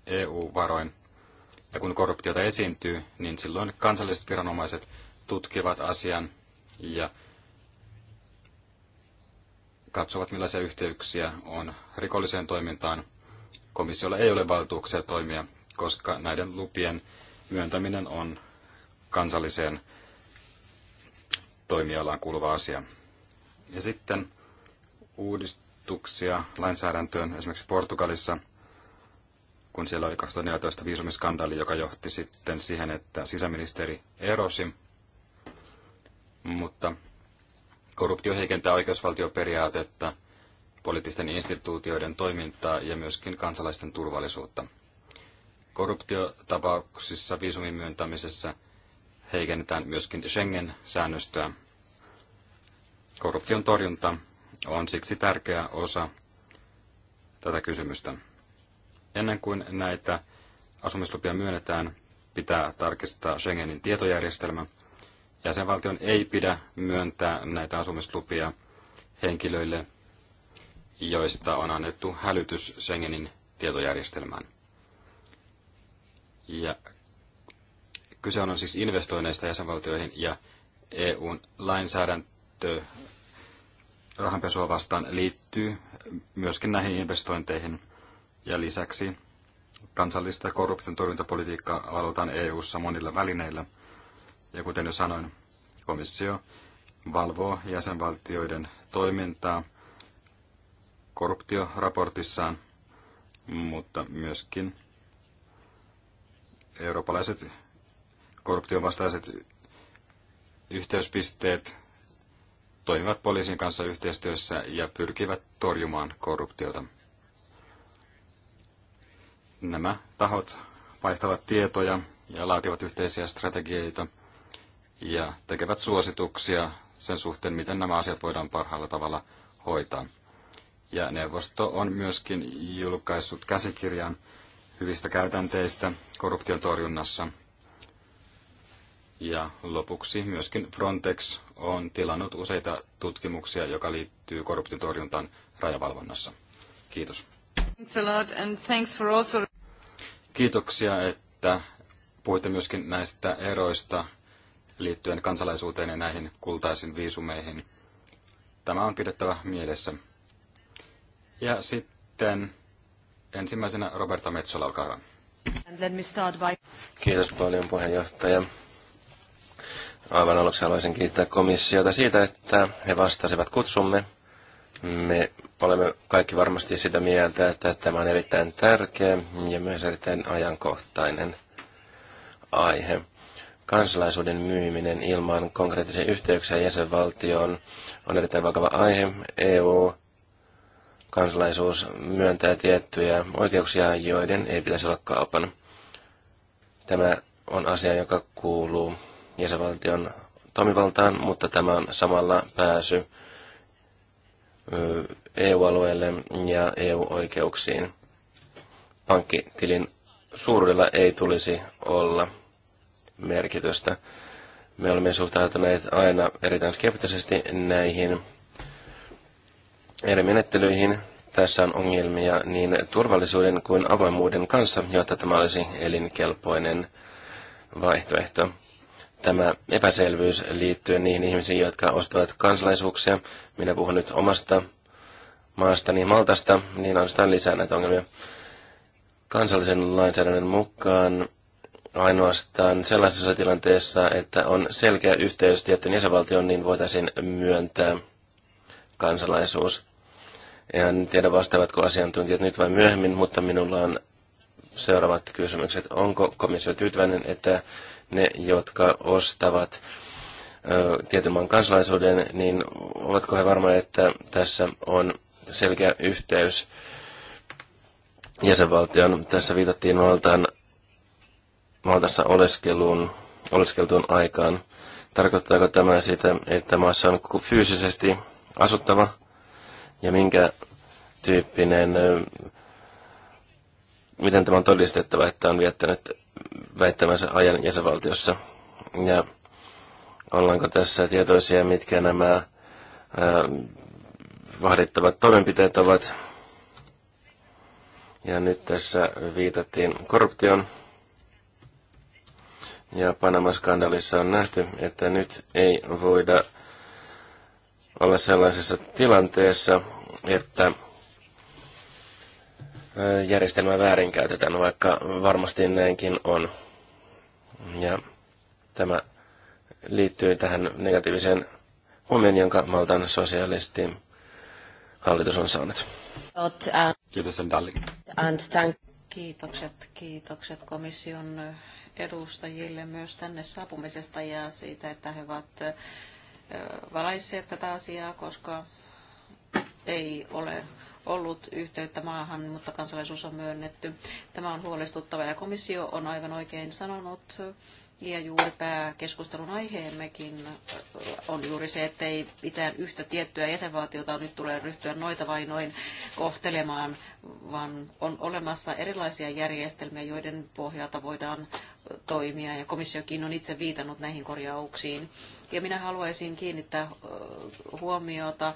EU-varoin ja kun korruptiota esiintyy, niin silloin kansalliset viranomaiset tutkivat asian ja katsovat, millaisia yhteyksiä on rikolliseen toimintaan. Komissiolla ei ole valtuuksia toimia, koska näiden lupien myöntäminen on kansalliseen toimialaan kuuluva asia. Ja sitten uudistuksia lainsäädäntöön esimerkiksi Portugalissa kun siellä oli 2014 viisumiskandaali, joka johti sitten siihen, että sisäministeri erosi. Mutta korruptio heikentää oikeusvaltioperiaatetta, poliittisten instituutioiden toimintaa ja myöskin kansalaisten turvallisuutta. Korruptiotapauksissa viisumin myöntämisessä heikennetään myöskin Schengen-säännöstöä. Korruption torjunta on siksi tärkeä osa tätä kysymystä. Ennen kuin näitä asumislupia myönnetään, pitää tarkistaa Schengenin tietojärjestelmä. Jäsenvaltion ei pidä myöntää näitä asumislupia henkilöille, joista on annettu hälytys Schengenin tietojärjestelmään. Ja kyse on siis investoinneista jäsenvaltioihin ja EUn lainsäädäntö rahanpesua vastaan liittyy myöskin näihin investointeihin. Ja lisäksi kansallista korruption torjuntapolitiikkaa valvotaan EU-ssa monilla välineillä. Ja kuten jo sanoin, komissio valvoo jäsenvaltioiden toimintaa korruptioraportissaan, mutta myöskin eurooppalaiset korruption yhteyspisteet toimivat poliisin kanssa yhteistyössä ja pyrkivät torjumaan korruptiota. Nämä tahot vaihtavat tietoja ja laativat yhteisiä strategioita ja tekevät suosituksia sen suhteen, miten nämä asiat voidaan parhaalla tavalla hoitaa. Ja neuvosto on myöskin julkaissut käsikirjan hyvistä käytänteistä korruption torjunnassa. Ja lopuksi myöskin Frontex on tilannut useita tutkimuksia, joka liittyy korruption torjuntaan rajavalvonnassa. Kiitos. Kiitoksia, että puhuitte myöskin näistä eroista liittyen kansalaisuuteen ja näihin kultaisiin viisumeihin. Tämä on pidettävä mielessä. Ja sitten ensimmäisenä Roberta Metsola, olkaa hyvä. Kiitos paljon puheenjohtaja. Aivan aluksi haluaisin kiittää komissiota siitä, että he vastasivat kutsumme me olemme kaikki varmasti sitä mieltä, että tämä on erittäin tärkeä ja myös erittäin ajankohtainen aihe. Kansalaisuuden myyminen ilman konkreettisia yhteyksiä jäsenvaltioon on erittäin vakava aihe. EU kansalaisuus myöntää tiettyjä oikeuksia, joiden ei pitäisi olla kaupan. Tämä on asia, joka kuuluu jäsenvaltion toimivaltaan, mutta tämä on samalla pääsy EU-alueelle ja EU-oikeuksiin. Pankkitilin suuruudella ei tulisi olla merkitystä. Me olemme suhtautuneet aina erittäin skeptisesti näihin eri menettelyihin. Tässä on ongelmia niin turvallisuuden kuin avoimuuden kanssa, jotta tämä olisi elinkelpoinen vaihtoehto tämä epäselvyys liittyen niihin ihmisiin, jotka ostavat kansalaisuuksia, minä puhun nyt omasta maastani Maltasta, niin sitä lisää näitä ongelmia. Kansallisen lainsäädännön mukaan ainoastaan sellaisessa tilanteessa, että on selkeä yhteys tiettyyn jäsenvaltioon, niin voitaisiin myöntää kansalaisuus. En tiedä vastaavatko asiantuntijat nyt vai myöhemmin, mutta minulla on seuraavat kysymykset. Onko komissio tyytyväinen, että ne, jotka ostavat tietyn maan kansalaisuuden, niin ovatko he varmoja, että tässä on selkeä yhteys jäsenvaltion, Tässä viitattiin valtaan, valtassa oleskeluun, oleskeltuun aikaan. Tarkoittaako tämä sitä, että maassa on fyysisesti asuttava ja minkä tyyppinen, miten tämä on todistettava, että on viettänyt väittämänsä ajan jäsenvaltiossa. Ja ollaanko tässä tietoisia, mitkä nämä ää, vahdittavat toimenpiteet ovat. Ja nyt tässä viitattiin korruption. Ja Panama-skandalissa on nähty, että nyt ei voida olla sellaisessa tilanteessa, että järjestelmää väärinkäytetään, no vaikka varmasti näinkin on. Ja tämä liittyy tähän negatiiviseen huomioon, jonka Maltan sosiaalisti hallitus on saanut. Uh, Kiitos, Dalli. Kiitokset, kiitokset komission edustajille myös tänne saapumisesta ja siitä, että he ovat valaisseet tätä asiaa, koska ei ole ollut yhteyttä maahan, mutta kansalaisuus on myönnetty. Tämä on huolestuttava ja komissio on aivan oikein sanonut, ja juuri pääkeskustelun aiheemmekin on juuri se, että ei mitään yhtä tiettyä jäsenvaltiota nyt tulee ryhtyä noita noin kohtelemaan, vaan on olemassa erilaisia järjestelmiä, joiden pohjalta voidaan toimia. Ja komissiokin on itse viitannut näihin korjauksiin ja minä haluaisin kiinnittää huomiota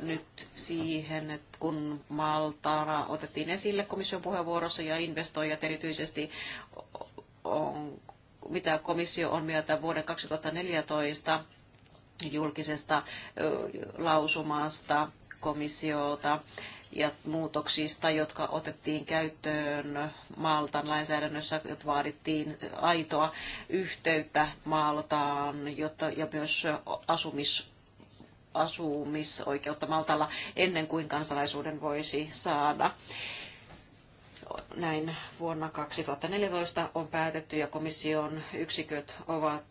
nyt siihen, että kun Maltana otettiin esille komission puheenvuorossa ja investoijat erityisesti on, mitä komissio on mieltä vuoden 2014 julkisesta lausumasta komissiota ja muutoksista, jotka otettiin käyttöön Maltan lainsäädännössä, että vaadittiin aitoa yhteyttä Maltaan jotta, ja myös asumis asumisoikeutta Maltalla ennen kuin kansalaisuuden voisi saada näin vuonna 2014 on päätetty ja komission yksiköt ovat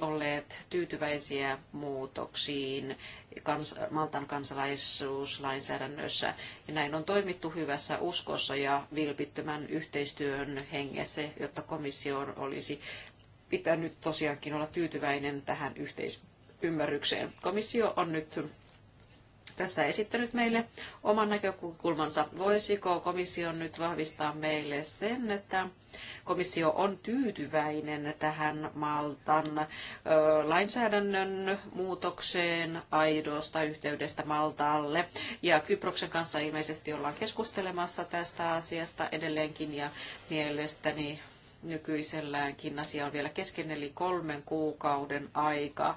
olleet tyytyväisiä muutoksiin kans, Maltan kansalaisuuslainsäädännössä. Ja näin on toimittu hyvässä uskossa ja vilpittömän yhteistyön hengessä, jotta komissio olisi pitänyt tosiaankin olla tyytyväinen tähän yhteisymmärrykseen. Komissio on nyt tässä esittänyt meille oman näkökulmansa. Voisiko komissio nyt vahvistaa meille sen, että komissio on tyytyväinen tähän Maltan lainsäädännön muutokseen aidosta yhteydestä Maltaalle. Ja Kyproksen kanssa ilmeisesti ollaan keskustelemassa tästä asiasta edelleenkin ja mielestäni nykyiselläänkin asia on vielä kesken, eli kolmen kuukauden aika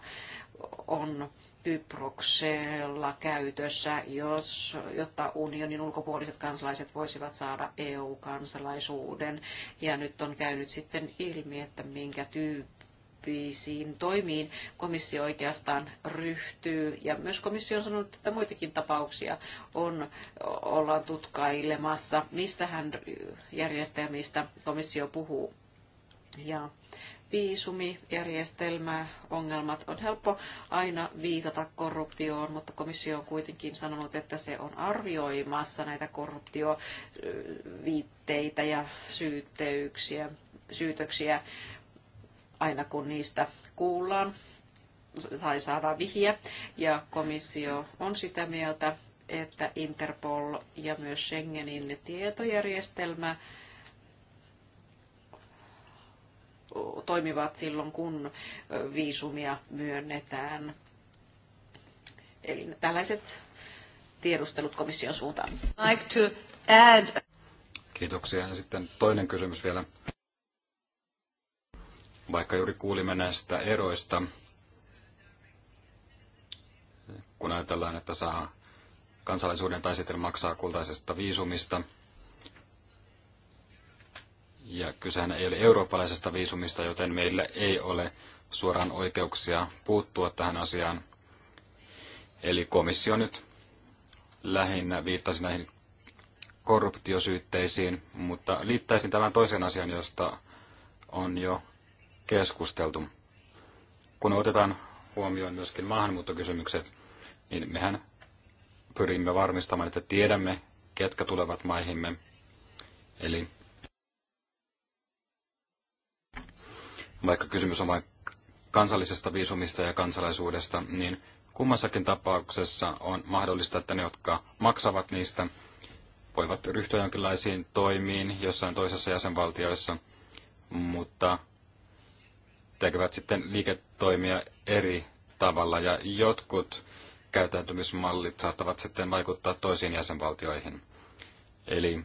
on Kyproksella käytössä, jos, jotta unionin ulkopuoliset kansalaiset voisivat saada EU-kansalaisuuden. Ja nyt on käynyt sitten ilmi, että minkä tyyppisiin toimiin komissio oikeastaan ryhtyy. Ja myös komissio on sanonut, että muitakin tapauksia on, ollaan tutkailemassa, mistä hän järjestelmistä komissio puhuu. Ja ongelmat On helppo aina viitata korruptioon, mutta komissio on kuitenkin sanonut, että se on arvioimassa näitä korruptioviitteitä ja syyteyksiä. syytöksiä aina kun niistä kuullaan tai saadaan vihiä. Ja komissio on sitä mieltä, että Interpol ja myös Schengenin tietojärjestelmä toimivat silloin, kun viisumia myönnetään. Eli tällaiset tiedustelut komission suuntaan. Like to add... Kiitoksia. Ja sitten toinen kysymys vielä. Vaikka juuri kuulimme näistä eroista, kun ajatellaan, että saa kansalaisuuden tai sitten maksaa kultaisesta viisumista – ja kysehän ei ole eurooppalaisesta viisumista, joten meillä ei ole suoraan oikeuksia puuttua tähän asiaan. Eli komissio nyt lähinnä viittasi näihin korruptiosyytteisiin, mutta liittäisin tämän toisen asian, josta on jo keskusteltu. Kun otetaan huomioon myöskin maahanmuuttokysymykset, niin mehän pyrimme varmistamaan, että tiedämme, ketkä tulevat maihimme. Eli vaikka kysymys on vain kansallisesta viisumista ja kansalaisuudesta, niin kummassakin tapauksessa on mahdollista, että ne, jotka maksavat niistä, voivat ryhtyä jonkinlaisiin toimiin jossain toisessa jäsenvaltioissa, mutta tekevät sitten liiketoimia eri tavalla ja jotkut käyttäytymismallit saattavat sitten vaikuttaa toisiin jäsenvaltioihin. Eli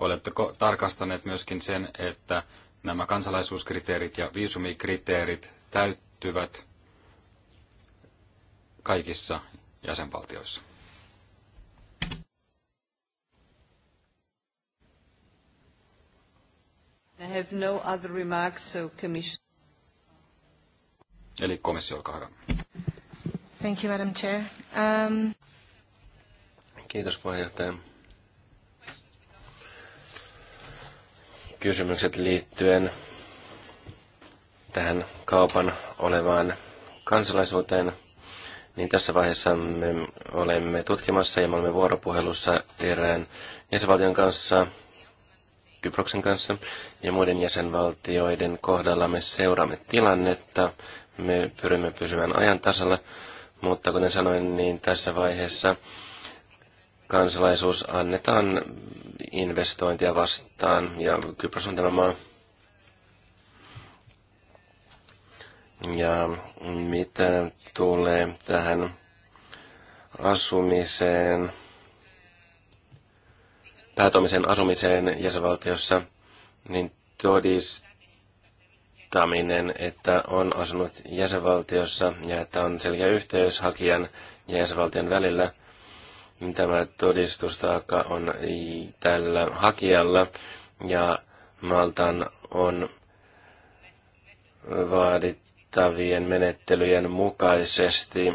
oletteko tarkastaneet myöskin sen, että nämä kansalaisuuskriteerit ja viisumikriteerit täyttyvät kaikissa jäsenvaltioissa. I have no other remarks, so commission. Eli komissio, olkaa hyvä. Thank you, Madam Chair. Um... Kiitos puheenjohtaja. kysymykset liittyen tähän kaupan olevaan kansalaisuuteen, niin tässä vaiheessa me olemme tutkimassa ja me olemme vuoropuhelussa erään jäsenvaltion kanssa, Kyproksen kanssa ja muiden jäsenvaltioiden kohdalla me seuraamme tilannetta. Me pyrimme pysymään ajan tasalla, mutta kuten sanoin, niin tässä vaiheessa kansalaisuus annetaan investointia vastaan, ja Kypros on tämä maa. Ja mitä tulee tähän asumiseen, päätoimiseen asumiseen jäsenvaltiossa, niin todistaminen, että on asunut jäsenvaltiossa ja että on selkeä yhteys hakijan ja jäsenvaltion välillä – Tämä todistustaakka on tällä hakijalla ja Maltan on vaadittavien menettelyjen mukaisesti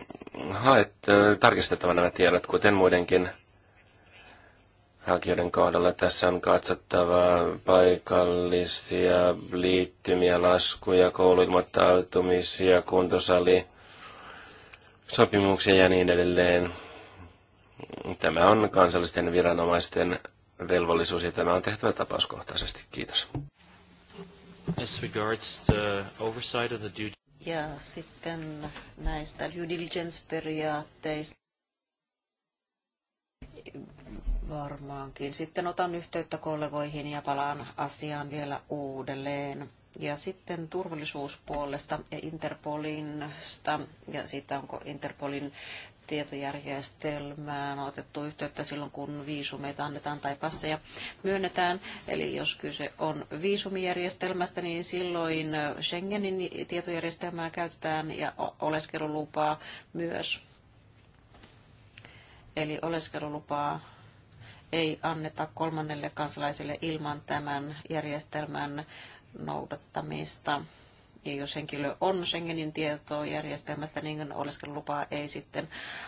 haet, tarkistettava nämä tiedot, kuten muidenkin hakijoiden kohdalla. Tässä on katsottava paikallisia liittymiä, laskuja, kouluilmoittautumisia, kuntosali, sopimuksia ja niin edelleen. Tämä on kansallisten viranomaisten velvollisuus ja tämä on tehtävä tapauskohtaisesti. Kiitos. As regards the oversight of the due... Ja sitten näistä due diligence-periaatteista varmaankin. Sitten otan yhteyttä kollegoihin ja palaan asiaan vielä uudelleen. Ja sitten turvallisuuspuolesta ja Interpolinsta ja siitä, onko Interpolin tietojärjestelmään on otettu yhteyttä silloin, kun viisumeita annetaan tai passeja myönnetään. Eli jos kyse on viisumijärjestelmästä, niin silloin Schengenin tietojärjestelmää käytetään ja oleskelulupaa myös. Eli oleskelulupaa ei anneta kolmannelle kansalaiselle ilman tämän järjestelmän noudattamista. Ja jos henkilö on Schengenin tietojärjestelmästä, niin oleskelulupaa ei sitten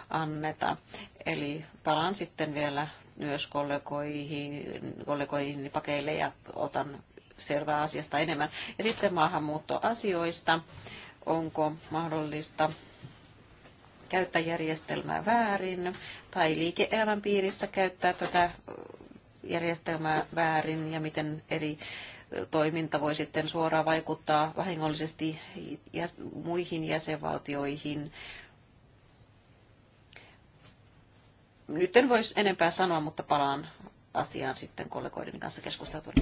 anneta. Eli palaan sitten vielä myös kollegoihin, kollegoihin pakeille ja otan selvää asiasta enemmän. Ja sitten maahanmuuttoasioista. Onko mahdollista käyttää järjestelmää väärin tai liike-elämän piirissä käyttää tätä järjestelmää väärin ja miten eri toiminta voi sitten suoraan vaikuttaa vahingollisesti muihin jäsenvaltioihin. Nyt en voisi enempää sanoa, mutta palaan asiaan sitten kollegoiden kanssa keskusteltuna.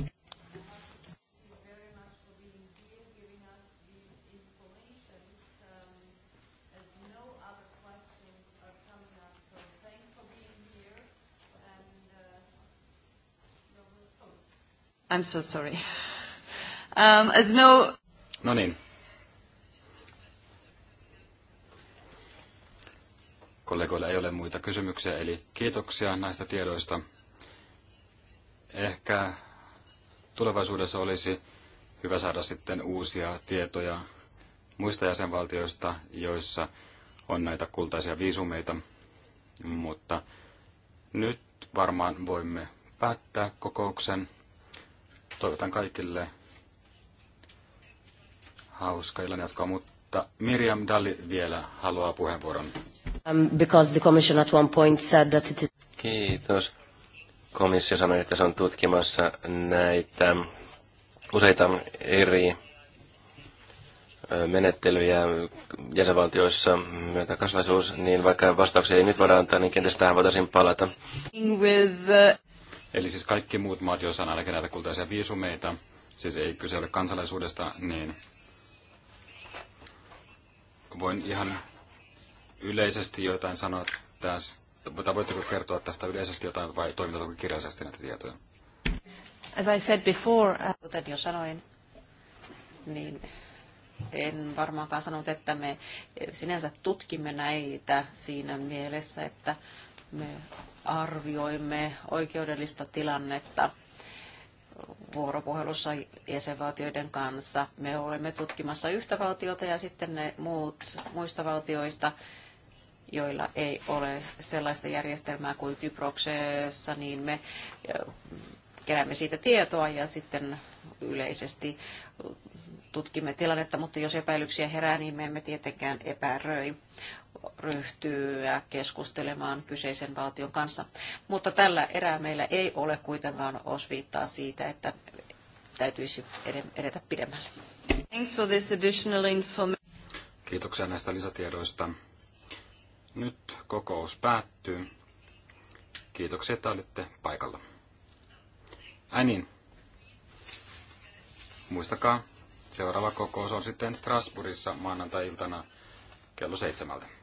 I'm so sorry. Um, as no... No niin. Kollegoilla ei ole muita kysymyksiä, eli kiitoksia näistä tiedoista. Ehkä tulevaisuudessa olisi hyvä saada sitten uusia tietoja muista jäsenvaltioista, joissa on näitä kultaisia viisumeita, mutta nyt varmaan voimme päättää kokouksen. Toivotan kaikille hauska illan jatkoa, mutta Miriam Dalli vielä haluaa puheenvuoron. Um, because the commission at one point said that it is... Kiitos. Komissio sanoi, että se on tutkimassa näitä useita eri menettelyjä jäsenvaltioissa myötä kansalaisuus, niin vaikka vastauksia ei nyt voida antaa, niin kenties tähän voitaisiin palata. With the... Uh, Eli siis kaikki muut maat, joissa on ainakin näitä kultaisia viisumeita, siis ei kyse ole kansalaisuudesta, niin voin ihan yleisesti jotain sanoa tästä, Mutta voitteko kertoa tästä yleisesti jotain vai toimitatko kirjallisesti näitä tietoja? As I said before, äh, kuten jo sanoin, niin en varmaankaan sanonut, että me sinänsä tutkimme näitä siinä mielessä, että me arvioimme oikeudellista tilannetta vuoropuhelussa jäsenvaltioiden kanssa. Me olemme tutkimassa yhtä valtiota ja sitten ne muut muista valtioista, joilla ei ole sellaista järjestelmää kuin Kyproksessa, niin me keräämme siitä tietoa ja sitten yleisesti tutkimme tilannetta, mutta jos epäilyksiä herää, niin me emme tietenkään epäröi ryhtyä keskustelemaan kyseisen valtion kanssa. Mutta tällä erää meillä ei ole kuitenkaan osviittaa siitä, että täytyisi edetä pidemmälle. for this Kiitoksia näistä lisätiedoista. Nyt kokous päättyy. Kiitoksia, että olitte paikalla. Ai niin. Muistakaa, seuraava kokous on sitten Strasbourgissa maanantai-iltana kello seitsemältä.